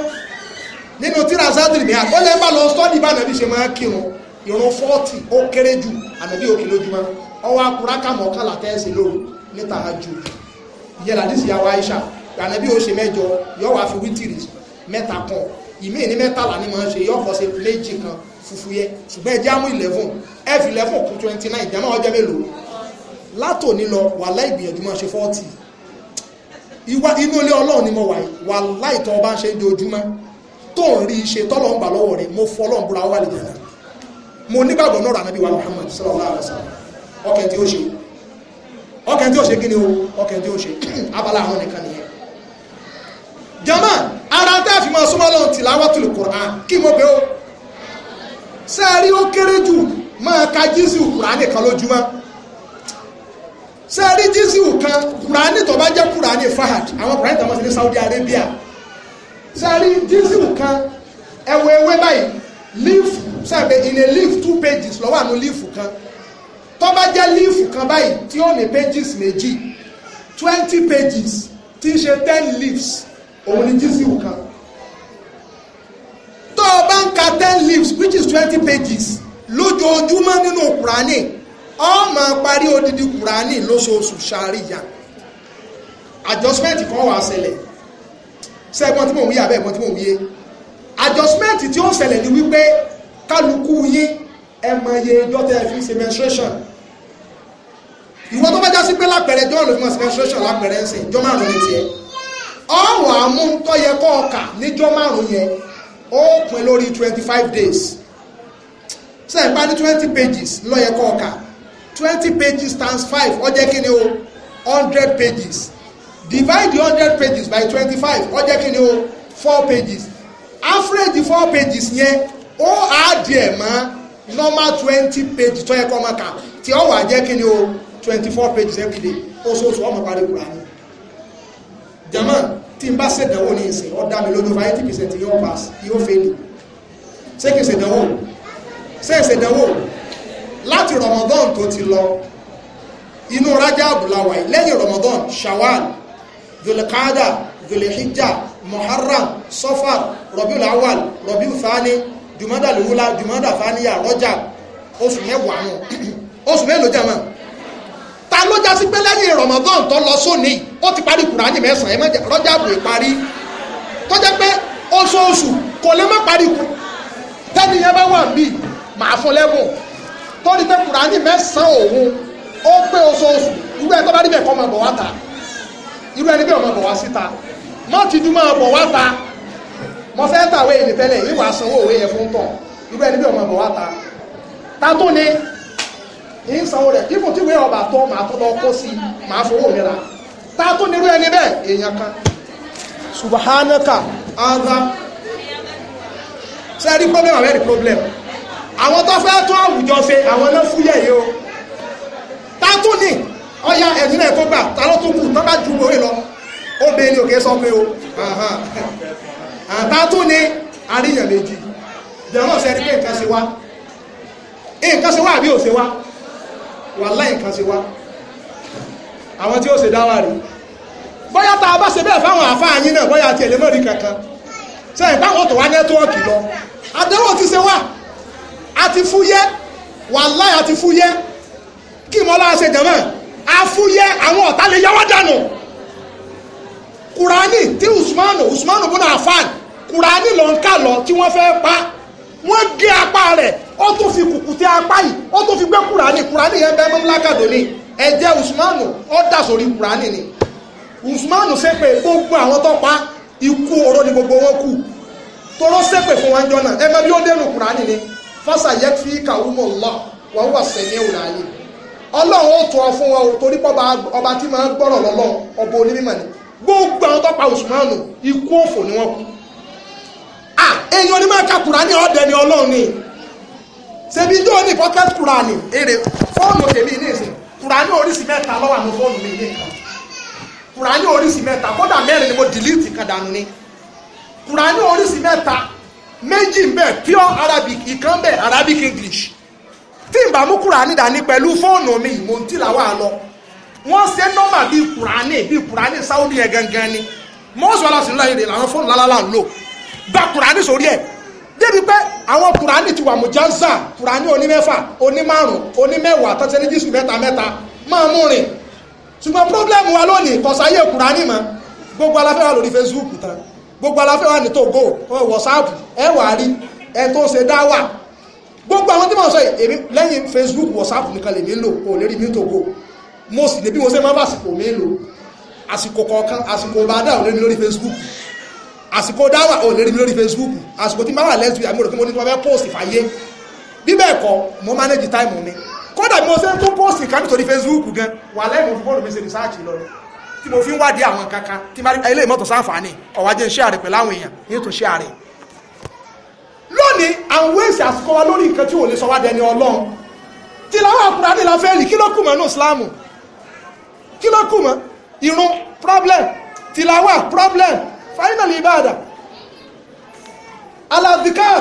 nínú tíra sádìrì ní àpọ́n lẹ́gbà lọ sọ́ọ̀dì bá nàbí ṣe máa kírun ìrun fọ́ọ̀tì ó kéré jù ànàbí òkè lójúmọ́ ọwọ́ akùrákà mọ̀ọ́kànlá tẹ́ẹ̀sì lóru níta jù ìyẹn làdísì yàwó Aisha ànàbí ó ṣe mẹ́jọ yóò fi wítìrì mẹ́ta kan ìmíì ní mẹ́tàlá ni máa ń ṣe yóò kọ́ ṣe méjì kan fufu yẹ ẹjẹ́ àmú eleven f eleven kún twenty nine ìjàmọ́ ọjọ́ mélòó látòní lọ wàhálà ìgbìyànjú máa ṣe fọ́ọ̀tì inú ilé Ọlọ́run ni mo wà wàhálà ìtọ́ ọba ń ṣe dojúmọ́ tó ń rí ṣe tọ́lọ̀ ń bà lọ́wọ́ rẹ̀ mo fọ́ ọlọ́run búra wà lè jẹ̀nà mo nígbàgbọ́ náà rànábì wa Muhammad sallallahu alaihi wasallam ọkẹ̀ tí ó ṣe ọkẹ̀ tí ó ṣe kíni o ọkẹ̀ tí ó ṣe abala àwọn nìkan nìyẹn jama ara tá a fi máa súnmọ́ lọ́n tilawatul Qur'an kí mo bẹ́ o sẹ́ẹ̀rí ó kéré jù máa ka jísù Qur'an nìkan lójúmọ́ sẹ́ẹ̀rí jísù kan Qur'an tó bá jẹ́ Qur'an fahad àwọn Qur'an tó máa ṣe ní Saudi Arabia sẹ́rí dísìmù kan ẹ̀wọ̀ ewé báyìí lífù in a leaf two pages lọ́wọ́ àánú lífù kan tó bá jẹ́ lífù kan báyìí tí ó ní pages méjì twenty pages tí ń ṣe ten leaves òun ni dísìmù kan tó o bá ń ka ten leaves which is twenty pages lójoojúmọ́ nínú kùránì ó máa parí odidi kùránì lóṣooṣù ṣàríyà adjustment kan wà ṣẹlẹ̀ sẹ́gbọ́n tí mò ń wí àbẹ́ ẹ̀gbọ́n tí mò ń wí yé adjustment tí ó ń ṣẹlẹ̀ ni wípé kálukú yín ẹ mọ iye dọ́tẹ́ ẹ fi ṣe menstruation ìwọ tó bá já sí pé lápẹ̀rẹ̀ jọ́ ló fi mọ̀ sí menstruation lápẹ̀rẹ̀ ń sìn jọ́ márùn ní tiẹ̀ ọ̀rọ̀ àmúntọ́ yẹ kọ́ ọkà níjọ́ márùn yẹn ó pin lórí twenty five days sẹ́yìn bá ní twenty pages lọ́yẹ kọ́ ọkà twenty pages times five ó jẹ́ kí ni o hundred pages divide the hundred pages by twenty-five ó jẹ́ kí ni o four pages average four pages yẹn ó àdì ẹ̀ mọ́ normal twenty pages. tó yẹ kọ́ ọmọ kà tí ó wà jẹ́ kí ni o twenty four pages every day oṣooṣù ọmọ parí kura ni jama tí n bá ṣèdánwò ní ìsìn ó dá mi lójú ninety percent yóò pass yóò fail ṣé kì í ṣèdánwò ṣé kì í ṣèdánwò láti Ramadan tó ti lọ inú Rajab la wà Ramadan Shawwal zulqaada zulhijja muharram sofar rabiul awal rabiul fani jumada lula jumada faniya rọjà oṣù mẹ́wàá nù oṣù mélòó jẹ́mọ̀ ta ló já sí pé lẹ́yìn ramadan tó lọ sóni ó ti parí kùránì mẹ́sàn-án ẹ má jẹ rọjà bò parí tó jẹ́ pé oṣooṣù kò lè má parí kù tẹ́ni yẹn bá wà níbí màá fún lẹ́bùn tó ní pé kùránì mẹ́sàn-án òun ó pé oṣooṣù irú ẹ̀ tó bá rí bẹ̀ kọ́ máa bọ̀ wá ta irú ẹni bí ọmọ bọ̀ wá síta má ti dún máa bọ̀ wá ta mo fẹ́ tàwé ìní tẹ́lẹ̀ yìí wàá sanwó òwe yẹn fún tàn irú ẹni bí ọmọ bọ̀ wá ta ta tó ni ń sanwó rẹ̀ ipò tí ìwé ọba tọ́ màá tó lọ kó sí màá fowó mi ra ta tó ni irú ẹni bẹ́ẹ̀ èèyàn kan Aza, adha sẹ́rí problem àwẹ́rí problem àwọn tó fẹ́ tó àwùjọ ṣe àwọn náà fúyẹ̀ yìí o ta tó ni ọ̀yá ẹ̀dín náà tó gbà ta ló tó kù tó bá ju orí lọ ó bẹ ní òkè sọ pé o àtàtú ni àríyàn méjì jẹ̀rọ ṣe ẹni pé nǹkan ṣe wá nǹkan ṣe wá àbí ò ṣe wá wàláhì nǹkan ṣe wá àwọn tí ó ṣe dáwà rí bóyá tá a bá ṣe bẹ́ẹ̀ fáwọn àfáà yín náà bóyá àti ẹlẹ́mọ̀rí kankan ṣe ìbáwọn tó wá nẹ́tíwọ́ọ̀kì lọ àdánwò ti ṣe wá àti fúyẹ́ wàláhì àti fúyẹ́ kí mọ́lá ṣe jẹ̀mọ́ afúyẹ́ àwọn ọ̀tá lè yáwá dànù kùránì tí usmanu usmanu bùnà afan Kurani, ló ń kà lọ tí wọ́n fẹ́ pa wọ́n gé apá rẹ̀ ó tún fi kùkùté apá yìí ó tún fi gbé kùránì kùránì yẹn bẹ́ẹ̀ mọ́mú lákàdọ́ ni ẹ̀jẹ̀ usmanu ó dà sórí kùránì ni usmanu ṣépè gbogbo àwọn tó pa ikú oró ni gbogbo wọn kù toró ṣépè fún wọn jọ náà ẹ mọ bí ó dénú kùránì ni fásayẹ́fì kàwúmọ̀ lọ wọ́n wà sẹ́ni ìwòlá yìí ọlọ́run ó tọ́ ọ fún wọn o torí pọ́ba ọba tí máa ń gbọ́rọ̀ lọ́lọ́ ọba onímọ̀ ni gbogbo àwọn tọ́pa Usmanu ikú òfò ni wọ́n kú ah èyàn onímọ̀ ẹ̀ka Kùránì ọ̀dẹ ni ọlọ́run ni ṣebí tó ní pocket Kùránì èrè fóònù tèmi ní ìsìn Kùránì oríṣi mẹ́ta lọ́wọ́ àmú fóònù mi ní ìkan Kùránì oríṣi mẹ́ta kódà mẹ́rin ni mo delete kan dànù ni Kùránì oríṣi mẹ́ta méjì ń bẹ pure Arabic ìkan bẹ Arabic English tí n bá mú kúránì dání pẹ̀lú fóònù mi mo ń tìlà wà lọ wọ́n ṣe nọ́mbà bíi kúránì bíi kúránì sáwọ́dì yẹn gangan ni mọ́ọ̀sì wàhálà sílẹ̀ yìí làwọn fóònù lálálà ń lò gba kúránì sórí ẹ̀ débi pé àwọn kúránì ti wà mú jánsà kúránì onímẹ́fà onímárùn onímẹ́wàá tọ́tí ní jésù mẹ́ta mẹ́ta máa mú rìn ṣùgbọ́n pírọ́blẹ́mù wa lónìí kọ̀sáyé kúránì mọ́ gbogbo aláfẹ́ wa lórí facebook tán gbogbo aláfẹ́ wa ní tògó wọ́sáàpù ẹ̀ wà rí ẹ̀ tó ń ṣe dáwà gbogbo àwọn tí mo sọ èmi lẹ́yìn facebook whatsapp nìkan lè mí lò kò lè rí mi tó kó mo sì lè bí mo ṣe máa bá àsìkò mi lò àsìkò kọ̀ọ̀kan àsìkò bàdà ò lè rí lórí facebook àsìkò dáwà ò lè rí mi lórí facebook àsìkò tí máa wà lẹ́sùn àmì òròkè mo ní tí wọ́n fẹ́ post fàyè bí bẹ́ẹ̀ kọ́ mo manage time mi kódà mo ṣe ń tún post kan nítorí facebook gan wà lẹ́yìn mo fi fọ́ọ̀nù mi ṣe research lọ tí mo fi ń wádìí àwọn kankan tí ilé ìmọ̀tò sáǹfààní ọ̀wájẹ́ ń ṣe àrẹ̀ pẹ̀lú àwọn èèyàn yóò tún ṣe àrẹ̀ lónìí àwọn èsì àsìkò wa lórí nǹkan tí ò lè sọ wá dẹni ọlọ́run tí làwọn àkùránì la fẹ́ rí kí ló kù mọ́ ní ìsìláàmù kí ló kù mọ́ irun problem tilawa problem finally ibada aladikar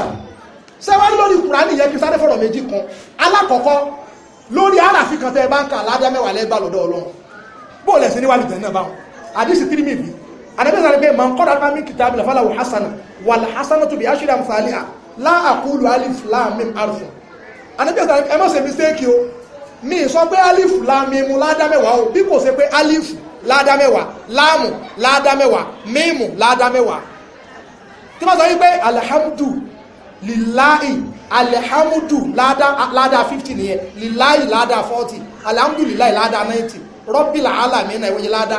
sẹ́wárí lórí kùránì yẹ kí sáré fọ̀rọ̀ méjì kan alákọ̀ọ́kọ́ lórí aláàfin kan tẹ́ bá ń kà ládá mẹ́wàá lẹ́gbà lọ́dọ̀ ọlọ́run bó lẹ̀ sí níwájú tẹ̀ náà báwọn àdísì tírí mìíràn àdébẹ́sàrẹ́gbẹ́ mọ̀ ń kọ́ dáadáa mí kìtàbí lọ́fàlàwò hasana wàlá hasana tó bí aṣírí àmfààní à láàkúlù alif láàmì alfin anábíyàtà ẹ má ṣe mistake o mi sọ pé alif láàmì mu ládámẹ́wàá o bí kò ṣe pé alif ládámẹ́wàá láàmù ládámẹ́wàá mímù ládámẹ́wàá tí wọ́n sọ wípé alhamdu lillahi alhamdu ládá 50 nìyẹn lillahi ládá 40 alhamdu lillahi ládá 90 rọ́bìlà alamina ìwòye ládá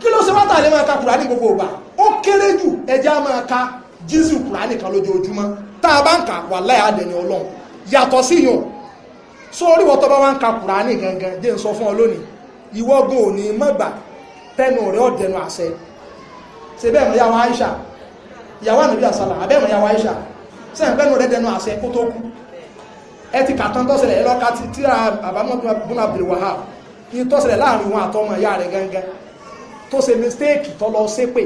kí ló ṣe wá tàlẹ́ máa ka kùránì gbogbo ìgbà ó kéré jù ẹjẹ́ á máa ka jísù kùránì kan lójoojúmọ́ tá a bá ń kà wà láì àdẹni ọlọ́run yàtọ̀ sí yàn so orí wọ́n tó bá wá ń ka kùránì gangan jẹ́ ń sọ fún ọ lónìí ìwọ́gun ò ní mọ́gbà tẹnu rẹ̀ ọ̀dẹnu àṣẹ ṣe bẹ́ẹ̀ mọ̀ yàwó Aisha ìyàwó ànàbí àsálà àbẹ́mọ̀ yàwó Aisha sẹ́yìn pẹ́nu rẹ̀ dẹnu àṣẹ kó tó kú ẹ ti kàtán tọ́sẹ̀lẹ̀ ẹ lọ́ka ti tíra àbámọ́bùnà bìrìwàhà ní tọ́sẹ̀lẹ̀ láàrin wọn àtọmọ ìyá rẹ̀ gangan tó ṣe mistake tọ́lọ ṣépè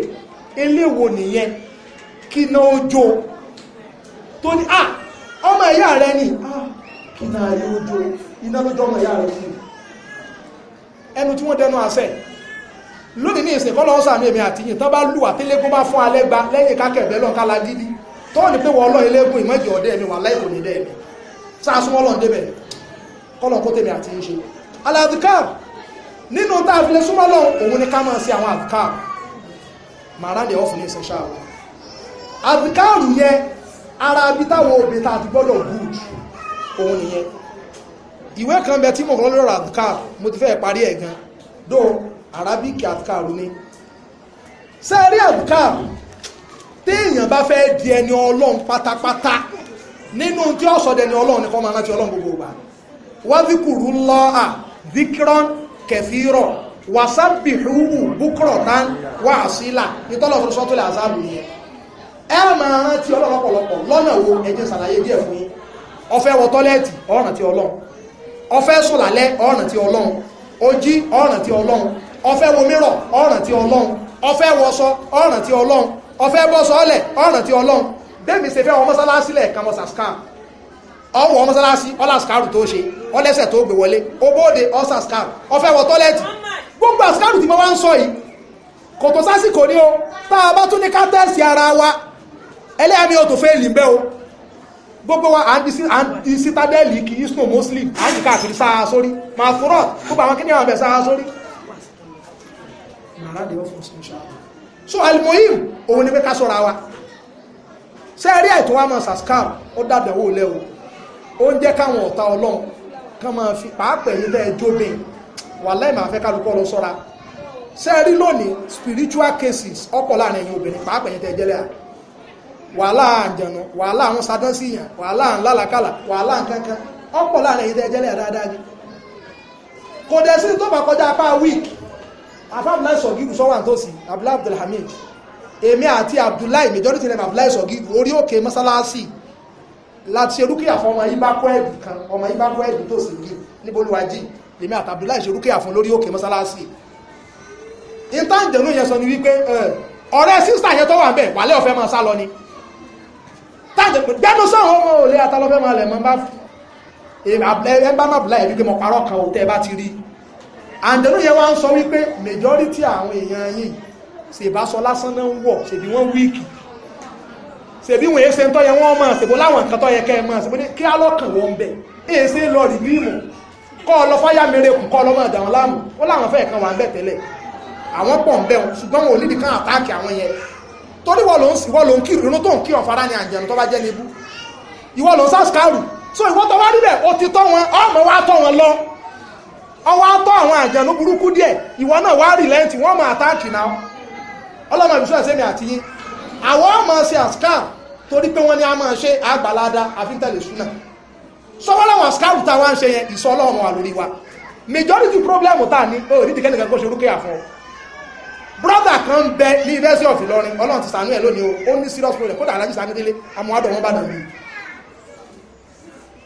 eléwo nìyẹn kí náà ó jó tó ní ah ọmọ ìyá rẹ ni ah kí náà rí ó jó iná lójọ́ ọmọ ìyá rẹ kú ẹnu tí wọ́n dẹnu àṣẹ lónìí ní ìsìnkọ́ lọ́wọ́ sàmì èmi àtìyìn tán bá lù àtẹ́lẹ́gún bá fún alẹ́gba lẹ́yìn kákẹ̀bẹ́ lọ́n kálá gidi tọ́ ní pé wọ́n lọ́ ilẹ́gún ìmọ̀jì ọ̀dẹ́ mi wà láìkò ní dẹ́ mi sáàsúnmọ́ lọ́n débẹ̀ kọ́lọ̀ kó tèmi àti ń ṣe aládùkár nínú tá a fi lè súnmọ́ lọ́n òun ni ká máa ṣe àwọn àdùkár màrán dẹ̀ ọ́fù ní ìsìn ṣáà wọn àbíkáàrù yẹn ara bí táwọn òbí ta ti gbọ́dọ̀ good òun nìyẹn ìwé kan bẹ tí mo kọ́ lọ́rọ̀ àbíkáàrù mo ti fẹ́ parí ẹ̀ gan dó arábíkì àbíkáàrù ni sẹ́ẹ̀rí àbíkáàrù téèyàn bá fẹ́ di ẹni ọlọ́run pátápátá nínú tí ó sọ̀dẹ̀ ni ọlọ́run nìkan máa rántí ọlọ́run gbogbo ìgbà wáfíkùrú lọ́à díkírán kẹfìrọ̀ wàsábìhúhù búkọ̀rọ̀ tán wàásílà ìtọ́lọ̀ fún sọ́tòlẹ̀ àzáàlù yẹn ẹ máa rántí ọlọ́run ọ̀pọ̀lọpọ̀ lọ́nà wo ẹjẹ́ ṣàlàyé díẹ̀ fún yín ó fẹ́ wọ tọ́lẹ́ẹ̀tì ó rántí ọlọ́run ó fẹ́ sùn lálẹ́ ó rántí ọlọ́run ojí ó rántí ọlọ́run ó fẹ́ wo mírọ̀ ó rántí ọlọ́run ó fẹ́ wọṣọ ó rántí ọlọ́run ó fẹ́ bọ́sọ ọlẹ̀ ó rántí ọlọ́run bẹ́ẹ̀mí ṣe fẹ́ wọ mọ́sálásí lẹ̀ kàmọ́ sàskàm ọwọ́ mọ́sálásí ọlásìkàrù tó ṣe ọlẹ́sẹ̀ tó gbé wọlé obóde ọsàskàrù ó fẹ́ wọ tọ́lẹ́ẹ̀tì gbogbo àsìkàrù tí mo wá ń kò tó sásìkò ní o tá a bá tún ara wa ẹlẹ́yàmí ó tó fẹ́ẹ̀lì ń bẹ́ o gbogbo wa àti citadel kì í snow muslim àti káàkiri sáà sórí máa fúrọ̀ gbogbo àwọn kíníyàn bẹ̀ sáà sórí so alimoyim òun ni pé ká sọ́ra wa ṣe rí àìtò wa máa sàskam ó dàdàwó lẹ́wọ̀ ó ń jẹ́ káwọn ọ̀tá ọlọ́run kan máa fi pàápẹ̀ spiritual cases ọ̀pọ̀ láàrin ẹ̀yin obìnrin pàápẹ̀ yìí wàhálà àjànà wàhálà àwọn sadán sí yàn wàhálà ńlálàkàlà wàhálà nkankan ọ̀pọ̀ láàrin èyí tẹ́jẹ́lẹ̀ dáadáa ni kò dẹ̀ sí tó bá kọjá apá week afáàbùláì sọ̀gírù sọ́wà tó sì abdullahi abdulhamid èmi àti abdullahi majority name abdullahi sọ̀gírù orí òkè mọ́sálásì láti ṣe rúkìá fún ọmọ yín bá kọ́ ẹ̀bù kan ọmọ yín bá kọ́ ẹ̀bù tó sì gírù níbolúwájì èmi àti abdullahi ṣe rúkìá fún lórí òkè mọ́sálásì ìtàǹdẹ̀nú yẹn sọ ni wípé ọ̀rẹ́ sísà yẹn tó wà ń bẹ̀ wàlẹ́ ọ̀fẹ́ máa sá lọ ni tájẹ̀ pé gbẹ́nu sáwọn ọmọ òlé atalọ́fẹ́ máa lẹ̀ mọ́ bá ẹgbá má bùláyẹ̀ wípé mọ̀ parọ́ kan òtẹ́ bá ti rí àǹdẹ̀nú yẹn wá ń sọ wípé majority àwọn èèyàn yìí ṣèbá sọ lásán náà ń wọ̀ ṣèbí wọ́n wíìkì ṣèbí wọ́n èéṣe ń tọ́yẹ wọ́n mọ̀ ṣèbó láwọn nǹkan tọ́yẹ kẹ́ mọ̀ ṣèbó ní kí á lọ́kàn wọn bẹ̀ èéṣe lọ rí bí ìmọ̀ kọ́ ọ lọ fáyà mẹ́rẹ̀ kù kọ́ ọ lọ́mọ àdàwọn láàmú ó láwọn fẹ́ẹ̀ kan wà ń bẹ̀ tẹ́lẹ̀ àwọn pọ̀ ń bẹ̀ ṣùgbọ́n wọn ò níbi kan àtáàkì àwọn yẹn torí wọ́n ló ń sì wọ́n ló ń kírun irun tó ń kírun fara ní àjẹ̀nù tó bá jẹ́ níbú ìwọ́n ló ń sàskárù so ìwọ́n tó wá níbẹ̀ ó ti tọ́ wọn ọmọ wa tọ́ wọn lọ ọwọ́ á tọ́ àwọn àjẹ̀nù burúkú díẹ̀ ìwọ náà wá rí lẹ́ǹtì wọ́n máa táàkì náà ọlọ́mọ ìbísọ̀ ẹ̀sẹ̀ mi àti yín àwọn ọmọ ṣe àskárù torí pé wọ́n ní a máa ṣe àgbàládá àfíntẹ̀lẹ̀ súnà sọ́wọ́ láwọn àskárù táwa ń ṣe yẹn ìsọ́ ọlọ́run wà lórí wa majority problem tá a ní ó rí dìkẹ́ nìkan kó ṣe orúkẹ́ àfọ́ brother kan bẹ ní university of Ìlọrin ọlọ́run ti sànú ẹ̀ lónìí o ó ní serious problem kódà alájí sànú délé àmọ́ àdọ̀ wọn bá dàn mí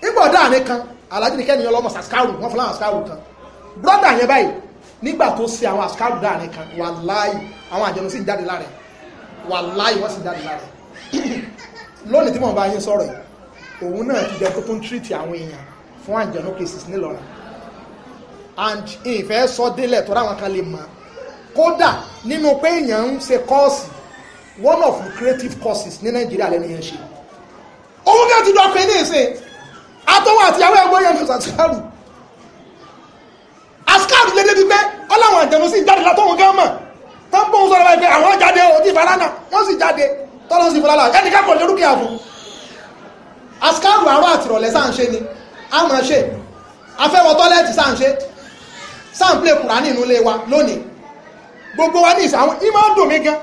ìgbọ̀dá mi kan alájí ni kẹ́niyàn lọ́mọ sàskáàrù wọ́n fúnláwọn sàskáàrù kan brother yẹn báyìí nígbà tó ṣe àwọn sàskáàrù dáàrin kan wàláì àwọn àjẹnu sì jáde lára wàláì wọ́n sì jáde lára lónìí tí mo bá yín sọ̀rọ̀ òun náà ti jẹ́ tó tún tírìtì àwọn èèyàn fún àjẹnu cases nílọrin and ìfẹ́ sọ délẹ̀ tó ráwọn kan lè mọ̀ kódà nínú pé èèyàn ń ṣe kọ́ọ̀sì one of the creative courses ní nàìjíríà lẹ́nu yẹn ṣe òun kẹ́ ti jọ pé ní ìsìn atọ́wọ́ àtìyàwó ẹgbẹ́ yẹn mẹ́sàn-án sàrù askar lé débi pé ọlọ́wọ̀n àjẹmú sí ìjáde látọ́wọ́ gẹ́mọ̀ tó ń bóun sọ̀rọ̀ ẹgbẹ́ àwọn jáde òdì ìfarana wọ́n sì jáde tọ́lọ́ sí ìfarana ẹni kẹ́kọ̀ọ́ lórúkẹ́ ààbò askar àárọ̀ àtìrọ̀lẹ́ sáǹṣe ni a máa ṣe afẹ́wọ̀ tọ́lẹ́ẹ̀tì sáǹṣe sáǹplẹ̀ kùránì nínú ilé wa lónìí gbogbo wa ní ìsìn àwọn ìmọ̀ ń dùn mí gan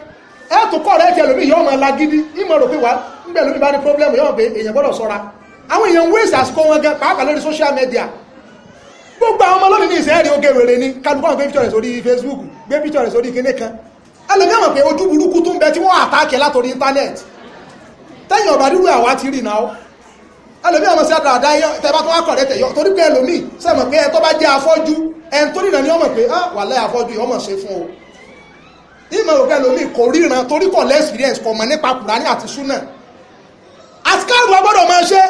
ẹ rẹ̀ jẹ́ lómi yọ̀ọ́ la gidi ìmọ̀ rò pé wà ńgbẹ̀ lómi bá ní pọ́blẹ́mù yọ̀ọ́ pé èèyàn gbọ́dọ̀ sọ́ra àwọn èèyàn ń wéèsì wọn gan pàápàá lórí social media gbogbo àwọn ọmọ lónìí ní ìsìn oge wèrè ni kálukú àwọn gbé picture sórí Facebook tó ìmọ̀ òkè lómi kò ríran torí kò lẹ́ experience kò mọ̀ nípa kùránì àti súnà àtikáàrù agbọ́dọ̀ máa ṣe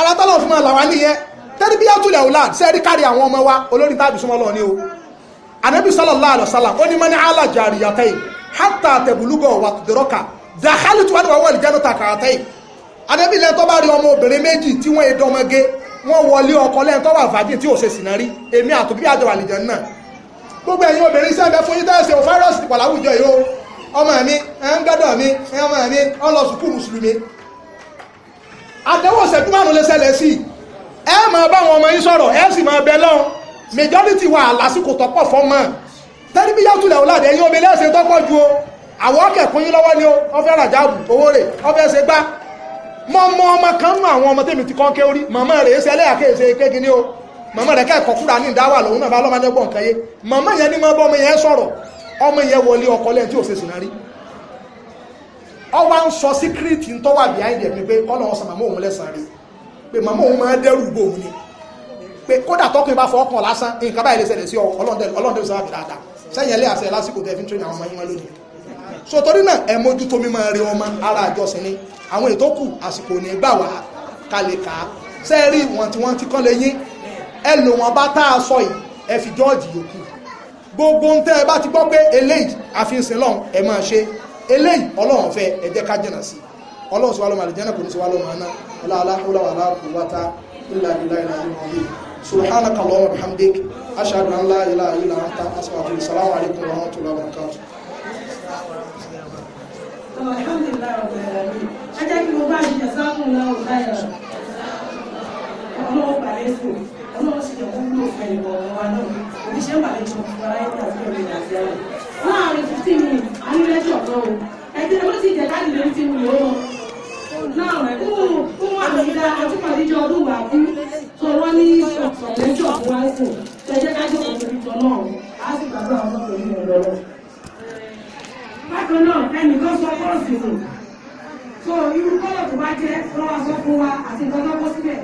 ara tọ́lọ̀ fún wa làwa nìyẹn tẹ́lí bí yàtúlẹ̀ ọ̀la sẹ́ẹ̀rí kárí àwọn ọmọ wa olórí tábì súnmọ́ lọ ní o anabi sallallahu alaihi wasallam ó ní mọ́ ní alájà àríyàtẹ́yìn hátà tẹ̀bùlúgọ̀ wà tùdẹ̀rọ̀kà dàhálì tí wọ́n ní wọ́n wọ̀ ìjẹ́nu tàkàtẹ́yìn anabi lẹ́yìn tó bá rí ọmọ obìnrin méjì tí wọ́n èdè ọmọge wọ́n wọlé ọkọ lẹ́yìn tó wà fàájì tí ò ṣe sìnà rí èmi àtòbí àjọ àlìjẹ náà gbogbo ẹ̀yin obìnrin sẹ́ńbẹ́ fún yín tẹ́sẹ̀ ò fáírọ́ọ̀sì pọ̀ láwùjọ yìí o ọmọ mi ẹ̀ ń gbọ́dọ̀ mi ẹ̀ ọmọ mi ọ̀ lọ sùkúù mùsùlùmí. àdéhùn ṣẹ́jú márùn lè ṣẹlẹ̀ sí i ẹ máa bá àwọn ọmọ yín sọ̀rọ̀ ẹ sì máa bẹ lọ́hùn majority wà lásìkò tọ́pọ̀ fọ́mọ́ tẹ́lifíyàtúlẹ̀ ọ̀làdẹ ẹ̀yin obìnrin ẹ̀sìn tọ́pọ̀ ju o àwọn ọkẹ̀kún yín lọ́wọ́ ni ó ọfẹ́ rajabu owó rẹ̀ ọfẹ́ ṣe gbá mọ́ mọ́ ọmọ kan nù àwọn ọmọ tèmi ti kọ́ kéorí màmá rẹ̀ ṣẹlẹ̀ àkéèṣe kékin ní o mama rẹ̀ kẹ́ẹ̀kọ́ kúrà ní ìdáwà lòun náà bá lọ́mọdé gbọ́n kan mama yẹn ní mọ́ bọ́ ọmọ yẹn sọ̀rọ̀ ọmọ yẹn wọlé ọkọ lẹ́yìn tí ń sọ síkírìtì ń tọ́wà behind ẹ̀ pé ọlọ́run sọ màmá òun lẹ́sàn-án rí pé òun máa dẹ́rù bò òun ni pé kódà tọkùn bá ọkàn lásán nǹkan báyìí lè ṣẹlẹ̀ sí so ẹ lò wọ́n bá tá a sọ yìí ẹ fi jọ́ọ̀jì yòókù gbogbo ń tẹ́ ẹ bá ti gbọ́ pé eléyìí àfihàn lọ́hùn ẹ máa ṣe eléyìí ọlọ́run fẹ́ ẹ jẹ́ ká jìnnà sí ọlọ́run sọ wà lọ́mọ àlùjẹ́nà kò ní sọ wà lọ́mọ àná ọlọ́ọ̀lá ọlọ́wàlá kò wáta ńlá ìlà ìlà ìlà ìlà سبحانك اللهم وبحمدك اشهد ان لا اله الا انت استغفرك السلام عليكم ورحمه الله وبركاته الحمد لله رب العالمين اجاك مبارك جزاكم الله خيرا اللهم بارك ọlọ́run sì lè wúlò fún ẹnì kọ̀ọ̀kan wa náà oníṣẹ́ ń bàlẹ̀ jọ fún ara ẹ̀dá fún ẹ̀rọ ìdàgbé ayé. láàárín fifteen minutes amúlẹ́jọ̀ kan o ẹ̀jẹ̀ ló ti jẹ̀ láti lè fi wù ó. náà fún fún àmìlá àtúmọ̀lẹ́jọ ọdún wà fún tó wọ́n ní sọ̀tọ̀lẹ́jọ̀ fún wa kù tẹ̀jẹ́ kájọ́ ìjọ náà á sì gbàdúrà wọn pẹ̀lú ọ̀dọ́ bákan náà ẹnìkan so irú kọ́lọ̀ tó bá jẹ́ lọ́wọ́ sọ fún wa àti nǹkan tó kọ́ síbẹ̀